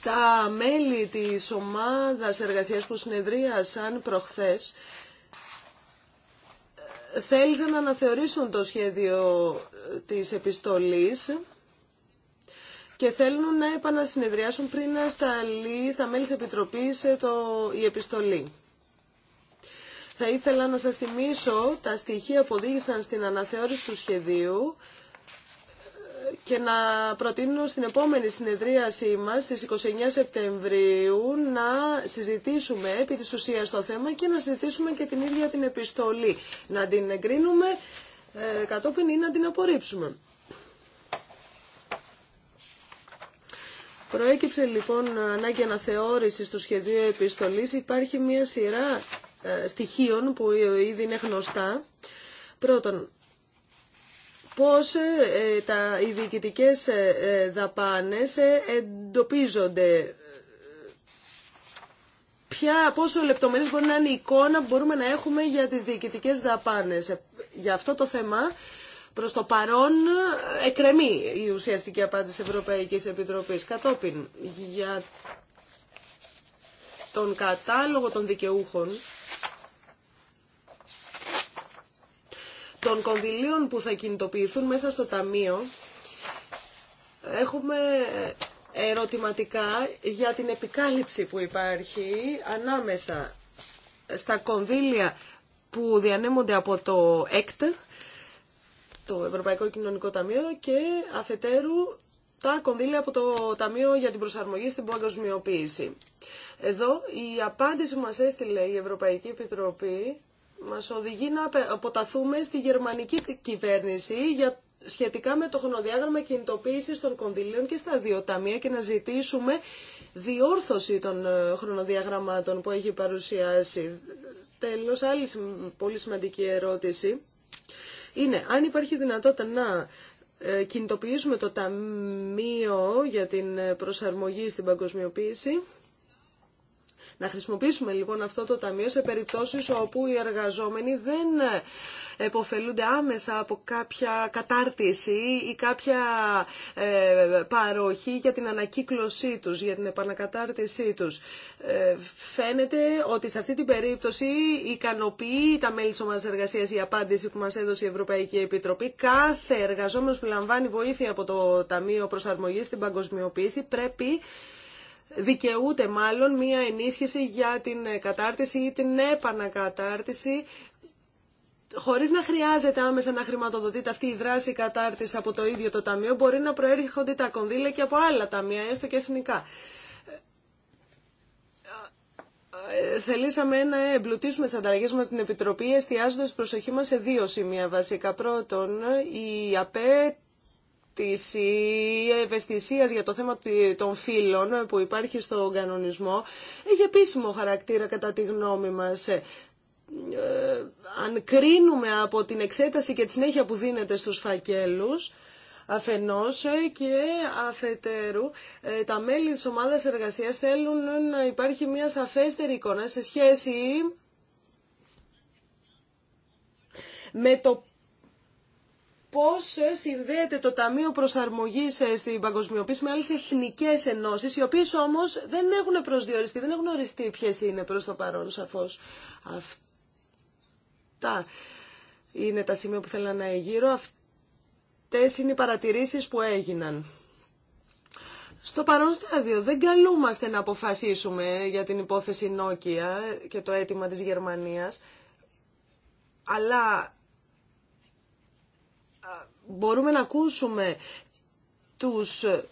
τα μέλη της ομάδας εργασίας που συνεδρίασαν προχθές ε, θέλησαν να αναθεωρήσουν το σχέδιο ε, της επιστολής και θέλουν να επανασυνεδριάσουν πριν να σταλεί στα μέλη της Επιτροπής ε, το, η επιστολή. Θα ήθελα να σας θυμίσω τα στοιχεία που οδήγησαν στην αναθεώρηση του σχεδίου και να προτείνω στην επόμενη συνεδρίασή μας στις 29 Σεπτεμβρίου να συζητήσουμε επί της ουσίας το θέμα και να συζητήσουμε και την ίδια την επιστολή. Να την εγκρίνουμε ε, κατόπιν ή να την απορρίψουμε. Προέκυψε λοιπόν ανάγκη αναθεώρησης του σχεδίου επιστολής. Υπάρχει μια σειρά ε, στοιχείων που ήδη είναι γνωστά. Πρώτον, πώς ε, ε, τα, οι διοικητικές ε, δαπάνες εντοπίζονται. Ποια, πόσο λεπτομερής μπορεί να είναι η εικόνα που μπορούμε να έχουμε για τις διοικητικές δαπάνες. Για αυτό το θέμα προς το παρόν εκρεμεί η ουσιαστική απάντηση Ευρωπαϊκής Επιτροπής. Κατόπιν, για τον κατάλογο των δικαιούχων των κονδυλίων που θα κινητοποιηθούν μέσα στο Ταμείο έχουμε ερωτηματικά για την επικάλυψη που υπάρχει ανάμεσα στα κονδύλια που διανέμονται από το ΕΚΤ, το Ευρωπαϊκό Κοινωνικό Ταμείο, και αφετέρου τα κονδύλια από το Ταμείο για την Προσαρμογή στην Παγκοσμιοποίηση. Εδώ η απάντηση που μας έστειλε η Ευρωπαϊκή Επιτροπή μας οδηγεί να αποταθούμε στη γερμανική κυβέρνηση για σχετικά με το χρονοδιάγραμμα κινητοποίηση των κονδυλίων και στα δύο ταμεία και να ζητήσουμε διόρθωση των ε, χρονοδιαγραμμάτων που έχει παρουσιάσει. Τέλος, άλλη πολύ σημαντική ερώτηση είναι αν υπάρχει δυνατότητα να ε, κινητοποιήσουμε το Ταμείο για την προσαρμογή στην παγκοσμιοποίηση να χρησιμοποιήσουμε λοιπόν αυτό το ταμείο σε περιπτώσεις όπου οι εργαζόμενοι δεν ε, εποφελούνται άμεσα από κάποια κατάρτιση ή κάποια ε, παροχή για την ανακύκλωσή τους, για την επανακατάρτισή τους. Ε, φαίνεται ότι σε αυτή την περίπτωση ικανοποιεί τα μέλη της ομάδας εργασίας η απάντηση που μας έδωσε η Ευρωπαϊκή Επιτροπή. Κάθε εργαζόμενος που λαμβάνει βοήθεια από το Ταμείο Προσαρμογής στην Παγκοσμιοποίηση πρέπει δικαιούται μάλλον μία ενίσχυση για την κατάρτιση ή την επανακατάρτιση χωρίς να χρειάζεται άμεσα να χρηματοδοτείται αυτή η δράση κατάρτιση από το ίδιο το ταμείο, μπορεί να προέρχονται τα κονδύλια και από άλλα ταμεία, έστω και εθνικά. Θελήσαμε να εμπλουτίσουμε τι ανταλλαγέ μα στην Επιτροπή, εστιάζοντα προσοχή μα σε δύο σημεία βασικά. Πρώτον, η ΑΠΕ η ευαισθησίας για το θέμα των φύλων που υπάρχει στον κανονισμό έχει επίσημο χαρακτήρα κατά τη γνώμη μας. Ε, αν κρίνουμε από την εξέταση και τη συνέχεια που δίνεται στους φακέλους, αφενός ε, και αφετέρου ε, τα μέλη της ομάδας εργασίας θέλουν να υπάρχει μια σαφέστερη εικόνα σε σχέση με το Πώ συνδέεται το Ταμείο προσαρμογή ε, στην παγκοσμιοποίηση με άλλε εθνικές ενώσει, οι οποίες όμως δεν έχουν προσδιοριστεί, δεν έχουν οριστεί ποιε είναι προς το παρόν σαφώ. Αυτά είναι τα σημεία που θέλω να εγείρω. Αυτές είναι οι παρατηρήσεις που έγιναν. Στο παρόν στάδιο δεν καλούμαστε να αποφασίσουμε για την υπόθεση Νόκια και το αίτημα της Γερμανίας, αλλά μπορούμε να ακούσουμε τους ε,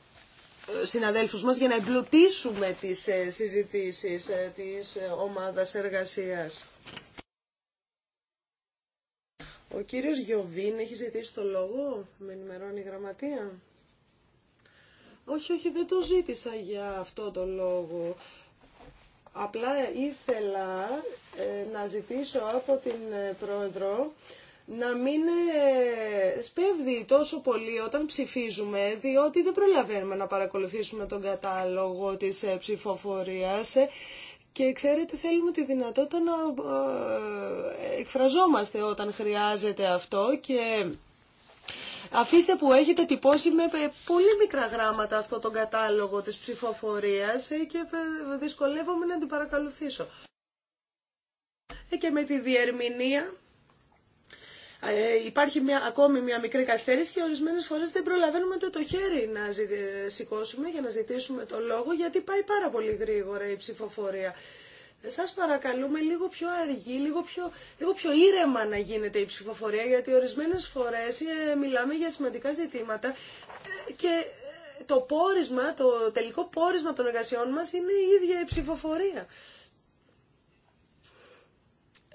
συναδέλφους μας για να εμπλουτίσουμε τις ε, συζητήσεις ε, της ομάδας εργασίας. Ο κύριος Γιωβίν έχει ζητήσει το λόγο, με ενημερώνει η γραμματεία. Όχι, όχι, δεν το ζήτησα για αυτό το λόγο. Απλά ήθελα να ζητήσω από την Πρόεδρο να μην ε, σπέβδει τόσο πολύ όταν ψηφίζουμε, διότι δεν προλαβαίνουμε να παρακολουθήσουμε τον κατάλογο της ε, ψηφοφορίας ε, και ξέρετε θέλουμε τη δυνατότητα να εκφραζόμαστε όταν χρειάζεται αυτό και... Αφήστε που έχετε τυπώσει με πολύ μικρά γράμματα αυτό τον κατάλογο της ψηφοφορίας και δυσκολεύομαι να την παρακαλουθήσω. Και με τη διερμηνία ε, υπάρχει μια, ακόμη μια μικρή καθυστέρηση και ορισμένες φορές δεν προλαβαίνουμε το, το χέρι να σηκώσουμε για να ζητήσουμε το λόγο γιατί πάει πάρα πολύ γρήγορα η ψηφοφορία. Ε, σας παρακαλούμε λίγο πιο αργή, λίγο πιο, λίγο πιο ήρεμα να γίνεται η ψηφοφορία γιατί ορισμένες φορές ε, μιλάμε για σημαντικά ζητήματα και το πόρισμα, το τελικό πόρισμα των εργασιών μας είναι η ίδια η ψηφοφορία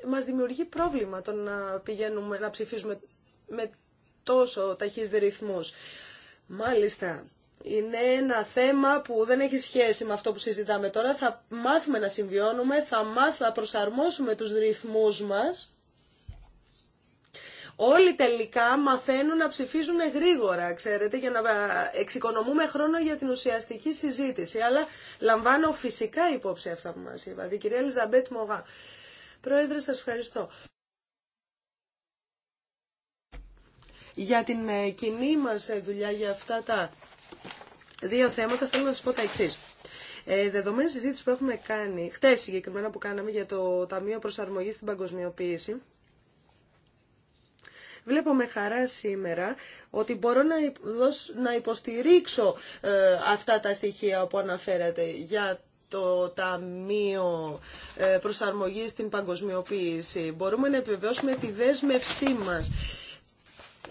μας δημιουργεί πρόβλημα το να πηγαίνουμε να ψηφίζουμε με τόσο ταχύς ρυθμούς. Μάλιστα, είναι ένα θέμα που δεν έχει σχέση με αυτό που συζητάμε τώρα. Θα μάθουμε να συμβιώνουμε, θα μάθουμε να προσαρμόσουμε τους ρυθμούς μας. Όλοι τελικά μαθαίνουν να ψηφίζουν γρήγορα, ξέρετε, για να ε, εξοικονομούμε χρόνο για την ουσιαστική συζήτηση. Αλλά λαμβάνω φυσικά υπόψη αυτά που μας είπατε. Η κυρία Ελιζαμπέτ Μογά. Πρόεδρε, σας ευχαριστώ. Για την ε, κοινή μας ε, δουλειά για αυτά τα δύο θέματα θέλω να σας πω τα εξής. Ε, δεδομένη συζήτηση που έχουμε κάνει, χτες συγκεκριμένα που κάναμε για το Ταμείο Προσαρμογής στην Παγκοσμιοποίηση, Βλέπω με χαρά σήμερα ότι μπορώ να υποστηρίξω ε, αυτά τα στοιχεία που αναφέρατε για το Ταμείο ε, Προσαρμογής στην Παγκοσμιοποίηση. Μπορούμε να επιβεβαιώσουμε τη δέσμευσή μας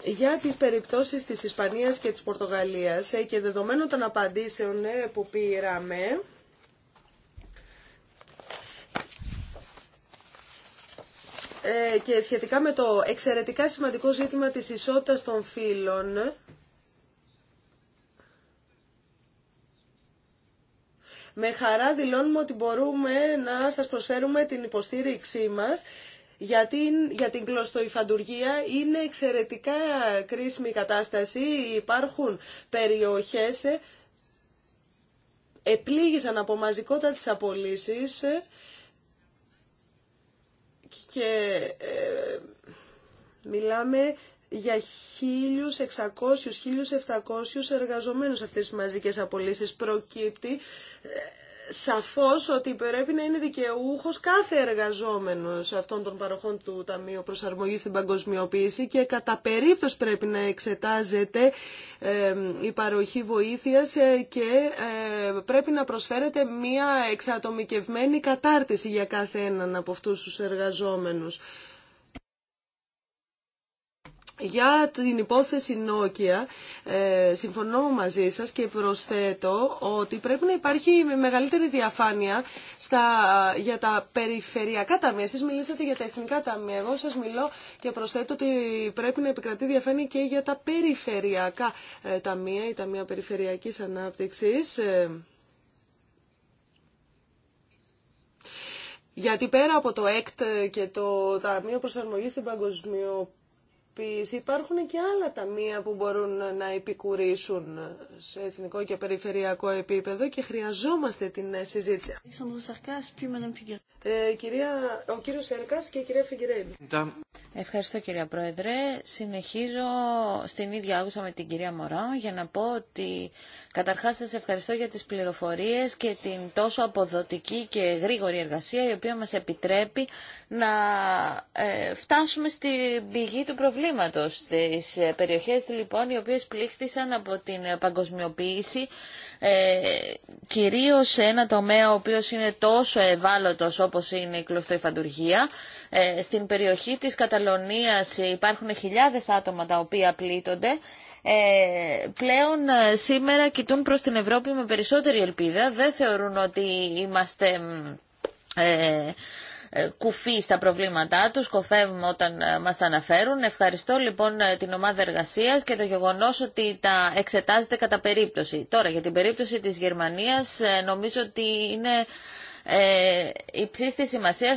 για τις περιπτώσεις της Ισπανίας και της Πορτογαλίας ε, και δεδομένων των απαντήσεων ε, που πήραμε, και σχετικά με το εξαιρετικά σημαντικό ζήτημα της ισότητας των φύλων, Με χαρά δηλώνουμε ότι μπορούμε να σας προσφέρουμε την υποστήριξή μας γιατί για την κλωστοϊφαντουργία είναι εξαιρετικά κρίσιμη κατάσταση. Υπάρχουν περιοχές ε, επλήγησαν από μαζικότητα τις απολύσεις ε, και ε, μιλάμε για 1.600-1.700 εργαζομένους αυτές τις μαζικές απολύσεις προκύπτει ε, σαφώς ότι πρέπει να είναι δικαιούχος κάθε εργαζόμενος αυτών των παροχών του Ταμείου Προσαρμογής στην Παγκοσμιοποίηση και κατά περίπτωση πρέπει να εξετάζεται η παροχή βοήθειας ε, και ε, πρέπει να προσφέρεται μία εξατομικευμένη κατάρτιση για κάθε έναν από αυτούς τους εργαζόμενους. Για την υπόθεση Νόκια, ε, συμφωνώ μαζί σας και προσθέτω ότι πρέπει να υπάρχει μεγαλύτερη διαφάνεια στα, για τα περιφερειακά ταμεία. Εσείς μιλήσατε για τα εθνικά ταμεία. Εγώ σας μιλώ και προσθέτω ότι πρέπει να επικρατεί διαφάνεια και για τα περιφερειακά ε, ταμεία, η Ταμεία Περιφερειακής Ανάπτυξης. Ε. Γιατί πέρα από το ΕΚΤ και το Ταμείο Προσαρμογής στην Παγκοσμιοποίηση, υπάρχουν και άλλα ταμεία που μπορούν να επικουρήσουν σε εθνικό και περιφερειακό επίπεδο και χρειαζόμαστε την συζήτηση. Ε, κυρία, ο κύριος Σέρκας και η κυρία Φιγκυρέιντου. Ευχαριστώ κυρία Πρόεδρε. Συνεχίζω στην ίδια άγουσα με την κυρία Μωρά για να πω ότι καταρχάς σας ευχαριστώ για τις πληροφορίες και την τόσο αποδοτική και γρήγορη εργασία η οποία μας επιτρέπει να ε, φτάσουμε στην πηγή του προβλήματος στις ε, περιοχές λοιπόν οι οποίες πλήχθησαν από την παγκοσμιοποίηση ε, κυρίως σε ένα τομέα ο οποίος είναι τόσο ευάλωτος όπως είναι η κλωστοϊφαντουργία. Ε, στην περιοχή της Καταλωνίας υπάρχουν χιλιάδες άτομα τα οποία πλήττονται. Ε, πλέον ε, σήμερα κοιτούν προς την Ευρώπη με περισσότερη ελπίδα. Δεν θεωρούν ότι είμαστε... Ε, ε, κουφή στα προβλήματά τους, κοφεύουμε όταν ε, μας τα αναφέρουν. Ευχαριστώ λοιπόν ε, την ομάδα εργασίας και το γεγονός ότι τα εξετάζεται κατά περίπτωση. Τώρα για την περίπτωση της Γερμανίας νομίζω ότι είναι ε, υψή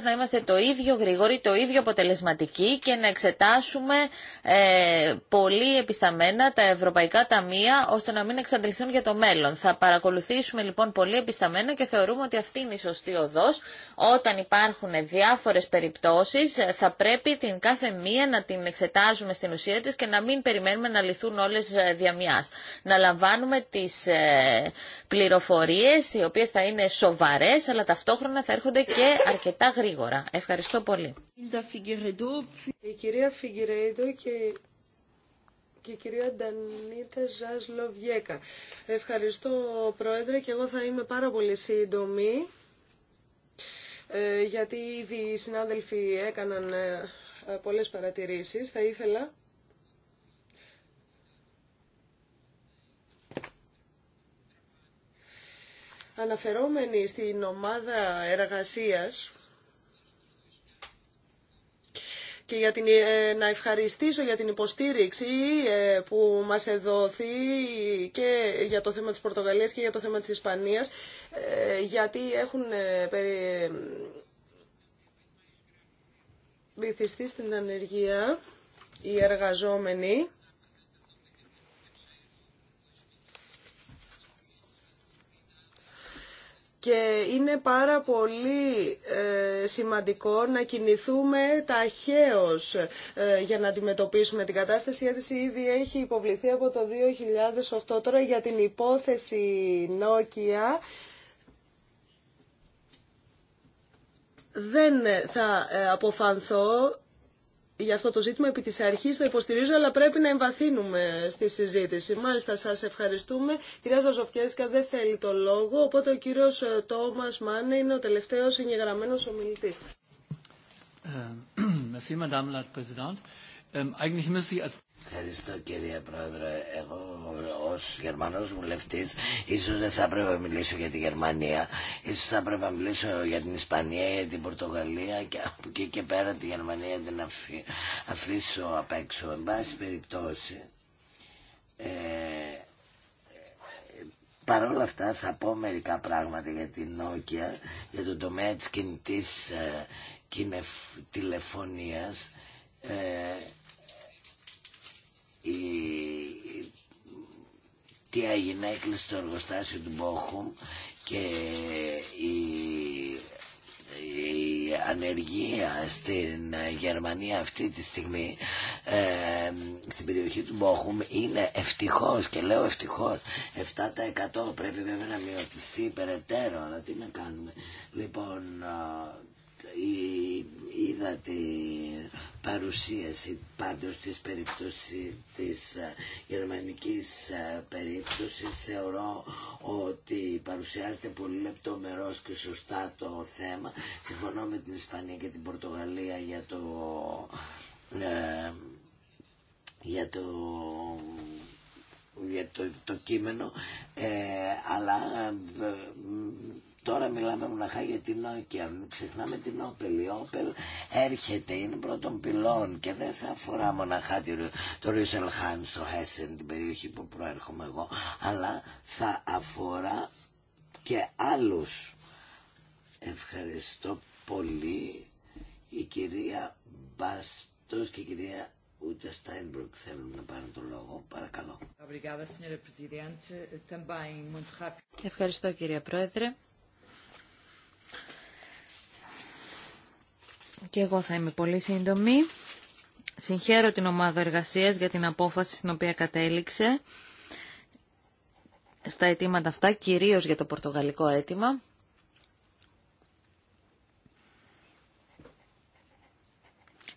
να είμαστε το ίδιο γρήγοροι, το ίδιο αποτελεσματικοί και να εξετάσουμε ε, πολύ επισταμένα τα ευρωπαϊκά ταμεία ώστε να μην εξαντληθούν για το μέλλον. Θα παρακολουθήσουμε λοιπόν πολύ επισταμένα και θεωρούμε ότι αυτή είναι η σωστή οδό. Όταν υπάρχουν διάφορε περιπτώσει, ε, θα πρέπει την κάθε μία να την εξετάζουμε στην ουσία τη και να μην περιμένουμε να λυθούν όλες ε, διαμιάς. Να λαμβάνουμε τις ε, οι οποίε θα είναι σοβαρέ, αλλά τα ταυτόχρονα θα έρχονται και αρκετά γρήγορα. Ευχαριστώ πολύ. Η κυρία Φιγκυρέντο και και η κυρία Ντανίτα Ζασλοβιέκα. Ευχαριστώ Πρόεδρε και εγώ θα είμαι πάρα πολύ σύντομη ε, γιατί ήδη οι συνάδελφοι έκαναν ε, πολλές παρατηρήσεις. Θα ήθελα Αναφερόμενοι στην ομάδα εργασίας και για την, ε, να ευχαριστήσω για την υποστήριξη ε, που μας εδόθη και για το θέμα της Πορτογαλίας και για το θέμα της Ισπανίας ε, γιατί έχουν βυθιστεί στην ανεργία οι εργαζόμενοι και είναι πάρα πολύ ε, σημαντικό να κινηθούμε ταχαίως ε, για να αντιμετωπίσουμε την κατάσταση. Η αίτηση ήδη έχει υποβληθεί από το 2008 τώρα για την υπόθεση Nokia. Δεν θα ε, αποφανθώ για αυτό το ζήτημα επί της αρχής το υποστηρίζω, αλλά πρέπει να εμβαθύνουμε στη συζήτηση. Μάλιστα, σας ευχαριστούμε. Κυρία Ζαζοφιέσκα δεν θέλει το λόγο, οπότε ο κύριος ε, Τόμας Μάνε είναι ο τελευταίος εγγεγραμμένος ομιλητής. Ε, Eigentlich müsste ich Ευχαριστώ κύριε Πρόεδρε. Εγώ ως Γερμανός βουλευτή ίσως δεν θα έπρεπε να μιλήσω για τη Γερμανία. Ίσως θα έπρεπε να μιλήσω για την Ισπανία, για την Πορτογαλία και από εκεί και πέρα τη Γερμανία την αφήσω απ' έξω. Εν πάση περιπτώσει, ε, παρόλα αυτά θα πω μερικά πράγματα για την Nokia, για τον τομέα της κινητής ε, τηλεφωνίας. Ε, η, τι έγινε, έκλεισε το εργοστάσιο του Μπόχουμ και η, ανεργία στην Γερμανία αυτή τη στιγμή ε, στην περιοχή του Μπόχουμ είναι ευτυχώς και λέω ευτυχώς 7% πρέπει βέβαια να μειωτηθεί περαιτέρω αλλά τι να κάνουμε λοιπόν ε, είδα τη παρουσίαση πάντως της περίπτωση της ε, γερμανικής ε, περίπτωσης θεωρώ ότι παρουσιάζεται πολύ λεπτομερώς και σωστά το θέμα συμφωνώ με την Ισπανία και την Πορτογαλία για το ε, για το το, κείμενο αλλά Τώρα μιλάμε μοναχά για την Νόκια. μην ξεχνάμε την Όπελ. Η Όπελ έρχεται, είναι πρώτον πυλών και δεν θα αφορά μοναχά το Χάν στο Χέσεν, την περιοχή που προέρχομαι εγώ, αλλά θα αφορά και άλλους. Ευχαριστώ πολύ η κυρία Μπάστος και η κυρία Ούτε Στάινμπρουκ θέλουν να πάρουν τον λόγο. Παρακαλώ. Ευχαριστώ κύριε Πρόεδρε. Και εγώ θα είμαι πολύ σύντομη. Συγχαίρω την ομάδα εργασίας για την απόφαση στην οποία κατέληξε στα αιτήματα αυτά, κυρίως για το πορτογαλικό αίτημα.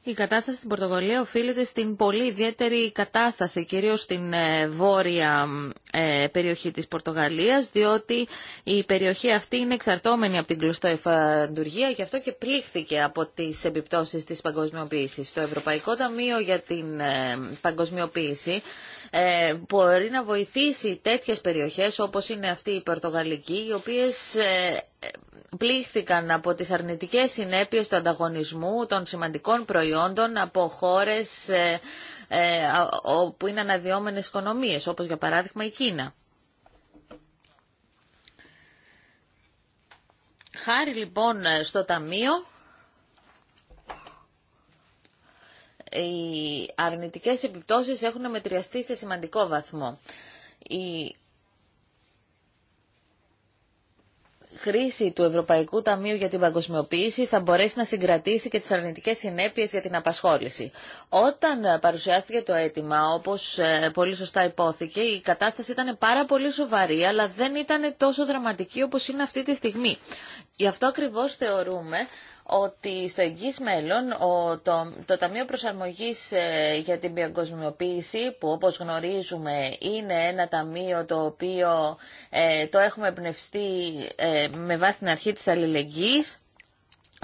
Η κατάσταση στην Πορτογαλία οφείλεται στην πολύ ιδιαίτερη κατάσταση, κυρίως στην ε, βόρεια ε, περιοχή της Πορτογαλίας, διότι η περιοχή αυτή είναι εξαρτώμενη από την κλωστό εφαντουργία και αυτό και πλήχθηκε από τις επιπτώσεις της παγκοσμιοποίησης. Το Ευρωπαϊκό Ταμείο για την ε, Παγκοσμιοποίηση ε, μπορεί να βοηθήσει τέτοιες περιοχές όπως είναι αυτή η Πορτογαλική, οι οποίες ε, πλήχθηκαν από τις αρνητικές συνέπειες του ανταγωνισμού των σημαντικών προϊόντων από χώρες ε, που είναι αναδυόμενες οικονομίες, όπως για παράδειγμα η Κίνα. Χάρη λοιπόν στο Ταμείο οι αρνητικές επιπτώσεις έχουν μετριαστεί σε σημαντικό βαθμό. Η χρήση του Ευρωπαϊκού Ταμείου για την Παγκοσμιοποίηση θα μπορέσει να συγκρατήσει και τις αρνητικές συνέπειες για την απασχόληση. Όταν παρουσιάστηκε το αίτημα, όπως ε, πολύ σωστά υπόθηκε, η κατάσταση ήταν πάρα πολύ σοβαρή, αλλά δεν ήταν τόσο δραματική όπως είναι αυτή τη στιγμή. Γι' αυτό ακριβώς θεωρούμε ότι στο εγγύς μέλλον το, το Ταμείο Προσαρμογής ε, για την Πιαγκοσμιοποίηση, που όπως γνωρίζουμε είναι ένα ταμείο το οποίο ε, το έχουμε εμπνευστεί ε, με βάση την αρχή της αλληλεγγύης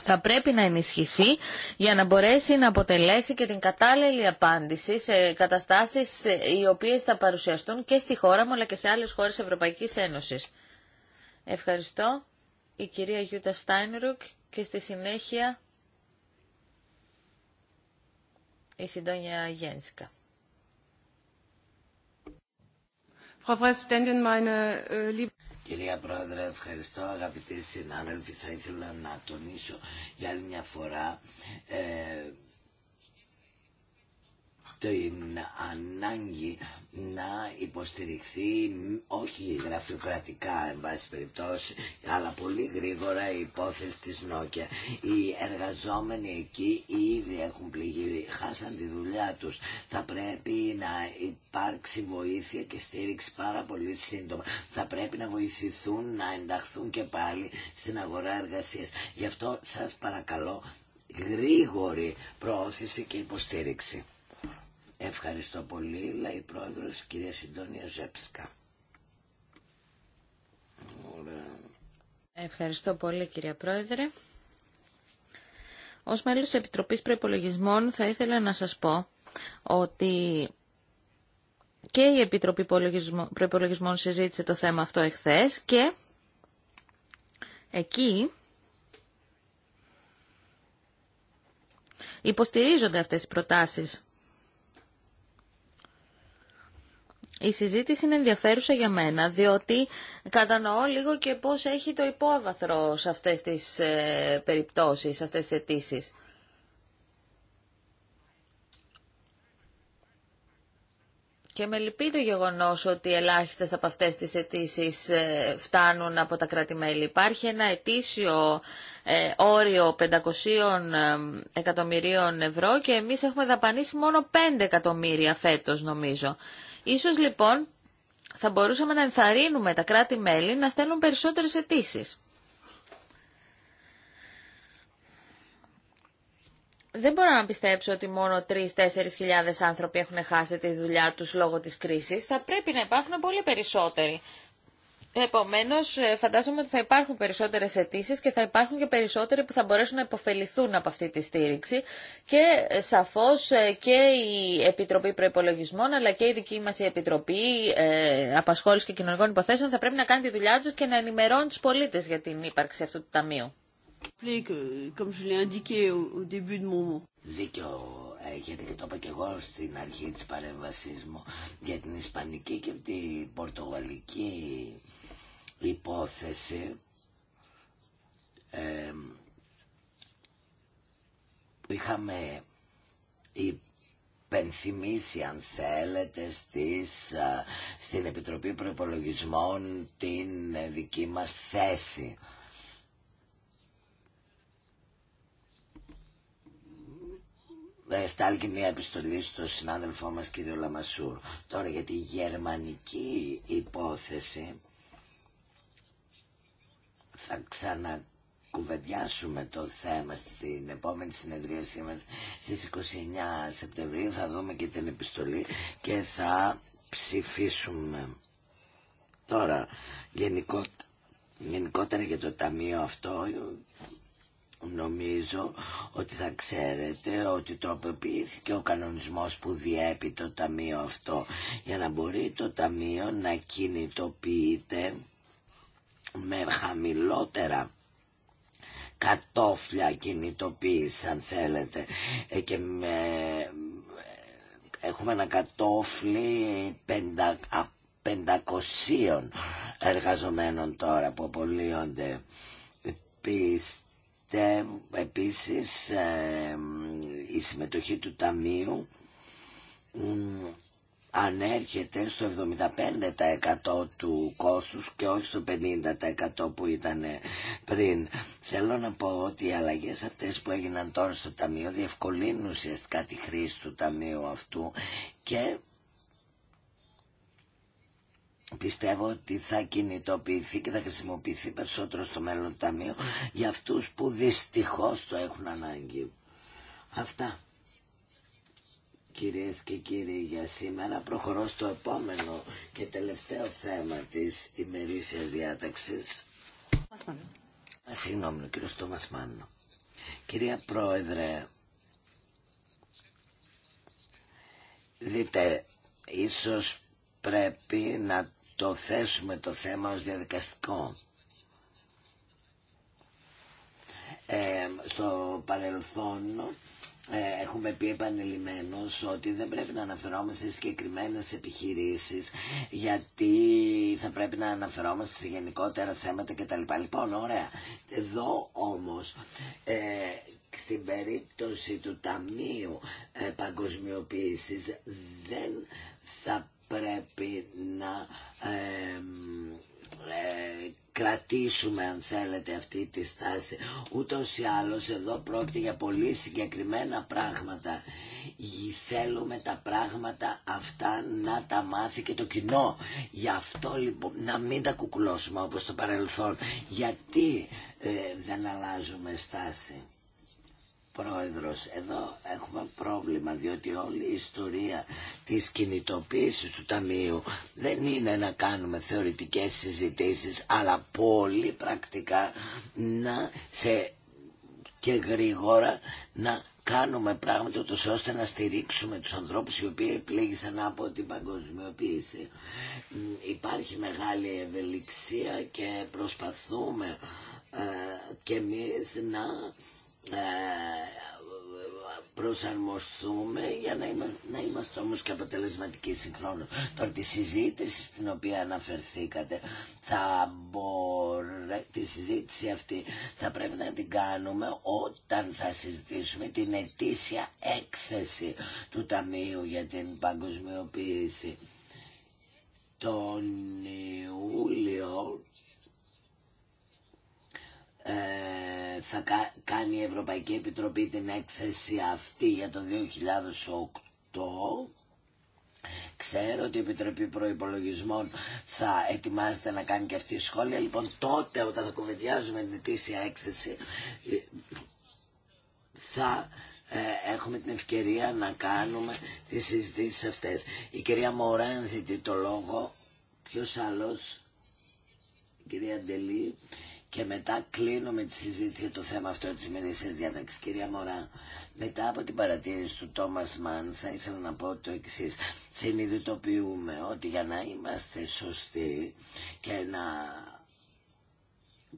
θα πρέπει να ενισχυθεί για να μπορέσει να αποτελέσει και την κατάλληλη απάντηση σε καταστάσεις οι οποίες θα παρουσιαστούν και στη χώρα μου αλλά και σε άλλες χώρες Ευρωπαϊκής Ένωσης. Ευχαριστώ. Η κυρία Γιούτα Στάινρουκ και στη συνέχεια η Συντόνια Γένσκα. Äh, Κυρία Πρόεδρε, ευχαριστώ αγαπητοί συνάδελφοι. Θα ήθελα να τονίσω για άλλη μια φορά ε, την ανάγκη να υποστηριχθεί όχι γραφειοκρατικά εν πάση περιπτώσει αλλά πολύ γρήγορα η υπόθεση της Νόκια οι εργαζόμενοι εκεί ήδη έχουν πληγεί χάσαν τη δουλειά τους θα πρέπει να υπάρξει βοήθεια και στήριξη πάρα πολύ σύντομα θα πρέπει να βοηθηθούν να ενταχθούν και πάλι στην αγορά εργασίας γι' αυτό σας παρακαλώ γρήγορη προώθηση και υποστήριξη Ευχαριστώ πολύ, λέει η πρόεδρος, κυρία Συντόνια Ζέψκα. Ευχαριστώ πολύ, κυρία πρόεδρε. Ως μέλος της Επιτροπής Προϋπολογισμών θα ήθελα να σας πω ότι και η Επιτροπή Προϋπολογισμών συζήτησε το θέμα αυτό εχθές και εκεί υποστηρίζονται αυτές οι προτάσεις Η συζήτηση είναι ενδιαφέρουσα για μένα, διότι κατανοώ λίγο και πώς έχει το υπόβαθρο σε αυτές τις ε, περιπτώσεις, σε αυτές τις αιτήσει. Και με λυπεί το γεγονός ότι ελάχιστες από αυτές τις αιτήσει ε, φτάνουν από τα κράτη-μέλη. Υπάρχει ένα ετήσιο ε, όριο 500 εκατομμυρίων ευρώ και εμείς έχουμε δαπανίσει μόνο 5 εκατομμύρια φέτος νομίζω. Ίσως λοιπόν θα μπορούσαμε να ενθαρρύνουμε τα κράτη-μέλη να στέλνουν περισσότερες αιτήσει. Δεν μπορώ να πιστέψω ότι μόνο 3-4 χιλιάδες άνθρωποι έχουν χάσει τη δουλειά τους λόγω της κρίσης. Θα πρέπει να υπάρχουν πολύ περισσότεροι. Επομένω, ε, φαντάζομαι ότι θα υπάρχουν περισσότερες αιτήσει και θα υπάρχουν και περισσότεροι που θα μπορέσουν να υποφεληθούν από αυτή τη στήριξη και ε, σαφώς ε, και η Επιτροπή προπολογισμών, αλλά και η δική μα η Επιτροπή ε, Απασχόλησης και Κοινωνικών Υποθέσεων θα πρέπει να κάνει τη δουλειά τους και να ενημερώνει τους πολίτε για την ύπαρξη αυτού του ταμείου. Ε, γιατί και το είπα και εγώ στην αρχή της παρέμβασής μου για την Ισπανική και την Πορτογαλική υπόθεση ε, είχαμε υπενθυμίσει αν θέλετε στις, στην Επιτροπή Προπολογισμών την ε, δική μας θέση Ε, στάλει μια επιστολή στο συνάδελφό μας κύριο Λαμασούρ τώρα για τη γερμανική υπόθεση θα ξανακουβεντιάσουμε το θέμα στην επόμενη συνεδρίασή μας στις 29 Σεπτεμβρίου θα δούμε και την επιστολή και θα ψηφίσουμε τώρα γενικό, γενικότερα για το ταμείο αυτό νομίζω ότι θα ξέρετε ότι τροποποιήθηκε ο κανονισμός που διέπει το ταμείο αυτό για να μπορεί το ταμείο να κινητοποιείται με χαμηλότερα κατόφλια κινητοποίηση αν θέλετε ε, και έχουμε ένα κατόφλι πεντακοσίων εργαζομένων τώρα που απολύονται Επίση, επίσης ε, η συμμετοχή του Ταμείου ανέρχεται στο 75% του κόστους και όχι στο 50% που ήταν πριν. Θέλω να πω ότι οι αλλαγές αυτές που έγιναν τώρα στο Ταμείο διευκολύνουν ουσιαστικά τη χρήση του Ταμείου αυτού και Πιστεύω ότι θα κινητοποιηθεί και θα χρησιμοποιηθεί περισσότερο στο μέλλον του Ταμείου για αυτούς που δυστυχώς το έχουν ανάγκη. Αυτά. Κυρίες και κύριοι για σήμερα προχωρώ στο επόμενο και τελευταίο θέμα της ημερήσιας διάταξης. συγγνώμη, ο κύριος Τόμας Κυρία Πρόεδρε, δείτε, ίσως πρέπει να το θέσουμε το θέμα ως διαδικαστικό. Ε, στο παρελθόν ε, έχουμε πει επανειλημμένως ότι δεν πρέπει να αναφερόμαστε σε συγκεκριμένες επιχειρήσεις γιατί θα πρέπει να αναφερόμαστε σε γενικότερα θέματα κτλ. Λοιπόν, ωραία. Εδώ όμως ε, στην περίπτωση του Ταμείου ε, Παγκοσμιοποίησης δεν θα πρέπει να ε, κρατήσουμε αν θέλετε αυτή τη στάση ούτως ή άλλως εδώ πρόκειται για πολύ συγκεκριμένα πράγματα θέλουμε τα πράγματα αυτά να τα μάθει και το κοινό γι' αυτό λοιπόν να μην τα κουκλώσουμε όπως το παρελθόν γιατί ε, δεν αλλάζουμε στάση Πρόεδρος, εδώ έχουμε πρόβλημα διότι όλη η ιστορία της κινητοποίησης του Ταμείου δεν είναι να κάνουμε θεωρητικές συζητήσεις αλλά πολύ πρακτικά να σε και γρήγορα να κάνουμε πράγματα τους ώστε να στηρίξουμε τους ανθρώπους οι οποίοι επλήγησαν από την παγκοσμιοποίηση. Υπάρχει μεγάλη ευελιξία και προσπαθούμε ε, και εμείς να ε, προσαρμοστούμε για να είμαστε, να είμαστε όμως και αποτελεσματικοί συγχρόνως. Τώρα τη συζήτηση στην οποία αναφερθήκατε θα μπορέ, τη συζήτηση αυτή θα πρέπει να την κάνουμε όταν θα συζητήσουμε την ετήσια έκθεση του Ταμείου για την παγκοσμιοποίηση. Τον Ιούλιο ε, θα κάνει η Ευρωπαϊκή Επιτροπή την έκθεση αυτή για το 2008. Ξέρω ότι η Επιτροπή Προϋπολογισμών θα ετοιμάζεται να κάνει και αυτή η σχόλια. Λοιπόν, τότε όταν θα κουβεντιάζουμε την ετήσια έκθεση θα ε, έχουμε την ευκαιρία να κάνουμε τις συζητήσεις αυτές. Η κυρία Μωράν ζητεί το λόγο. Ποιος άλλος? Η κυρία Ντελή και μετά κλείνουμε τη συζήτηση για το θέμα αυτό της ημερήσιας διάταξης. Κυρία Μωρά, μετά από την παρατήρηση του Τόμας Μαν θα ήθελα να πω το εξή. Συνειδητοποιούμε ότι για να είμαστε σωστοί και να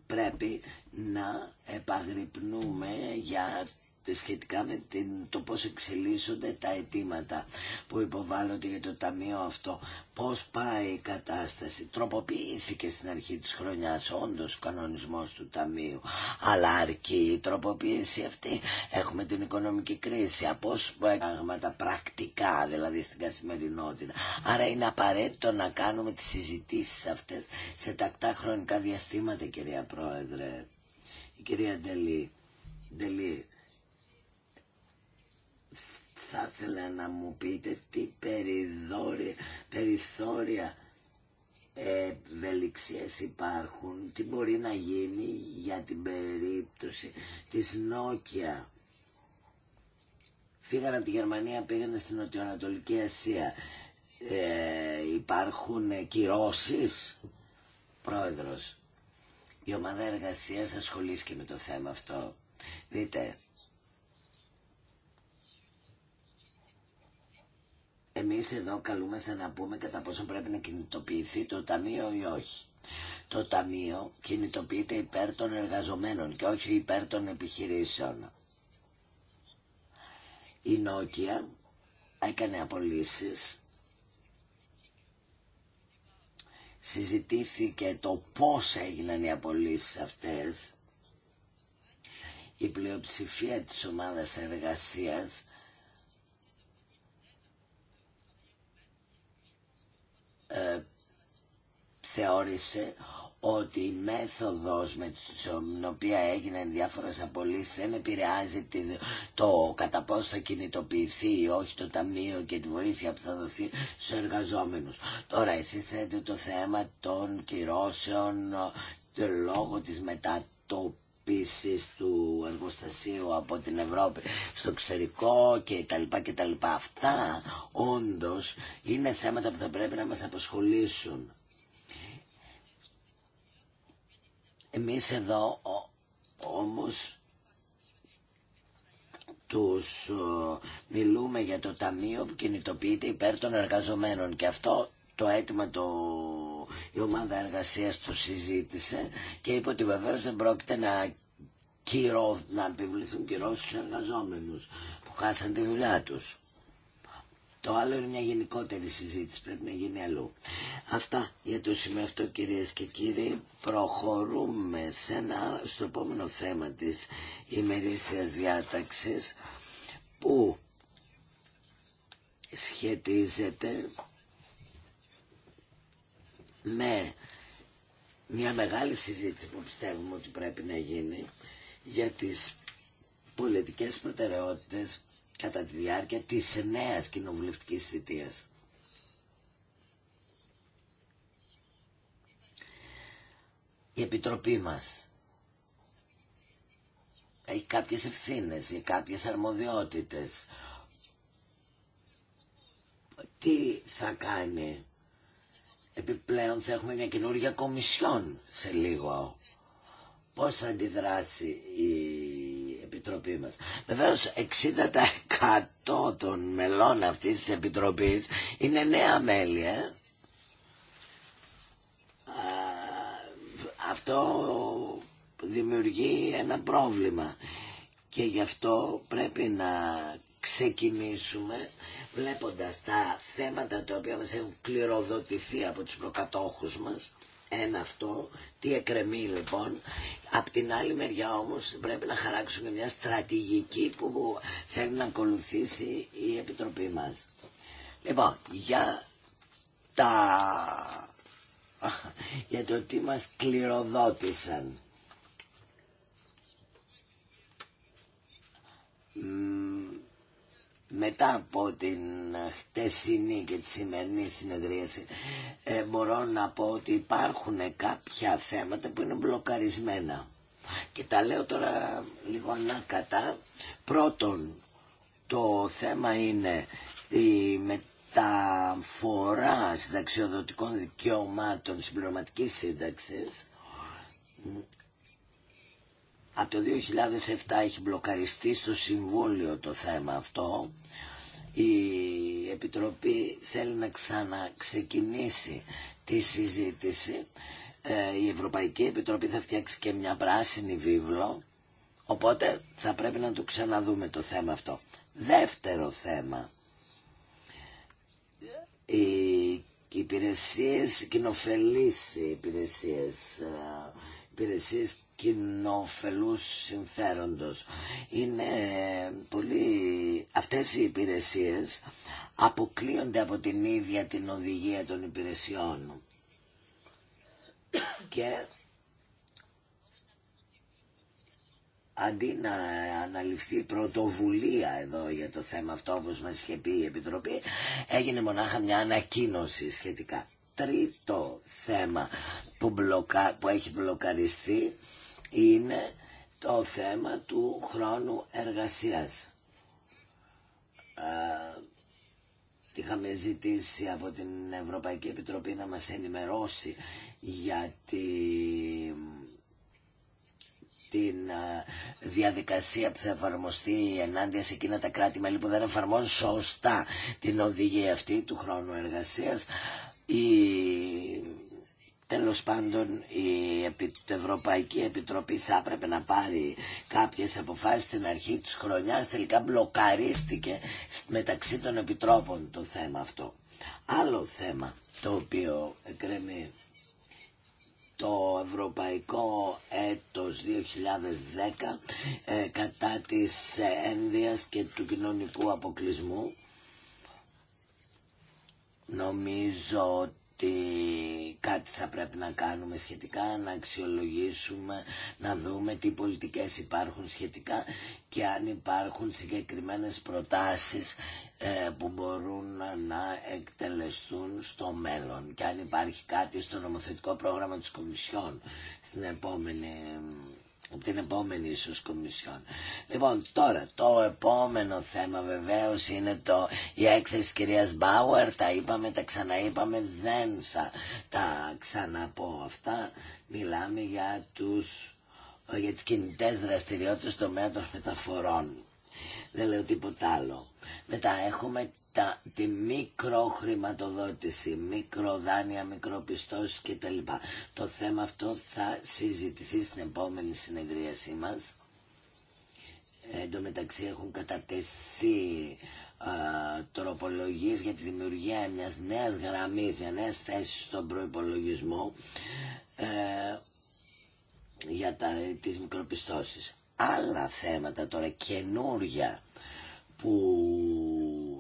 πρέπει να επαγρυπνούμε για σχετικά με την, το πώς εξελίσσονται τα αιτήματα που υποβάλλονται για το ταμείο αυτό. Πώς πάει η κατάσταση. Τροποποιήθηκε στην αρχή της χρονιάς όντως ο κανονισμός του ταμείου. Αλλά αρκεί η τροποποίηση αυτή. Έχουμε την οικονομική κρίση. Από πράγματα πρακτικά δηλαδή στην καθημερινότητα. Άρα είναι απαραίτητο να κάνουμε τις συζητήσεις αυτές σε τακτά χρονικά διαστήματα κυρία Πρόεδρε. Η κυρία Ντελή. Ντελή θα ήθελα να μου πείτε τι περιθώρια, περιθώρια ευελιξίες υπάρχουν, τι μπορεί να γίνει για την περίπτωση της Νόκια. Φύγανε από τη Γερμανία, πήγανε στην Νοτιοανατολική Ασία. Ε, υπάρχουν κυρώσεις, πρόεδρος. Η ομάδα εργασίας και με το θέμα αυτό. Δείτε, Εμεί εδώ καλούμεθα να πούμε κατά πόσο πρέπει να κινητοποιηθεί το Ταμείο ή όχι. Το Ταμείο κινητοποιείται υπέρ των εργαζομένων και όχι υπέρ των επιχειρήσεων. Η Νόκια έκανε απολύσεις. Συζητήθηκε το πώς έγιναν οι απολύσεις αυτές. Η πλειοψηφία της ομάδας εργασίας ε, θεώρησε ότι η μέθοδος με την οποία έγιναν διάφορες απολύσεις δεν επηρεάζει το κατά πώς θα κινητοποιηθεί ή όχι το ταμείο και τη βοήθεια που θα δοθεί στους εργαζόμενους. Τώρα εσύ θέτε το θέμα των κυρώσεων ε, λόγω λόγο της μετά επίση του εργοστασίου από την Ευρώπη στο εξωτερικό και τα και τα Αυτά όντως είναι θέματα που θα πρέπει να μας απασχολήσουν. Εμείς εδώ όμως τους μιλούμε για το ταμείο που κινητοποιείται υπέρ των εργαζομένων και αυτό το αίτημα το η ομάδα εργασίας το συζήτησε και είπε ότι βεβαίως δεν πρόκειται να, κυρώ, να επιβληθούν κυρώσεις στους εργαζόμενους που χάσαν τη δουλειά τους. Το άλλο είναι μια γενικότερη συζήτηση, πρέπει να γίνει αλλού. Αυτά για το σημείο αυτό κυρίες και κύριοι. Προχωρούμε σε ένα, στο επόμενο θέμα της ημερήσιας διάταξης που σχετίζεται με ναι. μια μεγάλη συζήτηση που πιστεύουμε ότι πρέπει να γίνει για τις πολιτικές προτεραιότητες κατά τη διάρκεια της νέας κοινοβουλευτικής θητείας. Η Επιτροπή μας έχει κάποιες ευθύνες ή κάποιες αρμοδιότητες. Τι θα κάνει Επιπλέον θα έχουμε μια καινούργια κομισιόν σε λίγο. Πώς θα αντιδράσει η Επιτροπή μας. Βεβαίως 60% των μελών αυτής της Επιτροπής είναι νέα μέλη. Ε. Αυτό δημιουργεί ένα πρόβλημα και γι' αυτό πρέπει να ξεκινήσουμε βλέποντας τα θέματα τα οποία μας έχουν κληροδοτηθεί από τους προκατόχους μας, ένα αυτό, τι εκρεμεί λοιπόν. Απ' την άλλη μεριά όμως πρέπει να χαράξουμε μια στρατηγική που θέλει να ακολουθήσει η Επιτροπή μας. Λοιπόν, για τα... για το τι μας κληροδότησαν μετά από την χτεσινή και τη σημερινή συνεδρίαση ε, μπορώ να πω ότι υπάρχουν κάποια θέματα που είναι μπλοκαρισμένα και τα λέω τώρα λίγο ανάκατα πρώτον το θέμα είναι η μεταφορά συνταξιοδοτικών δικαιωμάτων συμπληρωματικής σύνταξης από το 2007 έχει μπλοκαριστεί στο Συμβούλιο το θέμα αυτό. Η Επιτροπή θέλει να ξαναξεκινήσει τη συζήτηση. Ε, η Ευρωπαϊκή Επιτροπή θα φτιάξει και μια πράσινη βίβλο. Οπότε θα πρέπει να το ξαναδούμε το θέμα αυτό. Δεύτερο θέμα. Οι υπηρεσίες κοινοφελείς, υπηρεσίες, ε, υπηρεσίες κοινοφελούς συμφέροντος. Είναι ε, πολύ... Αυτές οι υπηρεσίες αποκλείονται από την ίδια την οδηγία των υπηρεσιών. Και αντί να αναλυφθεί πρωτοβουλία εδώ για το θέμα αυτό όπως μας είχε πει η Επιτροπή έγινε μονάχα μια ανακοίνωση σχετικά. Τρίτο θέμα που, μπλοκα... που έχει μπλοκαριστεί είναι το θέμα του χρόνου εργασίας. Είχαμε ζητήσει από την Ευρωπαϊκή Επιτροπή να μας ενημερώσει για τη, την διαδικασία που θα εφαρμοστεί ενάντια σε εκείνα τα κράτη-μέλη που δεν εφαρμόζουν σωστά την οδηγία αυτή του χρόνου εργασίας. Η Τέλος πάντων η Ευρωπαϊκή Επιτροπή θα έπρεπε να πάρει κάποιες αποφάσεις στην αρχή της χρονιάς. Τελικά μπλοκαρίστηκε μεταξύ των επιτρόπων το θέμα αυτό. Άλλο θέμα το οποίο εκκρεμεί το Ευρωπαϊκό έτος 2010 ε, κατά της ε, ένδυας και του κοινωνικού αποκλεισμού. Νομίζω ότι κάτι θα πρέπει να κάνουμε σχετικά, να αξιολογήσουμε, να δούμε τι πολιτικές υπάρχουν σχετικά και αν υπάρχουν συγκεκριμένες προτάσεις ε, που μπορούν να εκτελεστούν στο μέλλον και αν υπάρχει κάτι στο νομοθετικό πρόγραμμα της Κομισιόν στην επόμενη την επόμενη ίσω κομισιόν. Λοιπόν, τώρα το επόμενο θέμα βεβαίω είναι το, η έκθεση της κυρίας Μπάουερ, τα είπαμε, τα ξαναείπαμε, δεν θα τα ξαναπώ αυτά. Μιλάμε για, τους, για τις κινητές δραστηριότητες στο μέτρο μεταφορών. Δεν λέω τίποτα άλλο. Μετά έχουμε τα, τη μικροχρηματοδότηση, μικροδάνεια, μικροπιστώσεις κτλ. Το θέμα αυτό θα συζητηθεί στην επόμενη συνεδρίασή μας. Ε, εν τω μεταξύ έχουν κατατεθεί α, τροπολογίες για τη δημιουργία μιας νέας γραμμής, μιας νέας θέσης στον προϋπολογισμό ε, για τα, τις μικροπιστώσεις. Άλλα θέματα τώρα καινούρια που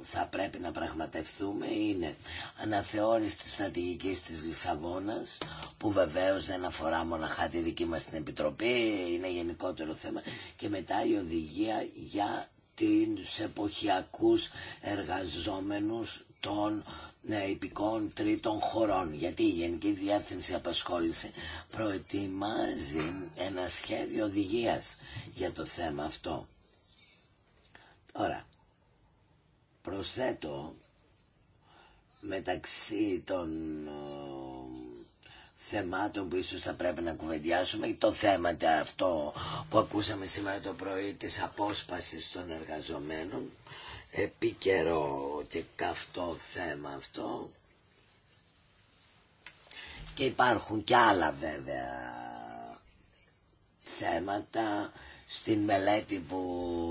θα πρέπει να πραγματευτούμε είναι αναθεώρηση της στρατηγικής της Λισαβόνας που βεβαίως δεν αφορά μοναχά τη δική μας την Επιτροπή, είναι γενικότερο θέμα και μετά η οδηγία για του εποχιακούς εργαζόμενους των ναι, υπηκών τρίτων χωρών γιατί η Γενική Διεύθυνση Απασχόληση προετοιμάζει ένα σχέδιο οδηγίας για το θέμα αυτό. Ωραία προσθέτω μεταξύ των θεμάτων που ίσως θα πρέπει να κουβεντιάσουμε το θέμα αυτό που ακούσαμε σήμερα το πρωί της απόσπασης των εργαζομένων επίκαιρο και καυτό θέμα αυτό και υπάρχουν και άλλα βέβαια θέματα στην μελέτη που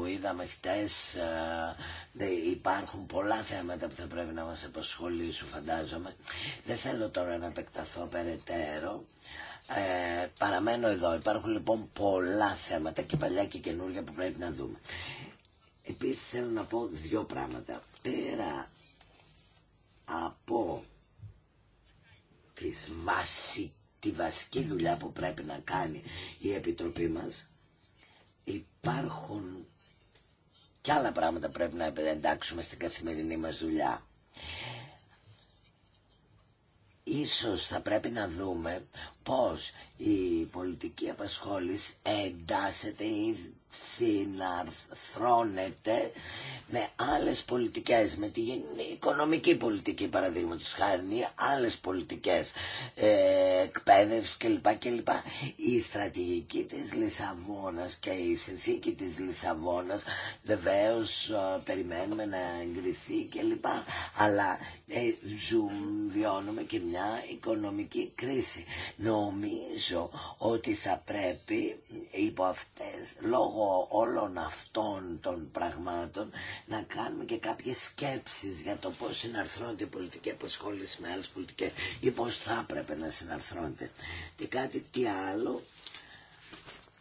είδαμε χτες ε, υπάρχουν πολλά θέματα που θα πρέπει να μας απασχολήσουν φαντάζομαι. Δεν θέλω τώρα να επεκταθώ περαιτέρω. Ε, παραμένω εδώ. Υπάρχουν λοιπόν πολλά θέματα και παλιά και καινούργια που πρέπει να δούμε. Επίσης θέλω να πω δύο πράγματα. Πέρα από τις βασι, τη βασική δουλειά που πρέπει να κάνει η Επιτροπή μας υπάρχουν και άλλα πράγματα πρέπει να εντάξουμε στην καθημερινή μας δουλειά. Ίσως θα πρέπει να δούμε πώς η πολιτική απασχόληση εντάσσεται ή συναρθρώνεται με άλλες πολιτικές, με την οικονομική πολιτική παραδείγματος χάρη, άλλες πολιτικές ε, εκπαίδευση κλπ. Η στρατηγική της Λισαβόνας και η συνθήκη της Λισαβόνας βεβαίω ε, περιμένουμε να εγκριθεί κλπ. Αλλά ε, βιώνουμε και μια οικονομική κρίση. Νομίζω ότι θα πρέπει ε, υπό αυτές, λόγω όλων αυτών των πραγμάτων να κάνουμε και κάποιες σκέψεις για το πώς συναρθρώνεται η πολιτική απασχόληση με άλλες πολιτικές ή πώς θα έπρεπε να συναρθρώνεται. Και κάτι τι άλλο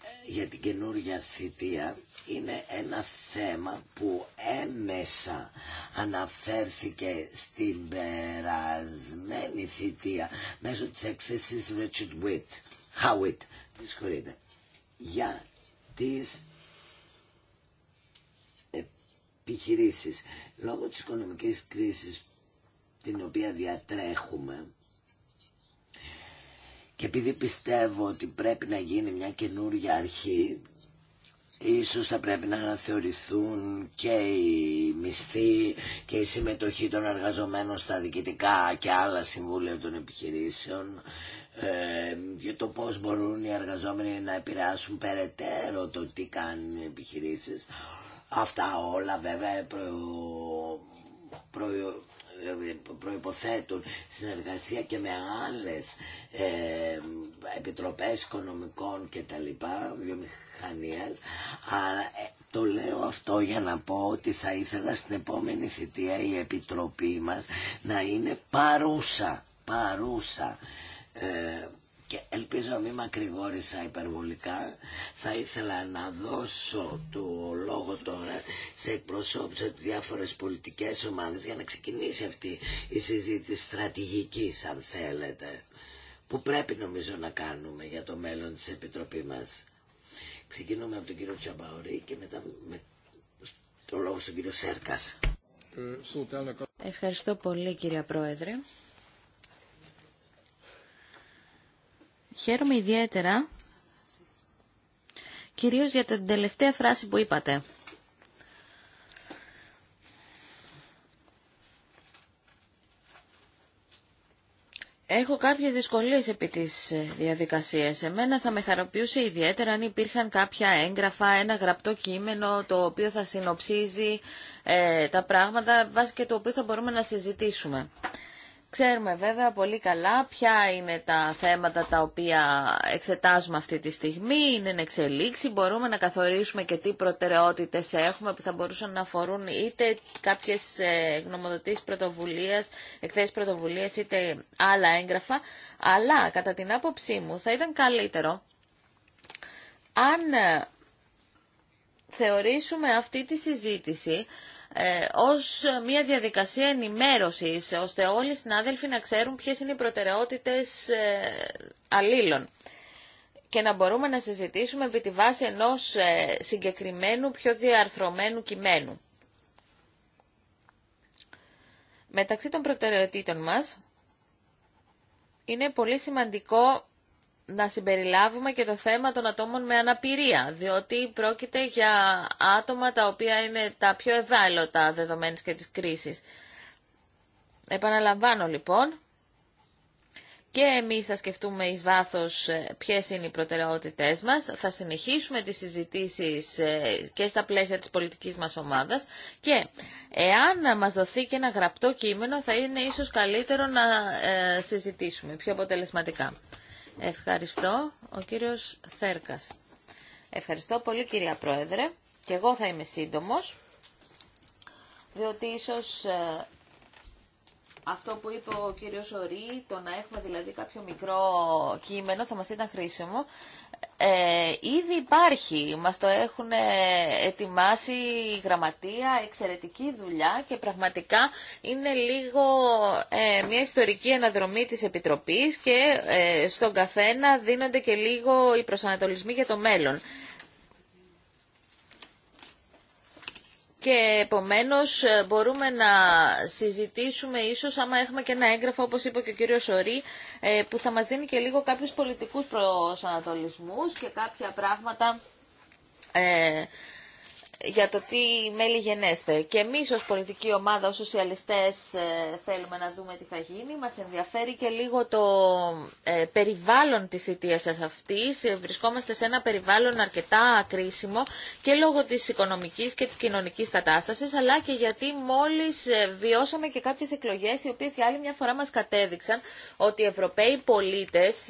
ε, για την καινούργια θητεία είναι ένα θέμα που έμεσα αναφέρθηκε στην περασμένη θητεία μέσω της έκθεσης Richard Witt, Howitt, για τις επιχειρήσεις. Λόγω της οικονομικής κρίσης την οποία διατρέχουμε και επειδή πιστεύω ότι πρέπει να γίνει μια καινούργια αρχή Ίσως θα πρέπει να αναθεωρηθούν και οι μισθοί και η συμμετοχή των εργαζομένων στα διοικητικά και άλλα συμβούλια των επιχειρήσεων ε, για το πώς μπορούν οι εργαζόμενοι να επηρεάσουν περαιτέρω το τι κάνουν οι επιχειρήσεις. Αυτά όλα βέβαια προ... Προ... προϋποθέτουν συνεργασία και με άλλες ε, επιτροπές οικονομικών και τα λοιπά, βιομηχανίας. Α, ε, το λέω αυτό για να πω ότι θα ήθελα στην επόμενη θητεία η επιτροπή μας να είναι παρούσα, παρούσα. Ε, και ελπίζω να μην μακρηγόρησα υπερβολικά θα ήθελα να δώσω το λόγο τώρα σε εκπροσώπους από διάφορες πολιτικές ομάδες για να ξεκινήσει αυτή η συζήτηση στρατηγικής αν θέλετε που πρέπει νομίζω να κάνουμε για το μέλλον της Επιτροπής μας. Ξεκινούμε από τον κύριο Τσαμπαωρή και μετά με το λόγο στον κύριο Σέρκας. Ε, Ευχαριστώ πολύ κύριε Πρόεδρε. Χαίρομαι ιδιαίτερα, κυρίως για την τελευταία φράση που είπατε. Έχω κάποιες δυσκολίες επί της ε, διαδικασίας. Εμένα θα με χαροποιούσε ιδιαίτερα αν υπήρχαν κάποια έγγραφα, ένα γραπτό κείμενο το οποίο θα συνοψίζει ε, τα πράγματα βάσει και το οποίο θα μπορούμε να συζητήσουμε. Ξέρουμε βέβαια πολύ καλά ποια είναι τα θέματα τα οποία εξετάζουμε αυτή τη στιγμή, είναι εξελίξη, μπορούμε να καθορίσουμε και τι προτεραιότητες έχουμε που θα μπορούσαν να αφορούν είτε κάποιες ε, γνωμοδοτήσεις πρωτοβουλίας, εκθέσεις πρωτοβουλίας είτε άλλα έγγραφα, αλλά κατά την άποψή μου θα ήταν καλύτερο αν ε, θεωρήσουμε αυτή τη συζήτηση ε, ως μια διαδικασία ενημέρωσης, ώστε όλοι οι συνάδελφοι να ξέρουν ποιες είναι οι προτεραιότητες ε, αλλήλων και να μπορούμε να συζητήσουμε επί τη βάση ενός ε, συγκεκριμένου, πιο διαρθρωμένου κειμένου. Μεταξύ των προτεραιοτήτων μας είναι πολύ σημαντικό να συμπεριλάβουμε και το θέμα των ατόμων με αναπηρία, διότι πρόκειται για άτομα τα οποία είναι τα πιο ευάλωτα δεδομένης και της κρίσης. Επαναλαμβάνω λοιπόν, και εμείς θα σκεφτούμε εις βάθος ε, ποιες είναι οι προτεραιότητές μας, θα συνεχίσουμε τις συζητήσεις ε, και στα πλαίσια της πολιτικής μας ομάδας και εάν μας δοθεί και ένα γραπτό κείμενο θα είναι ίσως καλύτερο να ε, συζητήσουμε πιο αποτελεσματικά. Ευχαριστώ. Ο κύριος Θέρκας. Ευχαριστώ πολύ κυρία Πρόεδρε. Και εγώ θα είμαι σύντομος, διότι ίσως ε, αυτό που είπε ο κύριος ορί, το να έχουμε δηλαδή κάποιο μικρό κείμενο θα μας ήταν χρήσιμο ε, ήδη υπάρχει. Μας το έχουν ε, ετοιμάσει η γραμματεία, εξαιρετική δουλειά και πραγματικά είναι λίγο ε, μια ιστορική αναδρομή της Επιτροπής και ε, στον καθένα δίνονται και λίγο οι προσανατολισμοί για το μέλλον. και επομένως ε, μπορούμε να συζητήσουμε ίσως άμα έχουμε και ένα έγγραφο όπως είπε και ο κύριος Σωρή ε, που θα μας δίνει και λίγο κάποιους πολιτικούς προσανατολισμούς και κάποια πράγματα ε, για το τι μέλη γενέστε. Και εμείς ως πολιτική ομάδα, ως σοσιαλιστές ε, θέλουμε να δούμε τι θα γίνει. Μας ενδιαφέρει και λίγο το ε, περιβάλλον της θητείας σας αυτής. Ε, βρισκόμαστε σε ένα περιβάλλον αρκετά κρίσιμο και λόγω της οικονομικής και της κοινωνικής κατάστασης, αλλά και γιατί μόλις βιώσαμε και κάποιες εκλογές οι οποίες για άλλη μια φορά μας κατέδειξαν ότι οι Ευρωπαίοι πολίτες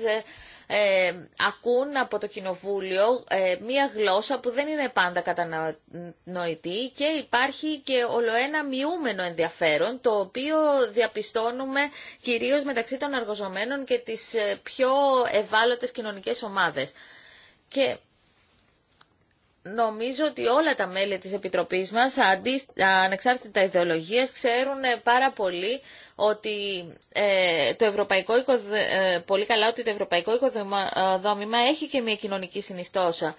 ε, ακούν από το κοινοβούλιο ε, μία γλώσσα που δεν είναι πάντα κατανοητή και υπάρχει και ολοένα μειούμενο ενδιαφέρον το οποίο διαπιστώνουμε κυρίως μεταξύ των εργοζομένων και τις ε, πιο ευάλωτες κοινωνικές ομάδες. Και νομίζω ότι όλα τα μέλη της Επιτροπής μας, ανεξάρτητα ιδεολογίας, ξέρουν πάρα πολύ ότι ε, το ευρωπαϊκό ε, πολύ καλά ότι το ευρωπαϊκό οικοδόμημα ε, έχει και μια κοινωνική συνιστόσα.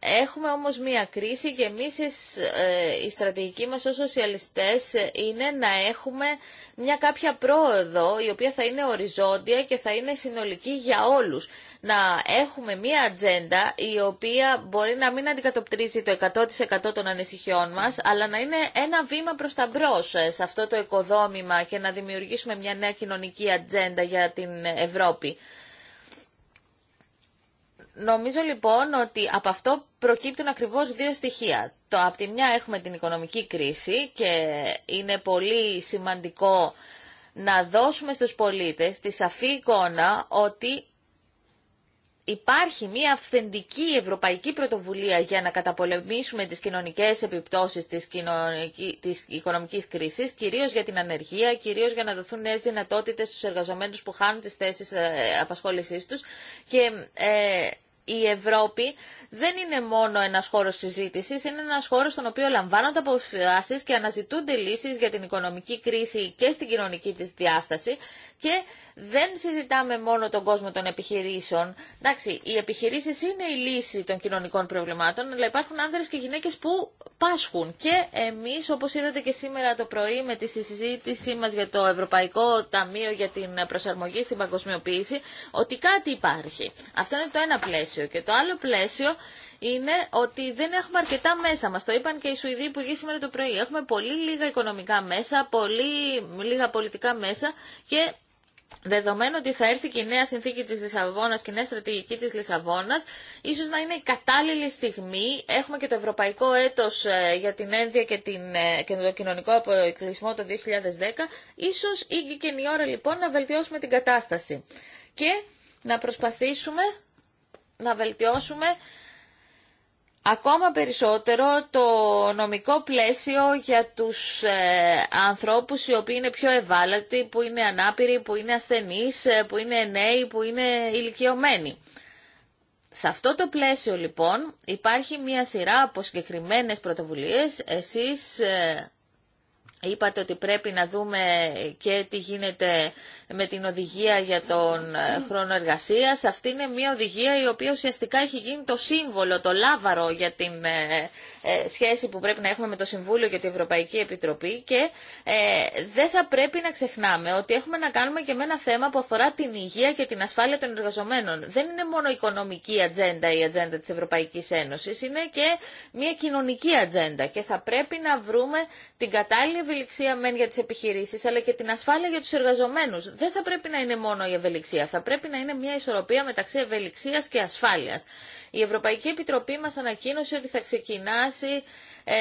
έχουμε όμως μια κρίση και εμείς η στρατηγική μας ως σοσιαλιστές είναι να έχουμε μια κάποια πρόοδο η οποία θα είναι οριζόντια και θα είναι συνολική για όλους. Να έχουμε μια ατζέντα η οποία μπορεί να μην αντικατοπτρίζει το 100% των ανησυχιών μας αλλά να είναι ένα βήμα προς τα μπρος σε αυτό το οικοδόμημα και να δημιουργήσουμε μια νέα κοινωνική ατζέντα για την Ευρώπη. Νομίζω λοιπόν ότι από αυτό προκύπτουν ακριβώς δύο στοιχεία. Το από τη μια έχουμε την οικονομική κρίση και είναι πολύ σημαντικό να δώσουμε στους πολίτες τη σαφή εικόνα ότι υπάρχει μια αυθεντική ευρωπαϊκή πρωτοβουλία για να καταπολεμήσουμε τις κοινωνικές επιπτώσεις της, κοινωνική, της οικονομικής κρίσης, κυρίως για την ανεργία, κυρίως για να δοθούν νέες δυνατότητες στους εργαζομένους που χάνουν τις θέσεις ε, απασχόλησής τους και ε, η Ευρώπη δεν είναι μόνο ένας χώρος συζήτησης, είναι ένας χώρος στον οποίο λαμβάνονται αποφάσεις και αναζητούνται λύσεις για την οικονομική κρίση και στην κοινωνική της διάσταση και δεν συζητάμε μόνο τον κόσμο των επιχειρήσεων. Εντάξει, οι επιχειρήσεις είναι η λύση των κοινωνικών προβλημάτων, αλλά υπάρχουν άνδρες και γυναίκες που πάσχουν και εμείς όπως είδατε και σήμερα το πρωί με τη συζήτησή μας για το Ευρωπαϊκό Ταμείο για την προσαρμογή στην παγκοσμιοποίηση ότι κάτι υπάρχει. Αυτό είναι το ένα πλαίσιο. Και το άλλο πλαίσιο είναι ότι δεν έχουμε αρκετά μέσα. Μα το είπαν και οι Σουηδοί Υπουργοί σήμερα το πρωί. Έχουμε πολύ λίγα οικονομικά μέσα, πολύ λίγα πολιτικά μέσα και Δεδομένου ότι θα έρθει και η νέα συνθήκη της Λισαβόνας και η νέα στρατηγική της Λισαβόνας, ίσως να είναι η κατάλληλη στιγμή. Έχουμε και το Ευρωπαϊκό Έτος ε, για την Ένδια και, την, ε, και το Κοινωνικό Αποκλεισμό το 2010. Ίσως ήγηκε η ώρα λοιπόν να βελτιώσουμε την κατάσταση και να προσπαθήσουμε να βελτιώσουμε ακόμα περισσότερο το νομικό πλαίσιο για τους ε, ανθρώπους οι οποίοι είναι πιο ευάλωτοι, που είναι ανάπηροι, που είναι ασθενείς, ε, που είναι νέοι, που είναι ηλικιωμένοι. Σε αυτό το πλαίσιο λοιπόν υπάρχει μια σειρά από συγκεκριμένε πρωτοβουλίες. Εσείς ε, είπατε ότι πρέπει να δούμε και τι γίνεται με την οδηγία για τον ε, χρόνο εργασία. Αυτή είναι μια οδηγία η οποία ουσιαστικά έχει γίνει το σύμβολο, το λάβαρο για την ε, ε, σχέση που πρέπει να έχουμε με το Συμβούλιο και την Ευρωπαϊκή Επιτροπή και δεν θα πρέπει να ξεχνάμε ότι έχουμε να κάνουμε και με ένα θέμα που αφορά την υγεία και την ασφάλεια των εργαζομένων. Δεν είναι μόνο οικονομική ατζέντα η ατζέντα τη Ευρωπαϊκή Ένωση. είναι και μια κοινωνική ατζέντα και θα πρέπει να βρούμε την κατάλληλη ευελιξία μεν για τι επιχειρήσει, αλλά και την ασφάλεια για του εργαζομένου δεν θα πρέπει να είναι μόνο η ευελιξία, θα πρέπει να είναι μια ισορροπία μεταξύ ευελιξίας και ασφάλειας. Η Ευρωπαϊκή Επιτροπή μας ανακοίνωσε ότι θα ξεκινάσει ε,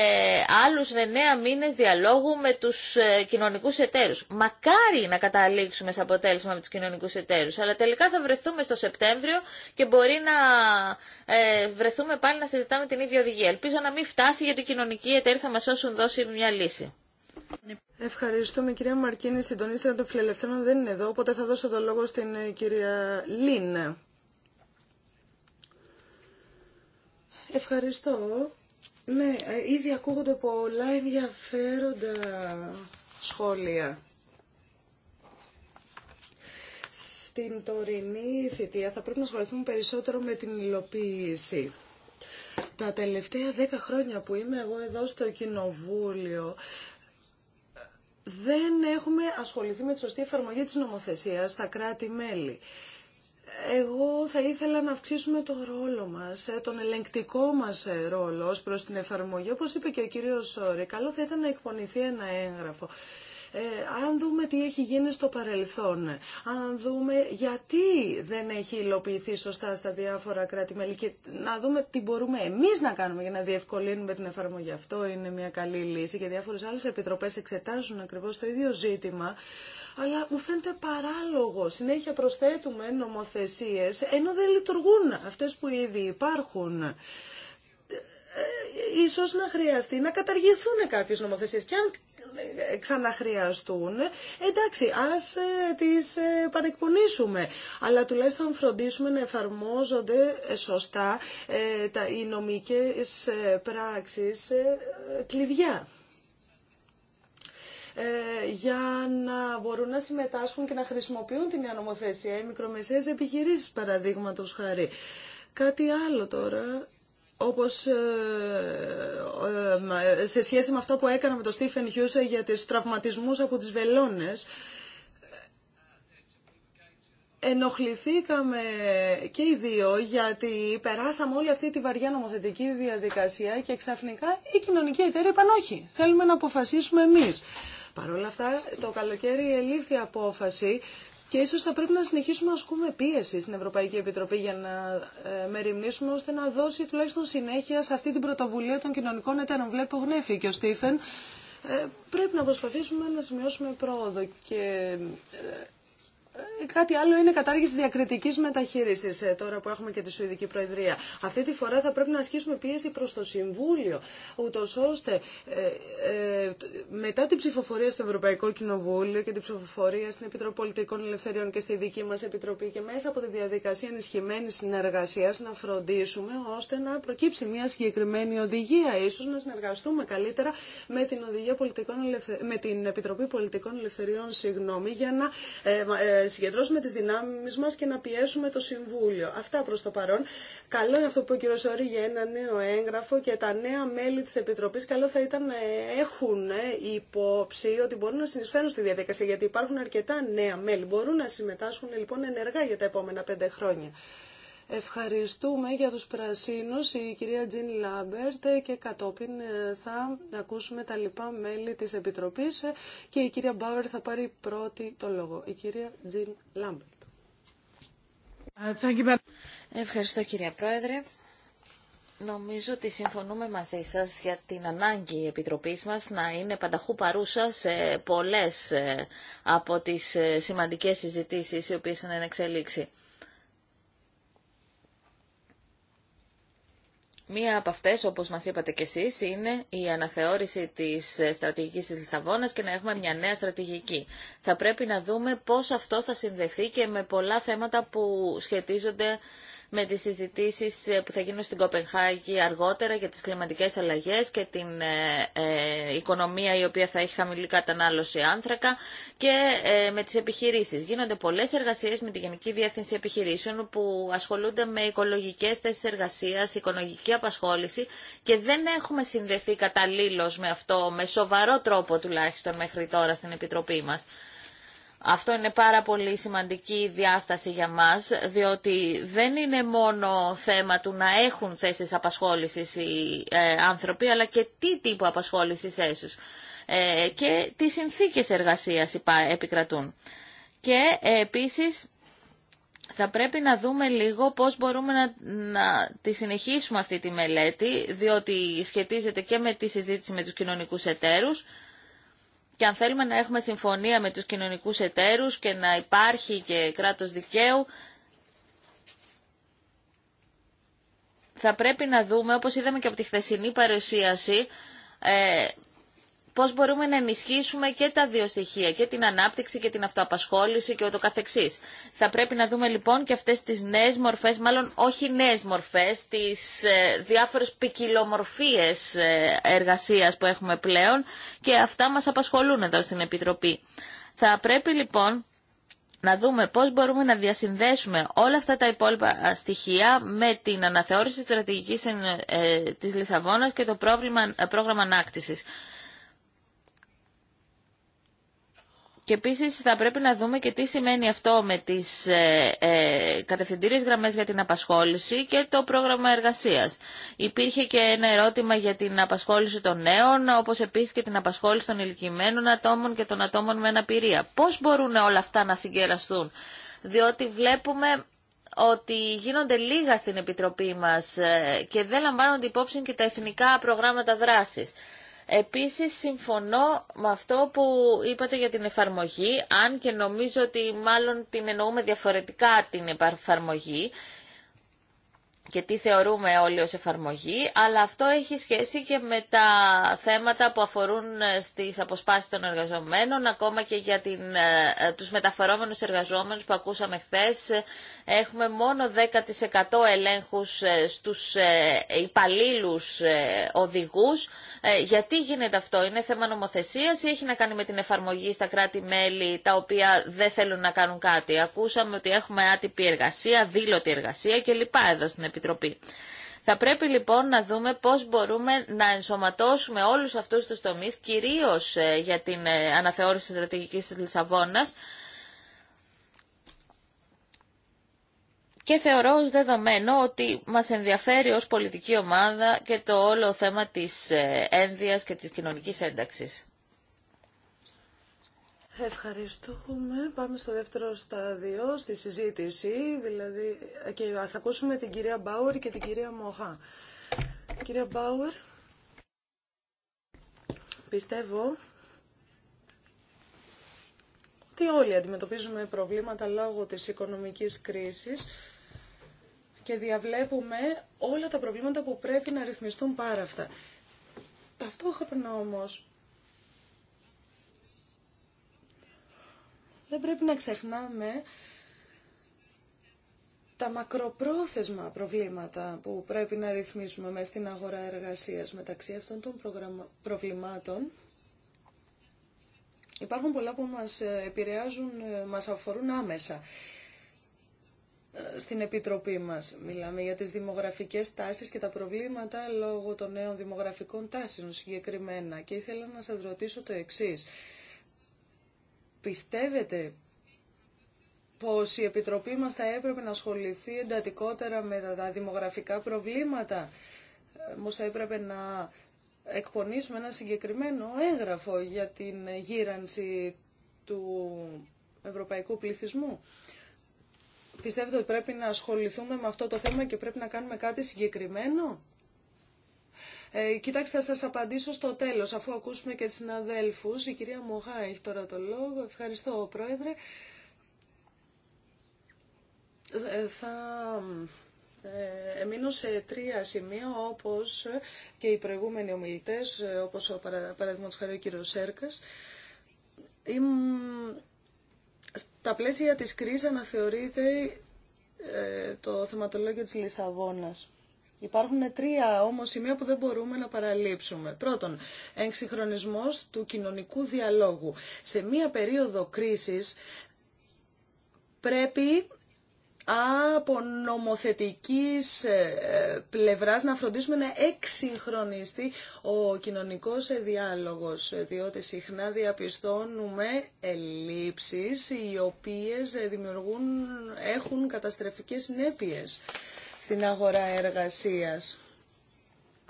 άλλους εννέα ναι, μήνες διαλόγου με τους ε, κοινωνικούς εταίρους. Μακάρι να καταλήξουμε σε αποτέλεσμα με τους κοινωνικούς εταίρους, αλλά τελικά θα βρεθούμε στο Σεπτέμβριο και μπορεί να ε, βρεθούμε πάλι να συζητάμε την ίδια οδηγία. Ελπίζω να μην φτάσει γιατί οι κοινωνικοί εταίροι θα μας όσουν δώσει μια λύση. Ευχαριστούμε κυρία Μαρκίνη, συντονίστρια των φιλελευθέρων δεν είναι εδώ, οπότε θα δώσω το λόγο στην ε, κυρία Λίν. Ευχαριστώ. Ναι, ε, ήδη ακούγονται πολλά ενδιαφέροντα σχόλια. Στην τωρινή θητεία θα πρέπει να ασχοληθούμε περισσότερο με την υλοποίηση. Τα τελευταία δέκα χρόνια που είμαι εγώ εδώ στο Κοινοβούλιο δεν έχουμε ασχοληθεί με τη σωστή εφαρμογή της νομοθεσίας στα κράτη-μέλη. Εγώ θα ήθελα να αυξήσουμε το ρόλο μας, ε, τον ελεγκτικό μας ε, ρόλο προς την εφαρμογή. Όπως είπε και ο κύριος Σόρη, καλό θα ήταν να εκπονηθεί ένα έγγραφο αν δούμε τι έχει γίνει στο παρελθόν, αν δούμε γιατί δεν έχει υλοποιηθεί σωστά στα διάφορα κράτη-μέλη και να δούμε τι μπορούμε εμείς να κάνουμε για να διευκολύνουμε την εφαρμογή. Αυτό είναι μια καλή λύση και διάφορες άλλες επιτροπές εξετάζουν ακριβώς το ίδιο ζήτημα αλλά μου φαίνεται παράλογο. Συνέχεια προσθέτουμε νομοθεσίες ενώ δεν λειτουργούν αυτές που ήδη υπάρχουν ίσως να χρειαστεί να καταργηθούν κάποιες νομοθεσίες και αν ξαναχρειαστούν, εντάξει, ας ε, τις ε, παρεκπονήσουμε. Αλλά τουλάχιστον φροντίσουμε να εφαρμόζονται ε, σωστά τα, οι νομικές πράξεις κλειδιά για να μπορούν να συμμετάσχουν και να χρησιμοποιούν την νομοθεσία οι μικρομεσαίες επιχειρήσεις παραδείγματος χάρη. Κάτι άλλο τώρα όπως ε, ε, σε σχέση με αυτό που έκανα με τον Στίφεν Χιούσε για τις τραυματισμούς από τις βελόνες, ενοχληθήκαμε και οι δύο γιατί περάσαμε όλη αυτή τη βαριά νομοθετική διαδικασία και ξαφνικά η κοινωνική εταιρεία είπαν όχι, θέλουμε να αποφασίσουμε εμείς. Παρ' όλα αυτά το καλοκαίρι ελήφθη απόφαση και ίσως θα πρέπει να συνεχίσουμε να ασκούμε πίεση στην Ευρωπαϊκή Επιτροπή για να ε, μεριμνήσουμε ώστε να δώσει τουλάχιστον συνέχεια σε αυτή την πρωτοβουλία των κοινωνικών εταίρων. Βλέπω γνέφη και ο Στίφεν. Ε, πρέπει να προσπαθήσουμε να σημειώσουμε πρόοδο και ε, ε, κάτι άλλο είναι κατάργηση διακριτική μεταχείρισης ε, τώρα που έχουμε και τη Σουηδική Προεδρία. Αυτή τη φορά θα πρέπει να ασκήσουμε πίεση προ το Συμβούλιο, ούτω ώστε ε, ε, μετά την ψηφοφορία στο Ευρωπαϊκό Κοινοβούλιο και την ψηφοφορία στην Επιτροπή Πολιτικών Ελευθεριών και στη δική μα Επιτροπή και μέσα από τη διαδικασία ενισχυμένη συνεργασία, να φροντίσουμε ώστε να προκύψει μια συγκεκριμένη οδηγία. Ίσως να συνεργαστούμε καλύτερα με την, οδηγία πολιτικών με την Επιτροπή Πολιτικών Ελευθεριών συγγνώμη, για να συγκεντρώσουμε τις δυνάμει μας και να πιέσουμε το Συμβούλιο. Αυτά προς το παρόν. Καλό είναι αυτό που είπε ο κ. Σόρη για ένα νέο έγγραφο και τα νέα μέλη τη Επιτροπής καλό θα ήταν να ε, έχουν ε, υπόψη ότι μπορούν να συνεισφέρουν στη διαδικασία γιατί υπάρχουν αρκετά νέα μέλη. Μπορούν να συμμετάσχουν λοιπόν ενεργά για τα επόμενα πέντε χρόνια. Ευχαριστούμε για τους πρασίνους η κυρία Τζιν Λάμπερτ και κατόπιν ε, θα ακούσουμε τα λοιπά μέλη της Επιτροπής ε, και η κυρία Μπάουερ θα πάρει πρώτη το λόγο. Η κυρία Τζιν Λάμπερτ. Ευχαριστώ κυρία Πρόεδρε. Νομίζω ότι συμφωνούμε μαζί σας για την ανάγκη η Επιτροπής μας να είναι πανταχού παρούσα σε πολλές ε, από τις σημαντικές συζητήσεις οι οποίες είναι εξελίξει. Μία από αυτές, όπως μας είπατε κι εσείς, είναι η αναθεώρηση της στρατηγικής της Λισαβόνα και να έχουμε μια νέα στρατηγική. Θα πρέπει να δούμε πώς αυτό θα συνδεθεί και με πολλά θέματα που σχετίζονται με τις συζητήσεις ε, που θα γίνουν στην Κοπενχάγη αργότερα για τις κλιματικές αλλαγές και την ε, ε, οικονομία η οποία θα έχει χαμηλή κατανάλωση άνθρακα και με τις επιχειρήσεις. Γίνονται πολλές εργασίες με τη Γενική Διεύθυνση Επιχειρήσεων που ασχολούνται με οικολογικές θέσεις εργασίας, οικολογική απασχόληση και δεν έχουμε συνδεθεί καταλήλως με αυτό, με σοβαρό τρόπο τουλάχιστον μέχρι τώρα στην Επιτροπή μας. Αυτό είναι πάρα πολύ σημαντική διάσταση για μας, διότι δεν είναι μόνο θέμα του να έχουν θέσεις απασχόλησης οι ε, άνθρωποι, αλλά και τι τύπο απασχόλησης έσους ε, και τι συνθήκες εργασίας επικρατούν. Και ε, επίσης θα πρέπει να δούμε λίγο πώς μπορούμε να, να τη συνεχίσουμε αυτή τη μελέτη, διότι σχετίζεται και με τη συζήτηση με τους κοινωνικούς εταίρους, και αν θέλουμε να έχουμε συμφωνία με τους κοινωνικούς εταίρους και να υπάρχει και κράτος δικαίου, θα πρέπει να δούμε, όπως είδαμε και από τη χθεσινή παρουσίαση, ε, πώς μπορούμε να ενισχύσουμε και τα δύο στοιχεία, και την ανάπτυξη και την αυτοαπασχόληση και ούτω καθεξής. Θα πρέπει να δούμε λοιπόν και αυτές τις νέες μορφές, μάλλον όχι νέες μορφές, τις ε, διάφορες ποικιλομορφίε ε, εργασίας που έχουμε πλέον και αυτά μας απασχολούν εδώ στην Επιτροπή. Θα πρέπει λοιπόν να δούμε πώς μπορούμε να διασυνδέσουμε όλα αυτά τα υπόλοιπα στοιχεία με την αναθεώρηση στρατηγικής ε, ε, της Λισαβόνας και το πρόβλημα, πρόγραμμα ανάκτηση. Και επίση θα πρέπει να δούμε και τι σημαίνει αυτό με τις ε, ε, κατευθυντήριες γραμμές για την απασχόληση και το πρόγραμμα εργασία. Υπήρχε και ένα ερώτημα για την απασχόληση των νέων, όπως επίσης και την απασχόληση των ηλικιμένων ατόμων και των ατόμων με αναπηρία. Πώς μπορούν όλα αυτά να συγκεραστούν, διότι βλέπουμε ότι γίνονται λίγα στην Επιτροπή μας ε, και δεν λαμβάνονται υπόψη και τα εθνικά προγράμματα δράσης. Επίσης, συμφωνώ με αυτό που είπατε για την εφαρμογή, αν και νομίζω ότι μάλλον την εννοούμε διαφορετικά την εφαρμογή και τι θεωρούμε όλοι ως εφαρμογή, αλλά αυτό έχει σχέση και με τα θέματα που αφορούν ε, στις αποσπάσεις των εργαζομένων, ακόμα και για την, ε, ε, τους μεταφερόμενους εργαζόμενους που ακούσαμε χθε. Έχουμε μόνο 10% ελέγχους στους υπαλλήλους οδηγούς. Γιατί γίνεται αυτό, είναι θέμα νομοθεσίας ή έχει να κάνει με την εφαρμογή στα κράτη-μέλη τα οποία δεν θέλουν να κάνουν κάτι. Ακούσαμε ότι έχουμε άτυπη εργασία, δήλωτη εργασία κλπ. εδώ στην Επιτροπή. Θα πρέπει λοιπόν να δούμε πώς μπορούμε να ενσωματώσουμε όλους αυτούς τους τομείς, κυρίως ε, για την ε, αναθεώρηση της στρατηγικής της Λισαβόνας, και θεωρώ ως δεδομένο ότι μας ενδιαφέρει ως πολιτική ομάδα και το όλο θέμα της ε, ένδυας και της κοινωνικής ένταξης. Ευχαριστούμε. Πάμε στο δεύτερο στάδιο, στη συζήτηση. Δηλαδή, και θα ακούσουμε την κυρία Μπάουερ και την κυρία Μοχά. Κυρία Μπάουερ, πιστεύω ότι όλοι αντιμετωπίζουμε προβλήματα λόγω της οικονομικής κρίσης και διαβλέπουμε όλα τα προβλήματα που πρέπει να ρυθμιστούν πάρα αυτά. Ταυτόχρονα όμως δεν πρέπει να ξεχνάμε τα μακροπρόθεσμα προβλήματα που πρέπει να ρυθμίσουμε μέσα στην αγορά εργασίας μεταξύ αυτών των προβλημάτων. Υπάρχουν πολλά που μας επηρεάζουν, μας αφορούν άμεσα. Ε, στην Επιτροπή μας μιλάμε για τις δημογραφικές τάσεις και τα προβλήματα λόγω των νέων δημογραφικών τάσεων συγκεκριμένα. Και ήθελα να σας ρωτήσω το εξής. Πιστεύετε πως η Επιτροπή μας θα έπρεπε να ασχοληθεί εντατικότερα με τα δημογραφικά προβλήματα. Ε, όμως θα έπρεπε να εκπονήσουμε ένα συγκεκριμένο έγγραφο για την γύρανση του ευρωπαϊκού πληθυσμού. Πιστεύετε ότι πρέπει να ασχοληθούμε με αυτό το θέμα και πρέπει να κάνουμε κάτι συγκεκριμένο. Ε, κοιτάξτε, θα σας απαντήσω στο τέλος, αφού ακούσουμε και τις συναδέλφους. Η κυρία Μογά έχει τώρα το λόγο. Ευχαριστώ, Πρόεδρε. Ε, θα... Ε, εμείνω σε τρία σημεία όπως και οι προηγούμενοι ομιλητές, όπως ο παραδείγματος χαρή ο κύριος Σέρκας. Στα πλαίσια της κρίσης αναθεωρείται το θεματολόγιο της Λισαβόνας. Υπάρχουν τρία όμως σημεία που δεν μπορούμε να παραλείψουμε. Πρώτον, εξυγχρονισμό του κοινωνικού διαλόγου. Σε μία περίοδο κρίσης πρέπει από νομοθετικής ε, πλευράς να φροντίσουμε να εξυγχρονιστεί ο κοινωνικός ε, διάλογος, ε, διότι συχνά διαπιστώνουμε ελλείψεις οι οποίες δημιουργούν, έχουν καταστρεφικές συνέπειες στην αγορά εργασίας.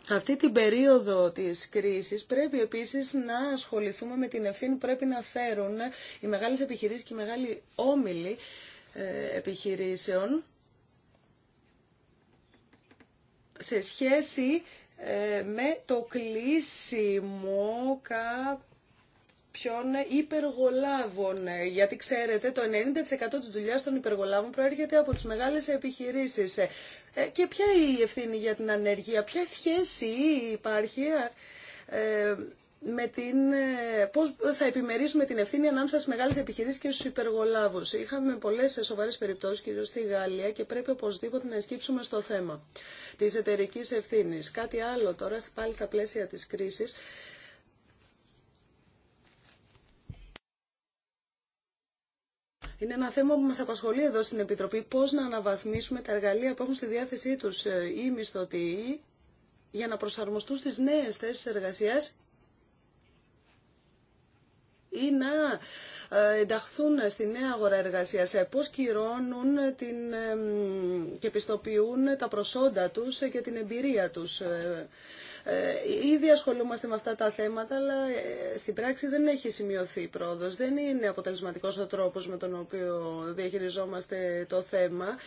Αυτή την περίοδο της κρίσης πρέπει επίσης να ασχοληθούμε με την ευθύνη που πρέπει να φέρουν οι μεγάλες επιχειρήσεις και οι μεγάλοι όμιλοι ε, επιχειρήσεων σε σχέση ε, με το κλείσιμο κάπου ποιον υπεργολάβων. Γιατί ξέρετε, το 90% της δουλειάς των υπεργολάβων προέρχεται από τις μεγάλες επιχειρήσεις. Ε, και ποια η ευθύνη για την ανεργία, ποια σχέση υπάρχει ε, με την, ε, πώς θα επιμερίσουμε την ευθύνη ανάμεσα στις μεγάλες επιχειρήσεις και στους υπεργολάβους. Είχαμε πολλές σοβαρές περιπτώσεις, κυρίως στη Γαλλία, και πρέπει οπωσδήποτε να εσκύψουμε στο θέμα της εταιρική ευθύνης. Κάτι άλλο τώρα, πάλι στα πλαίσια της κρίσης, Είναι ένα θέμα που μας απασχολεί εδώ στην Επιτροπή πώς να αναβαθμίσουμε τα εργαλεία που έχουν στη διάθεσή τους ε, οι μισθωτοί για να προσαρμοστούν στις νέες θέσεις εργασίας ή να ε, ενταχθούν στη νέα αγορά εργασίας, ε, πώς κυρώνουν την, και πιστοποιούν τα προσόντα τους και την εμπειρία τους. Ε, ήδη ασχολούμαστε με αυτά τα θέματα, αλλά ε, στην πράξη δεν έχει σημειωθεί πρόοδος. Δεν είναι αποτελεσματικό ο τρόπος με τον οποίο διαχειριζόμαστε το θέμα.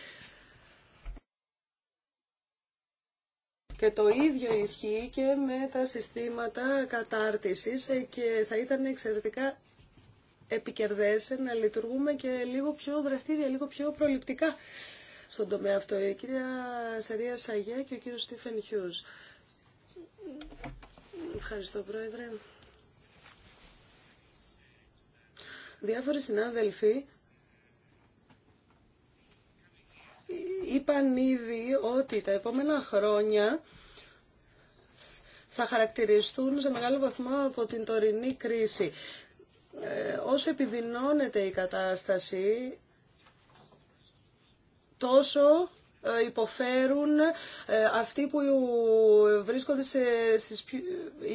Και το ίδιο ισχύει και με τα συστήματα κατάρτισης ε, και θα ήταν εξαιρετικά επικερδές να λειτουργούμε και λίγο πιο δραστήρια, λίγο πιο προληπτικά στον τομέα αυτό. Η κυρία Σαρία Σαγιά και ο κύριος Στίφεν Χιούς. Ευχαριστώ, Πρόεδρε. Διάφοροι συνάδελφοι είπαν ήδη ότι τα επόμενα χρόνια θα χαρακτηριστούν σε μεγάλο βαθμό από την τωρινή κρίση. Ε, όσο επιδεινώνεται η κατάσταση, τόσο υποφέρουν ε, αυτοί που βρίσκονται σε, στις πιο,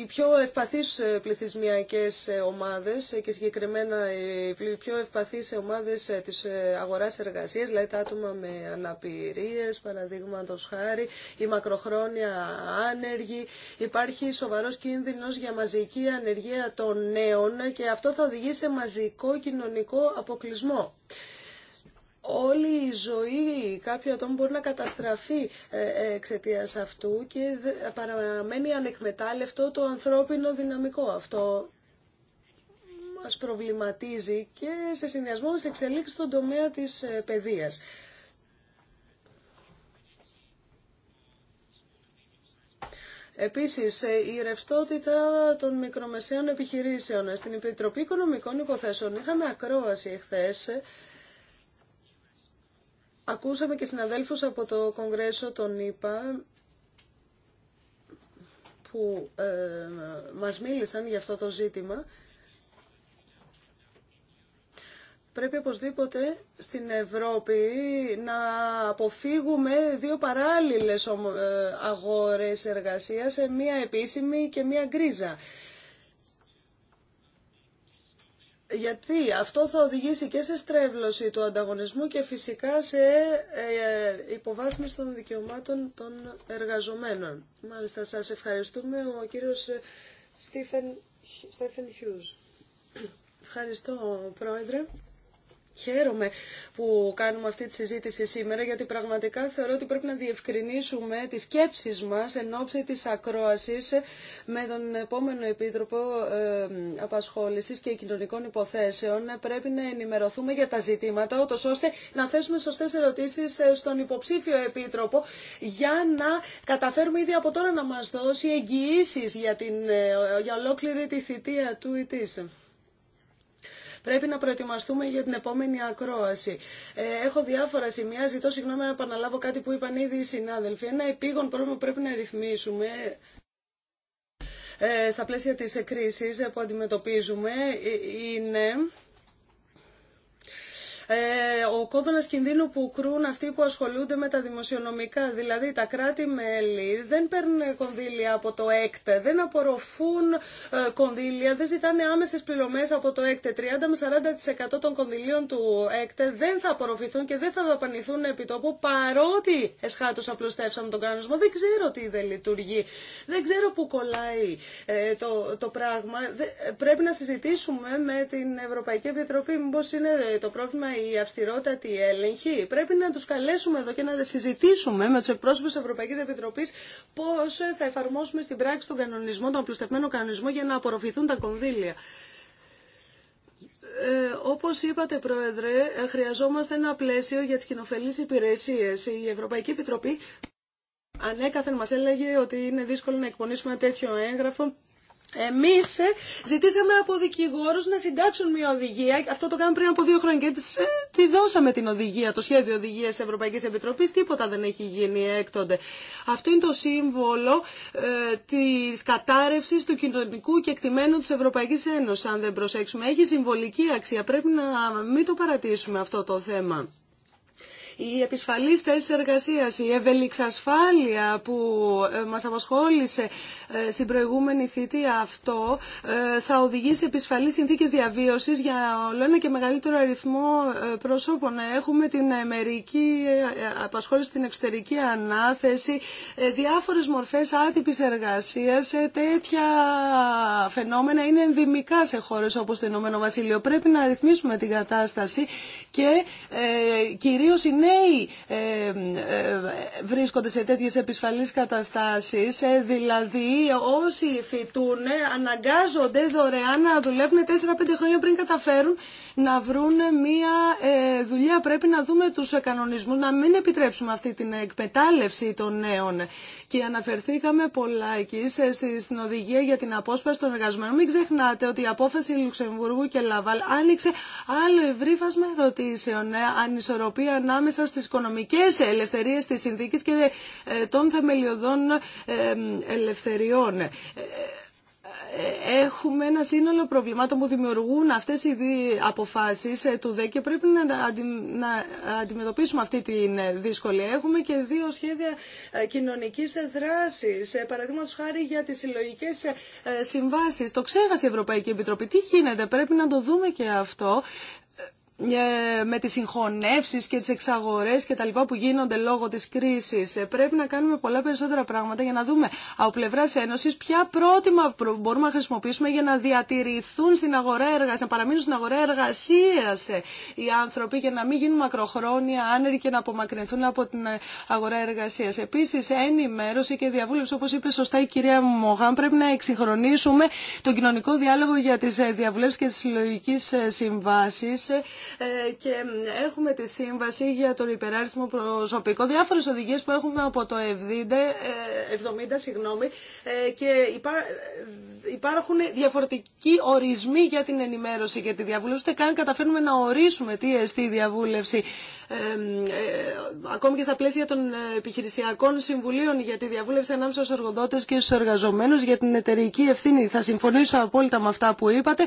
οι πιο ευπαθείς ε, πληθυσμιακές ε, ομάδες και συγκεκριμένα οι πιο ευπαθείς ομάδες της αγοράς εργασίας, δηλαδή τα άτομα με αναπηρίες, παραδείγματος χάρη, η μακροχρόνια άνεργη. Υπάρχει σοβαρός κίνδυνος για μαζική ανεργία των νέων και αυτό θα οδηγεί σε μαζικό κοινωνικό αποκλεισμό όλη η ζωή κάποιου ατόμου μπορεί να καταστραφεί ε, ε, εξαιτία αυτού και παραμένει ανεκμετάλλευτο το ανθρώπινο δυναμικό. Αυτό μας προβληματίζει και σε συνδυασμό με τις εξελίξεις στον τομέα της ε, παιδείας. Επίσης, η ρευστότητα των μικρομεσαίων επιχειρήσεων. Στην Επιτροπή Οικονομικών Υποθέσεων είχαμε ακρόαση εχθές Ακούσαμε και συναδέλφους από το Κογκρέσο τον ΗΠΑ που ε, μας μίλησαν για αυτό το ζήτημα. Πρέπει οπωσδήποτε στην Ευρώπη να αποφύγουμε δύο παράλληλες ε, αγορές εργασίας, ε, μία επίσημη και μία γκρίζα γιατί αυτό θα οδηγήσει και σε στρέβλωση του ανταγωνισμού και φυσικά σε ε, υποβάθμιση των δικαιωμάτων των εργαζομένων. Μάλιστα, σας ευχαριστούμε ο κύριος ε, Στέφεν Χιούζ. Ευχαριστώ, Πρόεδρε. Χαίρομαι που κάνουμε αυτή τη συζήτηση σήμερα γιατί πραγματικά θεωρώ ότι πρέπει να διευκρινίσουμε τις σκέψεις μας εν ώψη της ακρόασης με τον επόμενο Επίτροπο ε, Απασχόλησης και Κοινωνικών Υποθέσεων. Πρέπει να ενημερωθούμε για τα ζητήματα ότως ώστε να θέσουμε σωστές ερωτήσεις ε, στον υποψήφιο Επίτροπο για να καταφέρουμε ήδη από τώρα να μας δώσει εγγυήσεις για, ε, για ολόκληρη τη θητεία του ή Πρέπει να προετοιμαστούμε για την επόμενη ακρόαση. Ε, έχω διάφορα σημεία. Ζητώ συγγνώμη να επαναλάβω κάτι που είπαν ήδη οι συνάδελφοι. Ένα επίγον πρόβλημα που πρέπει να ρυθμίσουμε ε, στα πλαίσια της κρίσης που αντιμετωπίζουμε ε, είναι ε, ο κόδωνας κινδύνου που κρούν αυτοί που ασχολούνται με τα δημοσιονομικά. Δηλαδή τα κράτη-μέλη δεν παίρνουν κονδύλια από το ΕΚΤΕ, δεν απορροφούν ε, κονδύλια, δεν ζητάνε άμεσες πληρωμές από το ΕΚΤΕ. 30 με 40% των κονδυλίων του ΕΚΤΕ δεν θα απορροφηθούν και δεν θα δαπανηθούν επί τόπου παρότι εσχάτως απλουστεύσαμε τον κανονισμό. Δεν ξέρω τι δεν λειτουργεί. Δεν ξέρω που κολλάει ε, το, το πράγμα. πρέπει να συζητήσουμε με την Ευρωπαϊκή Επιτροπή μήπως είναι το πρόβλημα οι αυστηρότατοι έλεγχοι. Πρέπει να τους καλέσουμε εδώ και να συζητήσουμε με τους εκπρόσωπου τη Ευρωπαϊκής Επιτροπής πώς θα εφαρμόσουμε στην πράξη τον κανονισμό, τον απλουστευμένο κανονισμό για να απορροφηθούν τα κονδύλια. Ε, όπως είπατε Πρόεδρε, χρειαζόμαστε ένα πλαίσιο για τις κοινοφελείς υπηρεσίες. Η Ευρωπαϊκή Επιτροπή ανέκαθεν μας έλεγε ότι είναι δύσκολο να εκπονήσουμε τέτοιο έγγραφο εμείς ε, ζητήσαμε από δικηγόρους να συντάξουν μια οδηγία, αυτό το κάναμε πριν από δύο χρόνια και ε, τη δώσαμε την οδηγία, το σχέδιο οδηγίας Ευρωπαϊκής Επιτροπής, τίποτα δεν έχει γίνει έκτοτε. Αυτό είναι το σύμβολο ε, της κατάρρευσης του κοινωνικού και εκτιμένου της Ευρωπαϊκής Ένωσης, αν δεν προσέξουμε. Έχει συμβολική αξία, πρέπει να μην το παρατήσουμε αυτό το θέμα η επισφαλή θέση εργασία, η ευελιξασφάλεια που ε, μας απασχόλησε ε, στην προηγούμενη θητεία αυτό ε, θα οδηγήσει επισφαλείς συνθήκες διαβίωση για όλο ένα και μεγαλύτερο αριθμό προσώπων. Έχουμε την μερική απασχόληση στην εξωτερική ανάθεση, διάφορες μορφές άτυπη εργασίας, τέτοια φαινόμενα είναι ενδυμικά σε χώρε όπω το Ηνωμένο Βασίλειο. Πρέπει να ρυθμίσουμε την κατάσταση και κυρίω νέοι ε, βρίσκονται σε τέτοιες επισφαλείς καταστάσεις, ε, δηλαδή όσοι φοιτούν ε, αναγκάζονται δωρεάν να δουλεύουν 4-5 χρόνια πριν καταφέρουν να βρουν μία δουλειά. Πρέπει να δούμε τους κανονισμούς, να μην επιτρέψουμε αυτή την εκμετάλλευση των νέων και αναφερθήκαμε πολλά στη, στην οδηγία για την απόσπαση των εργαζομένων. Μην ξεχνάτε ότι η απόφαση Λουξεμβούργου και Λαβάλ άνοιξε άλλο ευρύ φάσμα ερωτήσεων, ε, ανισορροπία ανάμεσα στι οικονομικέ ελευθερίε τη συνθήκη και ε, των θεμελιωδών ε, ελευθεριών έχουμε ένα σύνολο προβλημάτων που δημιουργούν αυτές οι αποφάσεις ε, του ΔΕΚ και πρέπει να αντιμετωπίσουμε αυτή τη ε, δύσκολη. Έχουμε και δύο σχέδια ε, κοινωνικής δράσης, παραδείγματος χάρη για τις συλλογικέ συμβάσεις. Το ξέχασε η Ευρωπαϊκή Επιτροπή. Τι γίνεται, πρέπει να το δούμε και αυτό. Ε, με τις συγχωνεύσεις και τις εξαγορές και τα λοιπά που γίνονται λόγω της κρίσης. Ε, πρέπει να κάνουμε πολλά περισσότερα πράγματα για να δούμε από πλευρά Ένωσης ποια πρότυπα μπορούμε να χρησιμοποιήσουμε για να διατηρηθούν στην αγορά εργασίας, να παραμείνουν στην αγορά εργασίας ε, οι άνθρωποι και να μην γίνουν μακροχρόνια άνεργοι και να απομακρυνθούν από την αγορά εργασίας. Επίσης, ενημέρωση και διαβούλευση, όπως είπε σωστά η κυρία Μογάν, πρέπει να εξυγχρονίσουμε τον κοινωνικό διάλογο για τις διαβουλεύσεις και τις συλλογικές συμβάσεις. Ε, και έχουμε τη σύμβαση για τον υπεράριθμο προσωπικό. Διάφορες οδηγίες που έχουμε από το 70, 70 ε, συγγνώμη, ε, και υπάρχουν διαφορετικοί ορισμοί για την ενημέρωση και τη διαβούλευση. Ούτε καν καταφέρνουμε να ορίσουμε τι εστί διαβούλευση. ακόμη και στα πλαίσια των επιχειρησιακών συμβουλίων για τη διαβούλευση ανάμεσα στους εργοδότες και στους εργαζομένους για την εταιρική ευθύνη. Θα συμφωνήσω απόλυτα με αυτά που είπατε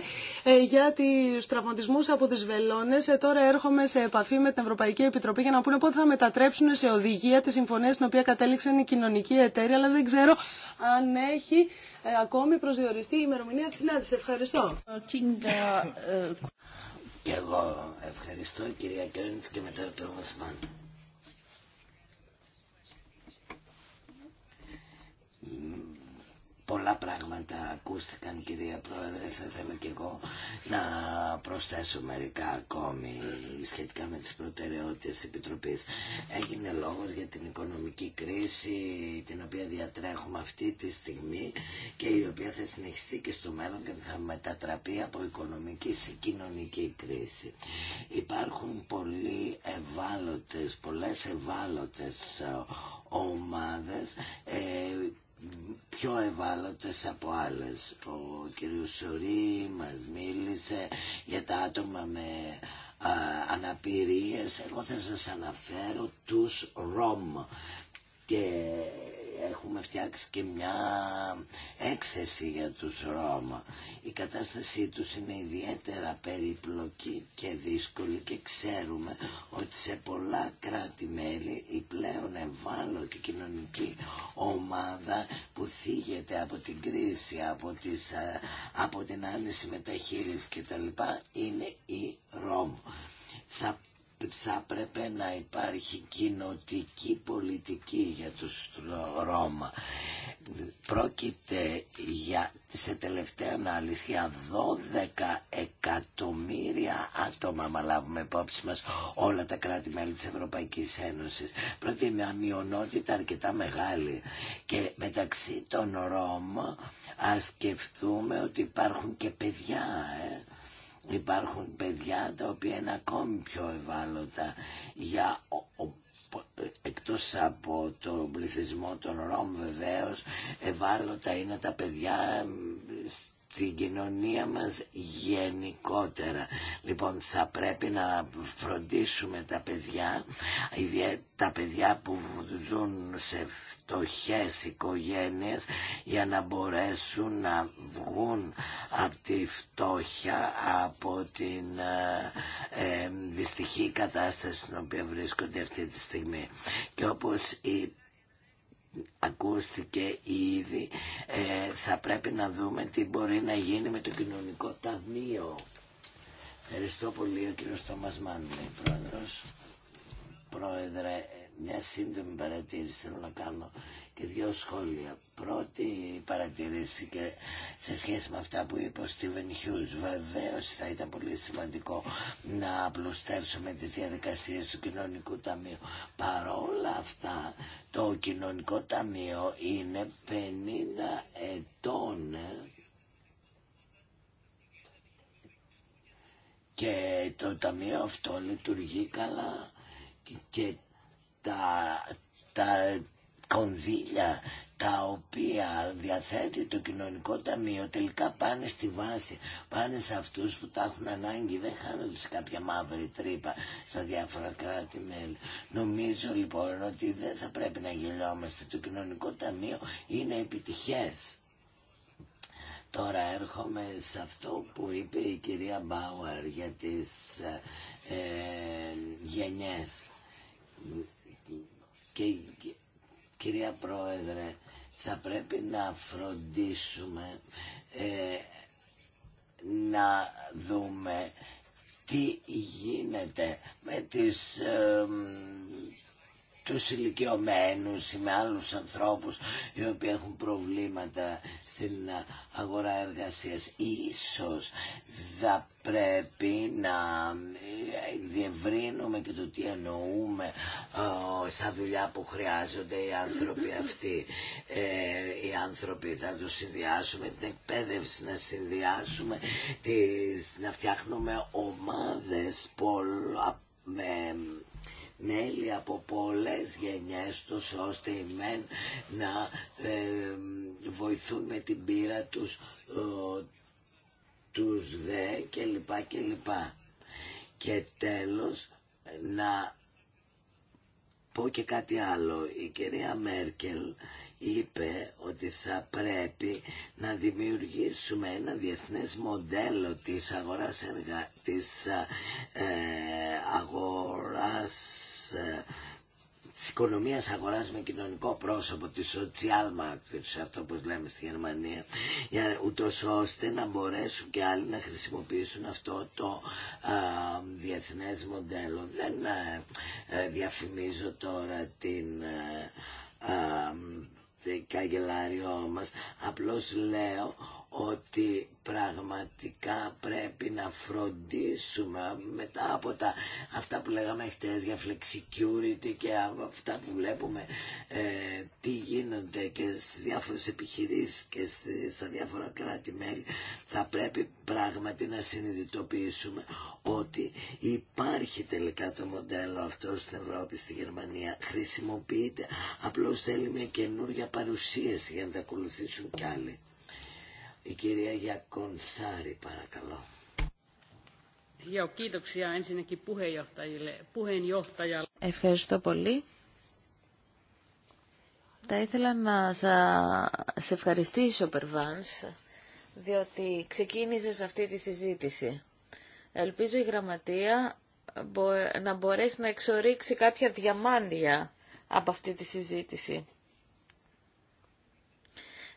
για τους τραυματισμούς από τις βελόνες ε, τώρα έρχομαι σε επαφή με την Ευρωπαϊκή Επιτροπή για να πούνε πότε θα μετατρέψουν σε οδηγία τη συμφωνία στην οποία κατέληξαν οι κοινωνικοί εταίροι, αλλά δεν ξέρω αν έχει ε, ακόμη προσδιοριστεί η ημερομηνία τη συνάντηση. Ευχαριστώ. Ε, και εγώ ευχαριστώ κυρία μετά το πολλά πράγματα ακούστηκαν κυρία Πρόεδρε θα ήθελα και εγώ να προσθέσω μερικά ακόμη σχετικά με τις προτεραιότητες της Επιτροπής έγινε λόγος για την οικονομική κρίση την οποία διατρέχουμε αυτή τη στιγμή και η οποία θα συνεχιστεί και στο μέλλον και θα μετατραπεί από οικονομική σε κοινωνική κρίση υπάρχουν πολλοί ευάλωτες πολλές ευάλωτες ομάδες ε, πιο ευάλωτες από άλλες. Ο κ. Σωρή μας μίλησε για τα άτομα με α, αναπηρίες. Εγώ θα σας αναφέρω τους ΡΟΜ και έχουμε φτιάξει και μια έκθεση για τους Ρώμα. Η κατάστασή τους είναι ιδιαίτερα περίπλοκη και δύσκολη και ξέρουμε ότι σε πολλά κράτη-μέλη η πλέον ευάλωτη κοινωνική ομάδα που θίγεται από την κρίση, από, τις, ε, από την άνηση μεταχείριση κτλ. είναι η Ρώμα θα πρέπει να υπάρχει κοινοτική πολιτική για τους Ρώμα. Πρόκειται για, σε τελευταία ανάλυση για 12 εκατομμύρια άτομα, μα λάβουμε υπόψη μας όλα τα κράτη-μέλη της Ευρωπαϊκής Ένωσης. Πρόκειται μια μειονότητα αρκετά μεγάλη και μεταξύ των Ρώμα ας σκεφτούμε ότι υπάρχουν και παιδιά, ε Υπάρχουν παιδιά τα οποία είναι ακόμη πιο ευάλωτα για εκτός από τον πληθυσμό των Ρώμ βεβαίως ευάλωτα είναι τα παιδιά την κοινωνία μας γενικότερα. Λοιπόν, θα πρέπει να φροντίσουμε τα παιδιά, τα παιδιά που ζουν σε φτωχές οικογένειες για να μπορέσουν να βγουν από τη φτώχεια, από την ε, ε δυστυχή κατάσταση στην οποία βρίσκονται αυτή τη στιγμή. Και όπως ακούστηκε ήδη ε, θα πρέπει να δούμε τι μπορεί να γίνει με το κοινωνικό ταμείο Ευχαριστώ πολύ ο κύριος Τόμας Μάνι πρόεδρος Πρόεδρε ε, μια σύντομη παρατήρηση θέλω να κάνω και δύο σχόλια. Πρώτη παρατηρήση και σε σχέση με αυτά που είπε ο Στίβεν Χιούς. Βεβαίω θα ήταν πολύ σημαντικό να απλουστεύσουμε τις διαδικασίες του κοινωνικού ταμείου. Παρόλα αυτά το κοινωνικό ταμείο είναι 50 ετών και το ταμείο αυτό λειτουργεί καλά και τα, τα, κονδύλια τα οποία διαθέτει το κοινωνικό ταμείο τελικά πάνε στη βάση, πάνε σε αυτούς που τα έχουν ανάγκη, δεν χάνονται σε κάποια μαύρη τρύπα στα διάφορα κράτη-μέλη. Νομίζω λοιπόν ότι δεν θα πρέπει να γελιόμαστε, το κοινωνικό ταμείο είναι επιτυχές. Τώρα έρχομαι σε αυτό που είπε η κυρία Μπάουερ για τις ε, ε γενιές και κυρία Πρόεδρε, θα πρέπει να φροντίσουμε ε, να δούμε τι γίνεται με τις τους ηλικιωμένους ή με άλλους ανθρώπους οι οποίοι έχουν προβλήματα στην αγορά εργασίας. Ίσως θα πρέπει να διευρύνουμε και το τι εννοούμε στα δουλειά που χρειάζονται οι άνθρωποι αυτοί. Ε, οι άνθρωποι θα τους συνδυάσουμε την εκπαίδευση, να συνδυάσουμε, τις, να φτιάχνουμε ομάδες πολλα, με μέλη από πολλές γενιές τους ώστε οι μεν να ε, βοηθούν με την πείρα τους τους δε και λοιπά και λοιπά. Και τέλος να πω και κάτι άλλο. Η κυρία Μέρκελ είπε ότι θα πρέπει να δημιουργήσουμε ένα διεθνές μοντέλο της αγοράς, εργα... της, ε, αγοράς ε, της οικονομίας αγοράς με κοινωνικό πρόσωπο, τη social market, αυτό που λέμε στη Γερμανία, για ούτως ώστε να μπορέσουν και άλλοι να χρησιμοποιήσουν αυτό το α, ε, διεθνές μοντέλο. Δεν ε, διαφημίζω τώρα την... Α, καγκελάριό μας απλώς λέω ότι πραγματικά πρέπει να φροντίσουμε μετά από τα αυτά που λέγαμε χτες για flexicurity και αυτά που βλέπουμε ε, τι γίνονται και στις διάφορες επιχειρήσεις και στα διάφορα κράτη-μέλη θα πρέπει πράγματι να συνειδητοποιήσουμε ότι υπάρχει τελικά το μοντέλο αυτό στην Ευρώπη, στη Γερμανία χρησιμοποιείται, απλώς θέλει μια καινούργια παρουσίαση για να τα ακολουθήσουν κι άλλοι. Η κυρία Γιακονσάρη παρακαλώ. Ευχαριστώ πολύ. Θα ήθελα να σε ευχαριστήσω, Περβάνς, διότι ξεκίνησες αυτή τη συζήτηση. Ελπίζω η Γραμματεία να μπορέσει να εξορίξει κάποια διαμάντια από αυτή τη συζήτηση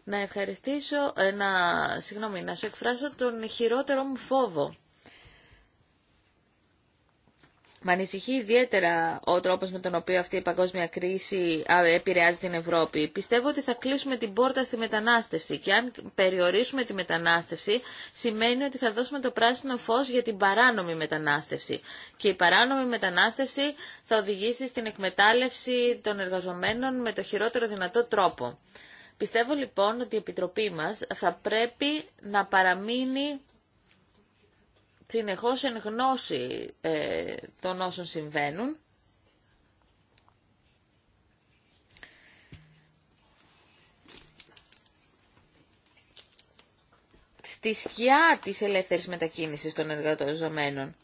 να ευχαριστήσω, ε, να, συγγνώμη, να σου εκφράσω τον χειρότερο μου φόβο. Με ανησυχεί ιδιαίτερα ο τρόπος με τον οποίο αυτή η παγκόσμια κρίση επηρεάζει την Ευρώπη. Πιστεύω ότι θα κλείσουμε την πόρτα στη μετανάστευση και αν περιορίσουμε τη μετανάστευση σημαίνει ότι θα δώσουμε το πράσινο φως για την παράνομη μετανάστευση. Και η παράνομη μετανάστευση θα οδηγήσει στην εκμετάλλευση των εργαζομένων με το χειρότερο δυνατό τρόπο. Πιστεύω λοιπόν ότι η Επιτροπή μας θα πρέπει να παραμείνει συνεχώς εν γνώση ε, των όσων συμβαίνουν στη σκιά της ελεύθερης μετακίνησης των εργαζομένων.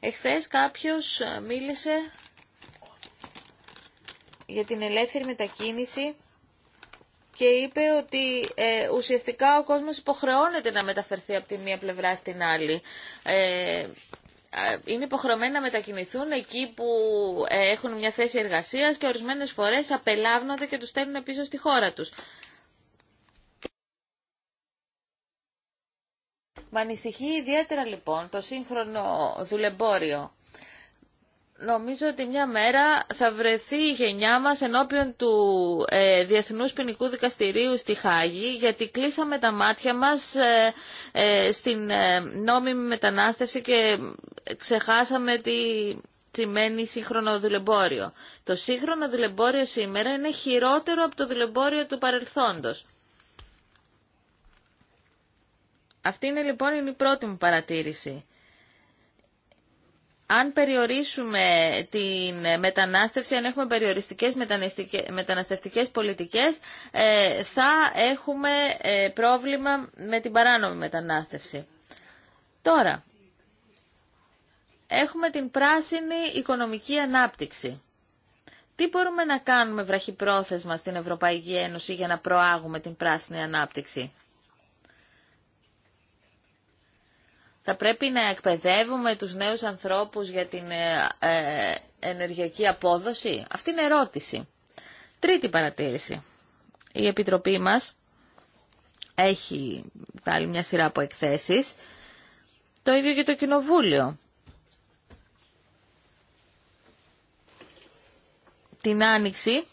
Εχθές κάποιος ε, μίλησε για την ελεύθερη μετακίνηση και είπε ότι ε, ουσιαστικά ο κόσμος υποχρεώνεται να μεταφερθεί από τη μία πλευρά στην άλλη. Ε, είναι υποχρεωμένοι να μετακινηθούν εκεί που ε, έχουν μια θέση εργασίας και ορισμένες φορές απελάβνονται και τους στέλνουν πίσω στη χώρα τους. Μ' ανησυχεί ιδιαίτερα λοιπόν το σύγχρονο δουλεμπόριο Νομίζω ότι μια μέρα θα βρεθεί η γενιά μας ενώπιον του ε, Διεθνούς Ποινικού Δικαστηρίου στη Χάγη γιατί κλείσαμε τα μάτια μας ε, ε, στην ε, νόμιμη μετανάστευση και ξεχάσαμε τι σημαίνει σύγχρονο δουλεμπόριο. Το σύγχρονο δουλεμπόριο σήμερα είναι χειρότερο από το δουλεμπόριο του παρελθόντος. Αυτή είναι λοιπόν η πρώτη μου παρατήρηση αν περιορίσουμε την μετανάστευση, αν έχουμε περιοριστικές μεταναστευτικές πολιτικές, ε, θα έχουμε ε, πρόβλημα με την παράνομη μετανάστευση. Τώρα, έχουμε την πράσινη οικονομική ανάπτυξη. Τι μπορούμε να κάνουμε βραχυπρόθεσμα στην Ευρωπαϊκή Ένωση για να προάγουμε την πράσινη ανάπτυξη. Θα πρέπει να εκπαιδεύουμε τους νέους ανθρώπους για την ε, ε, ενεργειακή απόδοση. Αυτή είναι ερώτηση. Τρίτη παρατήρηση. Η Επιτροπή μας έχει πάλι μια σειρά από εκθέσεις. Το ίδιο και το Κοινοβούλιο. Την Άνοιξη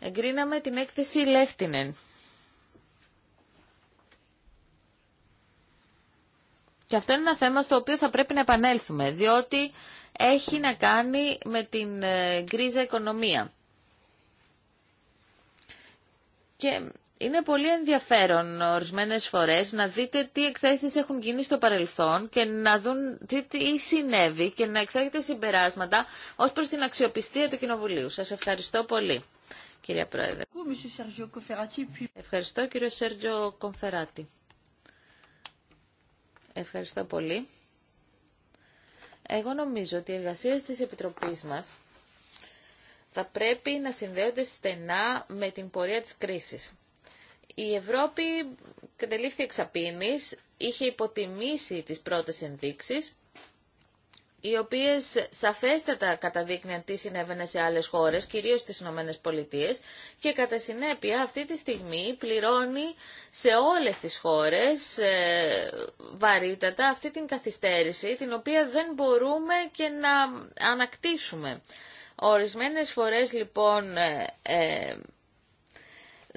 εγκρίναμε την έκθεση Λέχτινεν Και αυτό είναι ένα θέμα στο οποίο θα πρέπει να επανέλθουμε, διότι έχει να κάνει με την ε, γκρίζα οικονομία. Και είναι πολύ ενδιαφέρον ορισμένες φορές να δείτε τι εκθέσεις έχουν γίνει στο παρελθόν και να δουν τι, συνέβη και να εξάγετε συμπεράσματα ως προς την αξιοπιστία του Κοινοβουλίου. Σας ευχαριστώ πολύ, κυρία Πρόεδρε. Ευχαριστώ, κύριο Σέργιο Κομφεράτη. Ευχαριστώ πολύ. Εγώ νομίζω ότι οι εργασίες της Επιτροπής μας θα πρέπει να συνδέονται στενά με την πορεία της κρίσης. Η Ευρώπη κατελήφθη εξαπίνης, είχε υποτιμήσει τις πρώτες ενδείξεις οι οποίες σαφέστατα καταδείκνυαν τι συνέβαινε σε άλλες χώρες, κυρίως στις Ηνωμένες Πολιτείες, και κατά συνέπεια αυτή τη στιγμή πληρώνει σε όλες τις χώρες ε, βαρύτατα αυτή την καθυστέρηση, την οποία δεν μπορούμε και να ανακτήσουμε. Ορισμένες φορές λοιπόν... Ε, ε,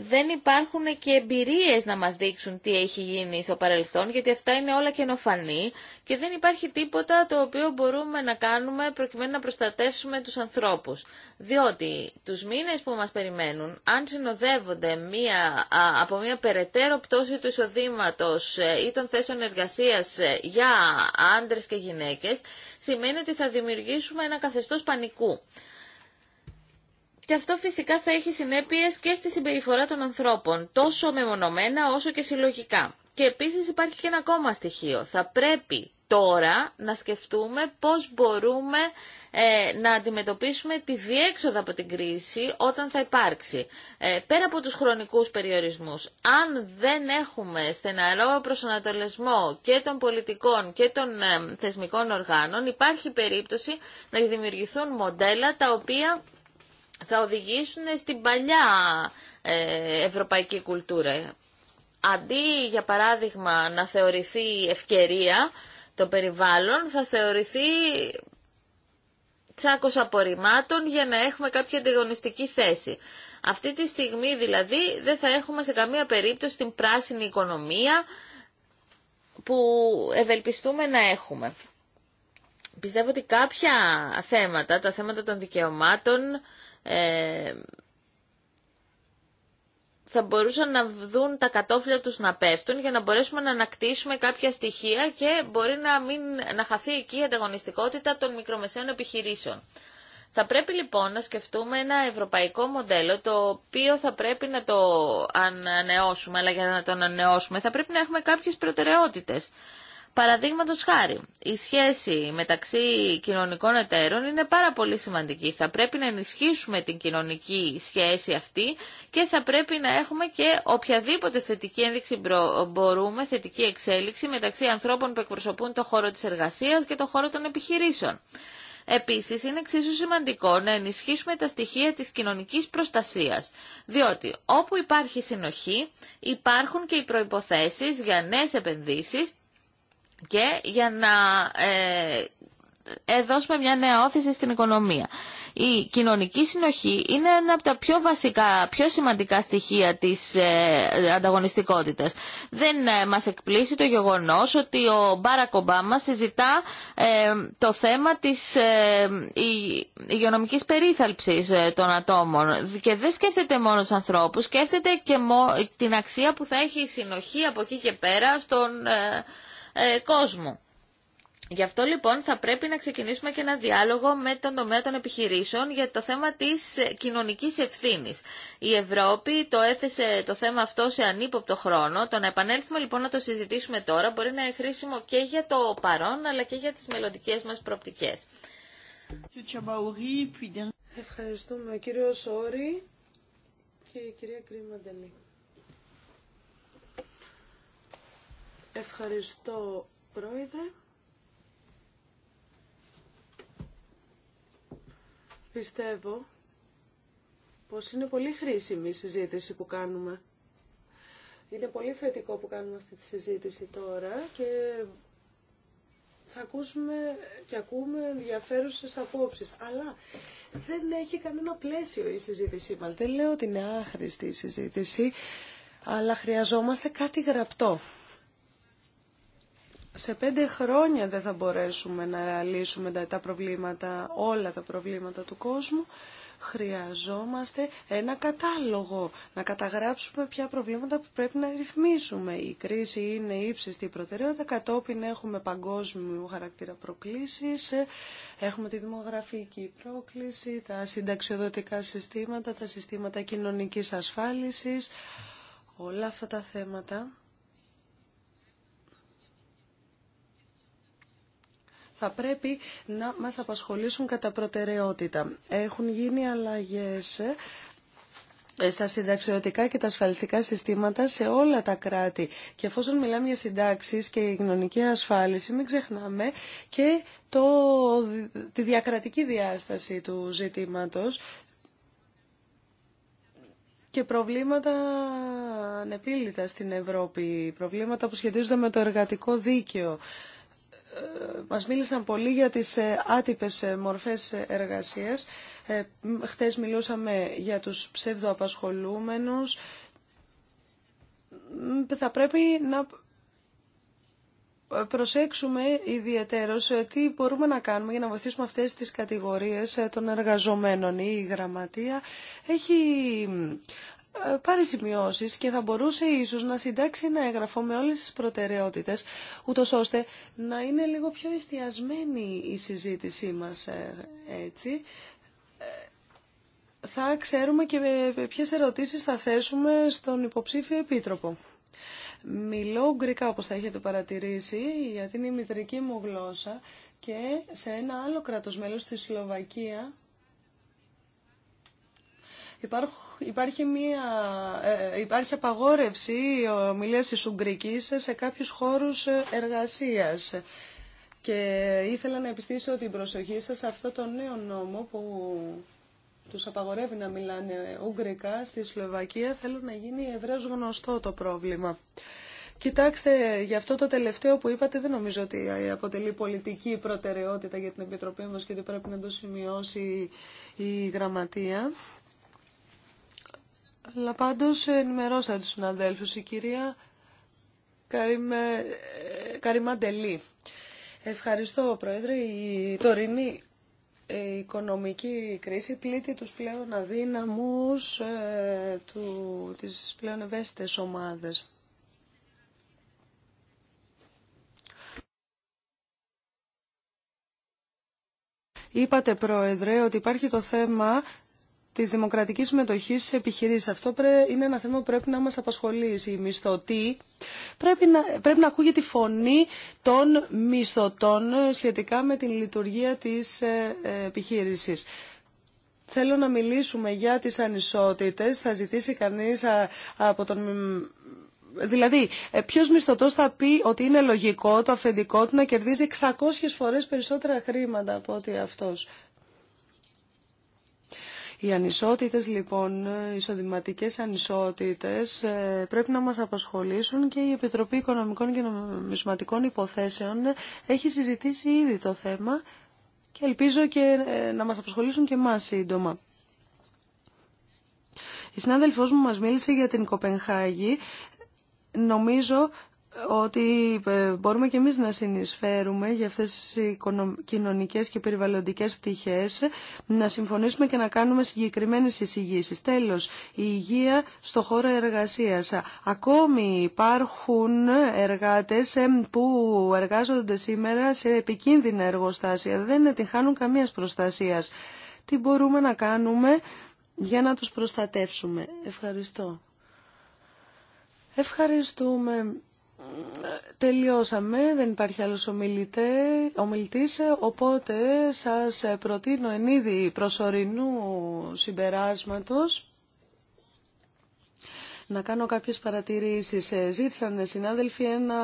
δεν υπάρχουν και εμπειρίες να μας δείξουν τι έχει γίνει στο παρελθόν, γιατί αυτά είναι όλα καινοφανή και δεν υπάρχει τίποτα το οποίο μπορούμε να κάνουμε προκειμένου να προστατεύσουμε τους ανθρώπους. Διότι τους μήνες που μας περιμένουν, αν συνοδεύονται μία, από μια περαιτέρω πτώση του εισοδήματος ε, ή των θέσεων εργασίας ε, για άντρες και γυναίκες, σημαίνει ότι θα δημιουργήσουμε ένα καθεστώς πανικού. Και αυτό φυσικά θα έχει συνέπειες και στη συμπεριφορά των ανθρώπων, τόσο μεμονωμένα όσο και συλλογικά. Και επίσης υπάρχει και ένα ακόμα στοιχείο. Θα πρέπει τώρα να σκεφτούμε πώς μπορούμε ε, να αντιμετωπίσουμε τη διέξοδα από την κρίση όταν θα υπάρξει. Ε, πέρα από τους χρονικούς περιορισμούς, αν δεν έχουμε στεναρό προσανατολισμό και των πολιτικών και των ε, θεσμικών οργάνων, υπάρχει περίπτωση να δημιουργηθούν μοντέλα τα οποία θα οδηγήσουν στην παλιά ε, ευρωπαϊκή κουλτούρα. Αντί, για παράδειγμα, να θεωρηθεί ευκαιρία το περιβάλλον, θα θεωρηθεί τσάκος απορριμμάτων για να έχουμε κάποια αντιγωνιστική θέση. Αυτή τη στιγμή δηλαδή δεν θα έχουμε σε καμία περίπτωση την πράσινη οικονομία που ευελπιστούμε να έχουμε. Πιστεύω ότι κάποια θέματα, τα θέματα των δικαιωμάτων, ε, θα μπορούσαν να δουν τα κατόφλια τους να πέφτουν για να μπορέσουμε να ανακτήσουμε κάποια στοιχεία και μπορεί να, μην, να χαθεί εκεί η ανταγωνιστικότητα των μικρομεσαίων επιχειρήσεων. Θα πρέπει λοιπόν να σκεφτούμε ένα ευρωπαϊκό μοντέλο το οποίο θα πρέπει να το ανανεώσουμε, αλλά για να το ανανεώσουμε θα πρέπει να έχουμε κάποιες προτεραιότητες. Παραδείγματο χάρη, η σχέση μεταξύ κοινωνικών εταίρων είναι πάρα πολύ σημαντική. Θα πρέπει να ενισχύσουμε την κοινωνική σχέση αυτή και θα πρέπει να έχουμε και οποιαδήποτε θετική ένδειξη μπορούμε, θετική εξέλιξη μεταξύ ανθρώπων που εκπροσωπούν το χώρο της εργασίας και το χώρο των επιχειρήσεων. Επίσης, είναι εξίσου σημαντικό να ενισχύσουμε τα στοιχεία της κοινωνικής προστασίας, διότι όπου υπάρχει συνοχή, υπάρχουν και οι προϋποθέσεις για νέες επενδύσεις και για να ε, ε, δώσουμε μια νέα όθηση στην οικονομία. Η κοινωνική συνοχή είναι ένα από τα πιο βασικά, πιο σημαντικά στοιχεία της ε, ανταγωνιστικότητας. Δεν ε, μας εκπλήσει το γεγονός ότι ο Μπάρακ Ομπάμα συζητά ε, το θέμα της υγειονομικής περίθαλψης των ατόμων και δεν σκέφτεται μόνο τους ανθρώπους, σκέφτεται και την αξία που θα έχει η συνοχή από εκεί και πέρα στον ε, κόσμου. Γι' αυτό λοιπόν θα πρέπει να ξεκινήσουμε και ένα διάλογο με τον τομέα των επιχειρήσεων για το θέμα της ε, κοινωνικής ευθύνης. Η Ευρώπη το έθεσε το θέμα αυτό σε ανύποπτο χρόνο. Το να επανέλθουμε λοιπόν να το συζητήσουμε τώρα μπορεί να είναι χρήσιμο και για το παρόν αλλά και για τις μελλοντικέ μας προοπτικές. Ευχαριστούμε κύριο και Ευχαριστώ, Πρόεδρε. Πιστεύω πως είναι πολύ χρήσιμη η συζήτηση που κάνουμε. Είναι πολύ θετικό που κάνουμε αυτή τη συζήτηση τώρα και θα ακούσουμε και ακούμε ενδιαφέρουσες απόψεις. Αλλά δεν έχει κανένα πλαίσιο η συζήτησή μας. Δεν λέω ότι είναι άχρηστη η συζήτηση, αλλά χρειαζόμαστε κάτι γραπτό σε πέντε χρόνια δεν θα μπορέσουμε να λύσουμε τα προβλήματα, όλα τα προβλήματα του κόσμου. Χρειαζόμαστε ένα κατάλογο, να καταγράψουμε ποια προβλήματα που πρέπει να ρυθμίσουμε. Η κρίση είναι ύψιστη προτεραιότητα, κατόπιν έχουμε παγκόσμιου χαρακτήρα προκλήσεις, έχουμε τη δημογραφική πρόκληση, τα συνταξιοδοτικά συστήματα, τα συστήματα κοινωνικής ασφάλισης, όλα αυτά τα θέματα θα πρέπει να μας απασχολήσουν κατά προτεραιότητα. Έχουν γίνει αλλαγές ε, στα συνταξιωτικά και τα ασφαλιστικά συστήματα σε όλα τα κράτη. Και εφόσον μιλάμε για συντάξεις και κοινωνική ασφάλιση, μην ξεχνάμε και το, τη διακρατική διάσταση του ζητήματος και προβλήματα ανεπίλητα στην Ευρώπη, προβλήματα που σχετίζονται με το εργατικό δίκαιο. Ε, μας μίλησαν πολύ για τις ε, άτυπες ε, μορφές εργασίας. Χτες μιλούσαμε για τους ψευδοαπασχολούμενους. Θα πρέπει να προσέξουμε ιδιαίτερως τι μπορούμε να κάνουμε για να βοηθήσουμε αυτές τις κατηγορίες των εργαζομένων. Η γραμματεία έχει ε, πάρει σημειώσεις και θα μπορούσε ίσως να συντάξει ένα έγγραφο με όλες τις προτεραιότητες, ούτω ώστε να είναι λίγο πιο εστιασμένη η συζήτησή μας ε, έτσι. Ε, θα ξέρουμε και ποιες ερωτήσεις θα θέσουμε στον υποψήφιο επίτροπο. Μιλώ γκρικά όπως θα έχετε παρατηρήσει, γιατί είναι η μητρική μου γλώσσα και σε ένα άλλο κράτος μέλος, στη Σλοβακία, υπάρχουν υπάρχει, μια, ε, ε, υπάρχει απαγόρευση ομιλίας της Ουγγρικής σε κάποιους χώρους ε, εργασίας. Και ήθελα να επιστήσω την προσοχή σας σε αυτό το νέο νόμο που τους απαγορεύει να μιλάνε Ουγγρικά στη Σλοβακία. Θέλω να γίνει ευρέως γνωστό το πρόβλημα. Κοιτάξτε, για αυτό το τελευταίο που είπατε δεν νομίζω ότι αποτελεί πολιτική προτεραιότητα για την Επιτροπή μας και ότι πρέπει να το σημειώσει η Γραμματεία. Αλλά πάντω ενημερώσατε του συναδέλφου, Η κυρία καριμάτελη. Ευχαριστώ, Πρόεδρε. Η τωρινή ε, οικονομική κρίση πλήττει τους πλέον αδύναμους, ε, του, τις πλέον ευαίσθητες ομάδες. Είπατε, Πρόεδρε, ότι υπάρχει το θέμα τη δημοκρατική συμμετοχή τη επιχειρήση. Αυτό είναι ένα θέμα που πρέπει να μα απασχολήσει. Οι μισθωτή. πρέπει να, πρέπει να τη φωνή των μισθωτών σχετικά με την λειτουργία της ε, ε, επιχείρηση. Θέλω να μιλήσουμε για τις ανισότητες. Θα ζητήσει κανείς από τον Δηλαδή, ε, ποιο μισθωτό θα πει ότι είναι λογικό το αφεντικό του να κερδίζει 600 φορέ περισσότερα χρήματα από ότι αυτό. Οι ανισότητες λοιπόν, οι εισοδηματικές ανισότητες ε, πρέπει να μας απασχολήσουν και η Επιτροπή Οικονομικών και Νομισματικών Υποθέσεων έχει συζητήσει ήδη το θέμα και ελπίζω και ε, να μας απασχολήσουν και εμάς σύντομα. Η συνάδελφός μου μας μίλησε για την Κοπενχάγη. Νομίζω ότι ε, μπορούμε και εμείς να συνεισφέρουμε για αυτές τις κοινωνικές και περιβαλλοντικές πτυχές, να συμφωνήσουμε και να κάνουμε συγκεκριμένες εισηγήσεις. Τέλος, η υγεία στο χώρο εργασίας. Ακόμη υπάρχουν εργάτες ε, που εργάζονται σήμερα σε επικίνδυνα εργοστάσια. Δεν την χάνουν καμίας προστασίας. Τι μπορούμε να κάνουμε για να τους προστατεύσουμε. Ευχαριστώ. Ευχαριστούμε. Τελειώσαμε, δεν υπάρχει άλλος ομιλητή, ομιλητής, οπότε σας προτείνω εν είδη προσωρινού συμπεράσματος να κάνω κάποιες παρατηρήσεις. Ε, ζήτησαν ε, συνάδελφοι ένα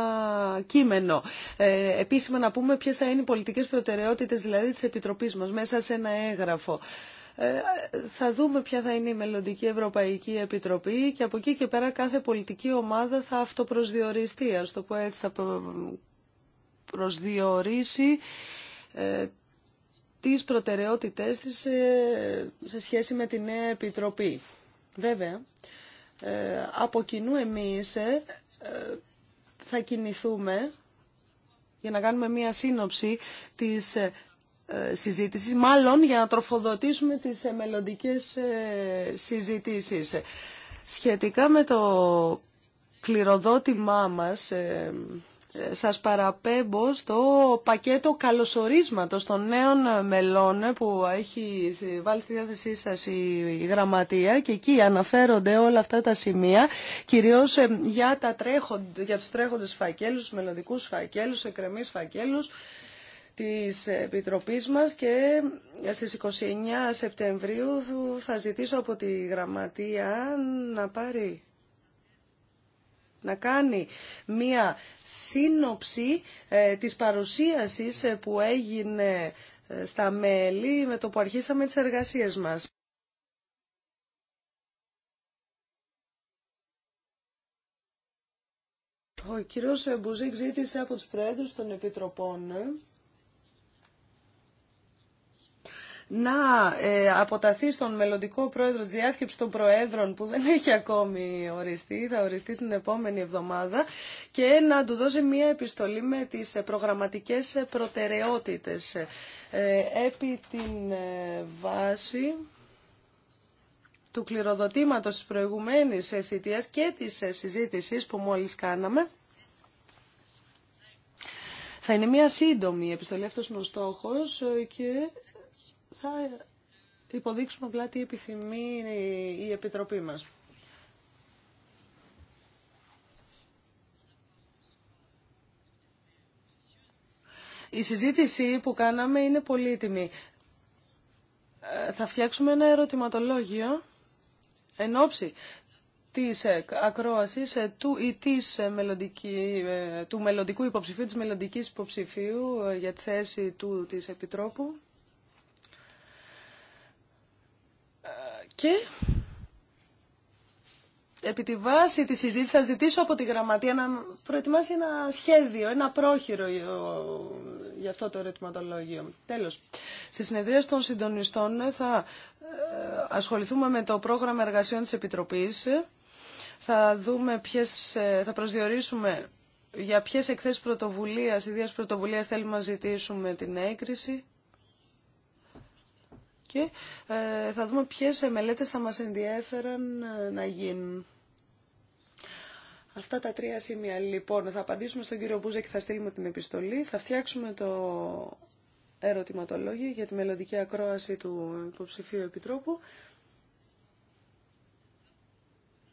κείμενο. Ε, επίσημα να πούμε ποιες θα είναι οι πολιτικές προτεραιότητες δηλαδή της Επιτροπής μας μέσα σε ένα έγγραφο. Ε, θα δούμε ποια θα είναι η μελλοντική Ευρωπαϊκή Επιτροπή και από εκεί και πέρα κάθε πολιτική ομάδα θα αυτοπροσδιοριστεί, ας το πω έτσι, θα προσδιορίσει ε, τις προτεραιότητές της ε, σε σχέση με τη νέα Επιτροπή. Βέβαια, από κοινού εμείς θα κινηθούμε για να κάνουμε μία σύνοψη της ε, συζήτηση μάλλον για να τροφοδοτήσουμε τις ε, μελλοντικέ ε, συζητήσεις. Σχετικά με το κληροδότημά μας, σας παραπέμπω στο πακέτο καλωσορίσματος των νέων μελών που έχει βάλει στη διάθεσή σας η γραμματεία και εκεί αναφέρονται όλα αυτά τα σημεία κυρίως για, τα τρέχον, για τους τρέχοντες φακέλους, μελλοντικούς φακέλους, φακέλους της Επιτροπής μας και στις 29 Σεπτεμβρίου θα ζητήσω από τη Γραμματεία να πάρει να κάνει μία σύνοψη ε, της παρουσίασης ε, που έγινε ε, στα μέλη με το που αρχίσαμε τις εργασίες μας. Ο κύριος Μπουζίκ ζήτησε από τους Προέδρους των Επιτροπών ε, να ε, αποταθεί στον μελλοντικό πρόεδρο της διάσκεψης των προέδρων που δεν έχει ακόμη οριστεί, θα οριστεί την επόμενη εβδομάδα και να του δώσει μια επιστολή με τις ε, προγραμματικές ε, προτεραιότητες. Επί την βάση του κληροδοτήματος της προηγουμένης θητείας και της συζήτησης που μόλις κάναμε, θα είναι μια σύντομη επιστολή, αυτός είναι ο στόχος και θα υποδείξουμε απλά τι επιθυμεί η Επιτροπή μας. Η συζήτηση που κάναμε είναι πολύτιμη. Ε, θα φτιάξουμε ένα ερωτηματολόγιο εν ώψη της ε, ακρόασης ε, του ή της του μελλοντικού υποψηφίου, της μελλοντικής υποψηφίου για τη θέση του της Επιτρόπου. Και επί τη βάση της συζήτησης θα ζητήσω από τη Γραμματεία να προετοιμάσει ένα σχέδιο, ένα πρόχειρο για αυτό το ερωτηματολόγιο. Τέλος, στη συνεδρία των συντονιστών θα ε, ασχοληθούμε με το πρόγραμμα εργασιών της Επιτροπής. Θα δούμε ποιες, ε, θα προσδιορίσουμε για ποιες εκθέσεις πρωτοβουλίας, ιδίας πρωτοβουλίας θέλουμε να ζητήσουμε την έγκριση και ε, θα δούμε ποιες μελέτες θα μας ενδιέφεραν ε, να γίνουν. Αυτά τα τρία σημεία λοιπόν. Θα απαντήσουμε στον κύριο Μπούζα και θα στείλουμε την επιστολή. Θα φτιάξουμε το ερωτηματολόγιο για τη μελλοντική ακρόαση του υποψηφίου επιτρόπου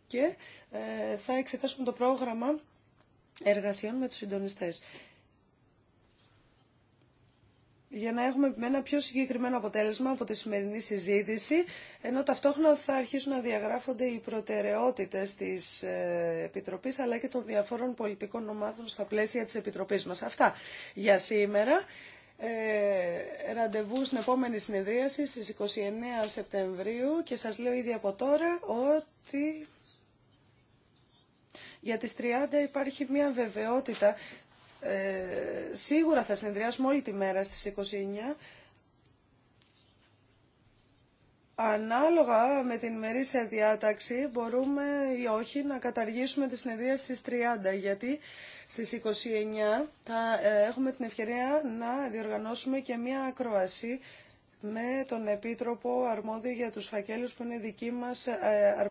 και ε, θα εξετάσουμε το πρόγραμμα εργασιών με τους συντονιστές για να έχουμε ένα πιο συγκεκριμένο αποτέλεσμα από τη σημερινή συζήτηση, ενώ ταυτόχρονα θα αρχίσουν να διαγράφονται οι προτεραιότητες της ε, Επιτροπής, αλλά και των διαφόρων πολιτικών ομάδων στα πλαίσια της Επιτροπής μας. Αυτά για σήμερα. Ε, ραντεβού στην επόμενη συνεδρίαση στις 29 Σεπτεμβρίου και σας λέω ήδη από τώρα ότι για τις 30 υπάρχει μια βεβαιότητα ε, σίγουρα θα συνεδριάσουμε όλη τη μέρα στις 29. Ανάλογα με την ημερήσια διάταξη μπορούμε ή όχι να καταργήσουμε τη συνεδρία στις 30 γιατί στις 29 θα ε, έχουμε την ευκαιρία να διοργανώσουμε και μία ακρόαση με τον Επίτροπο Αρμόδιο για τους Φακέλους που είναι δική μας ε,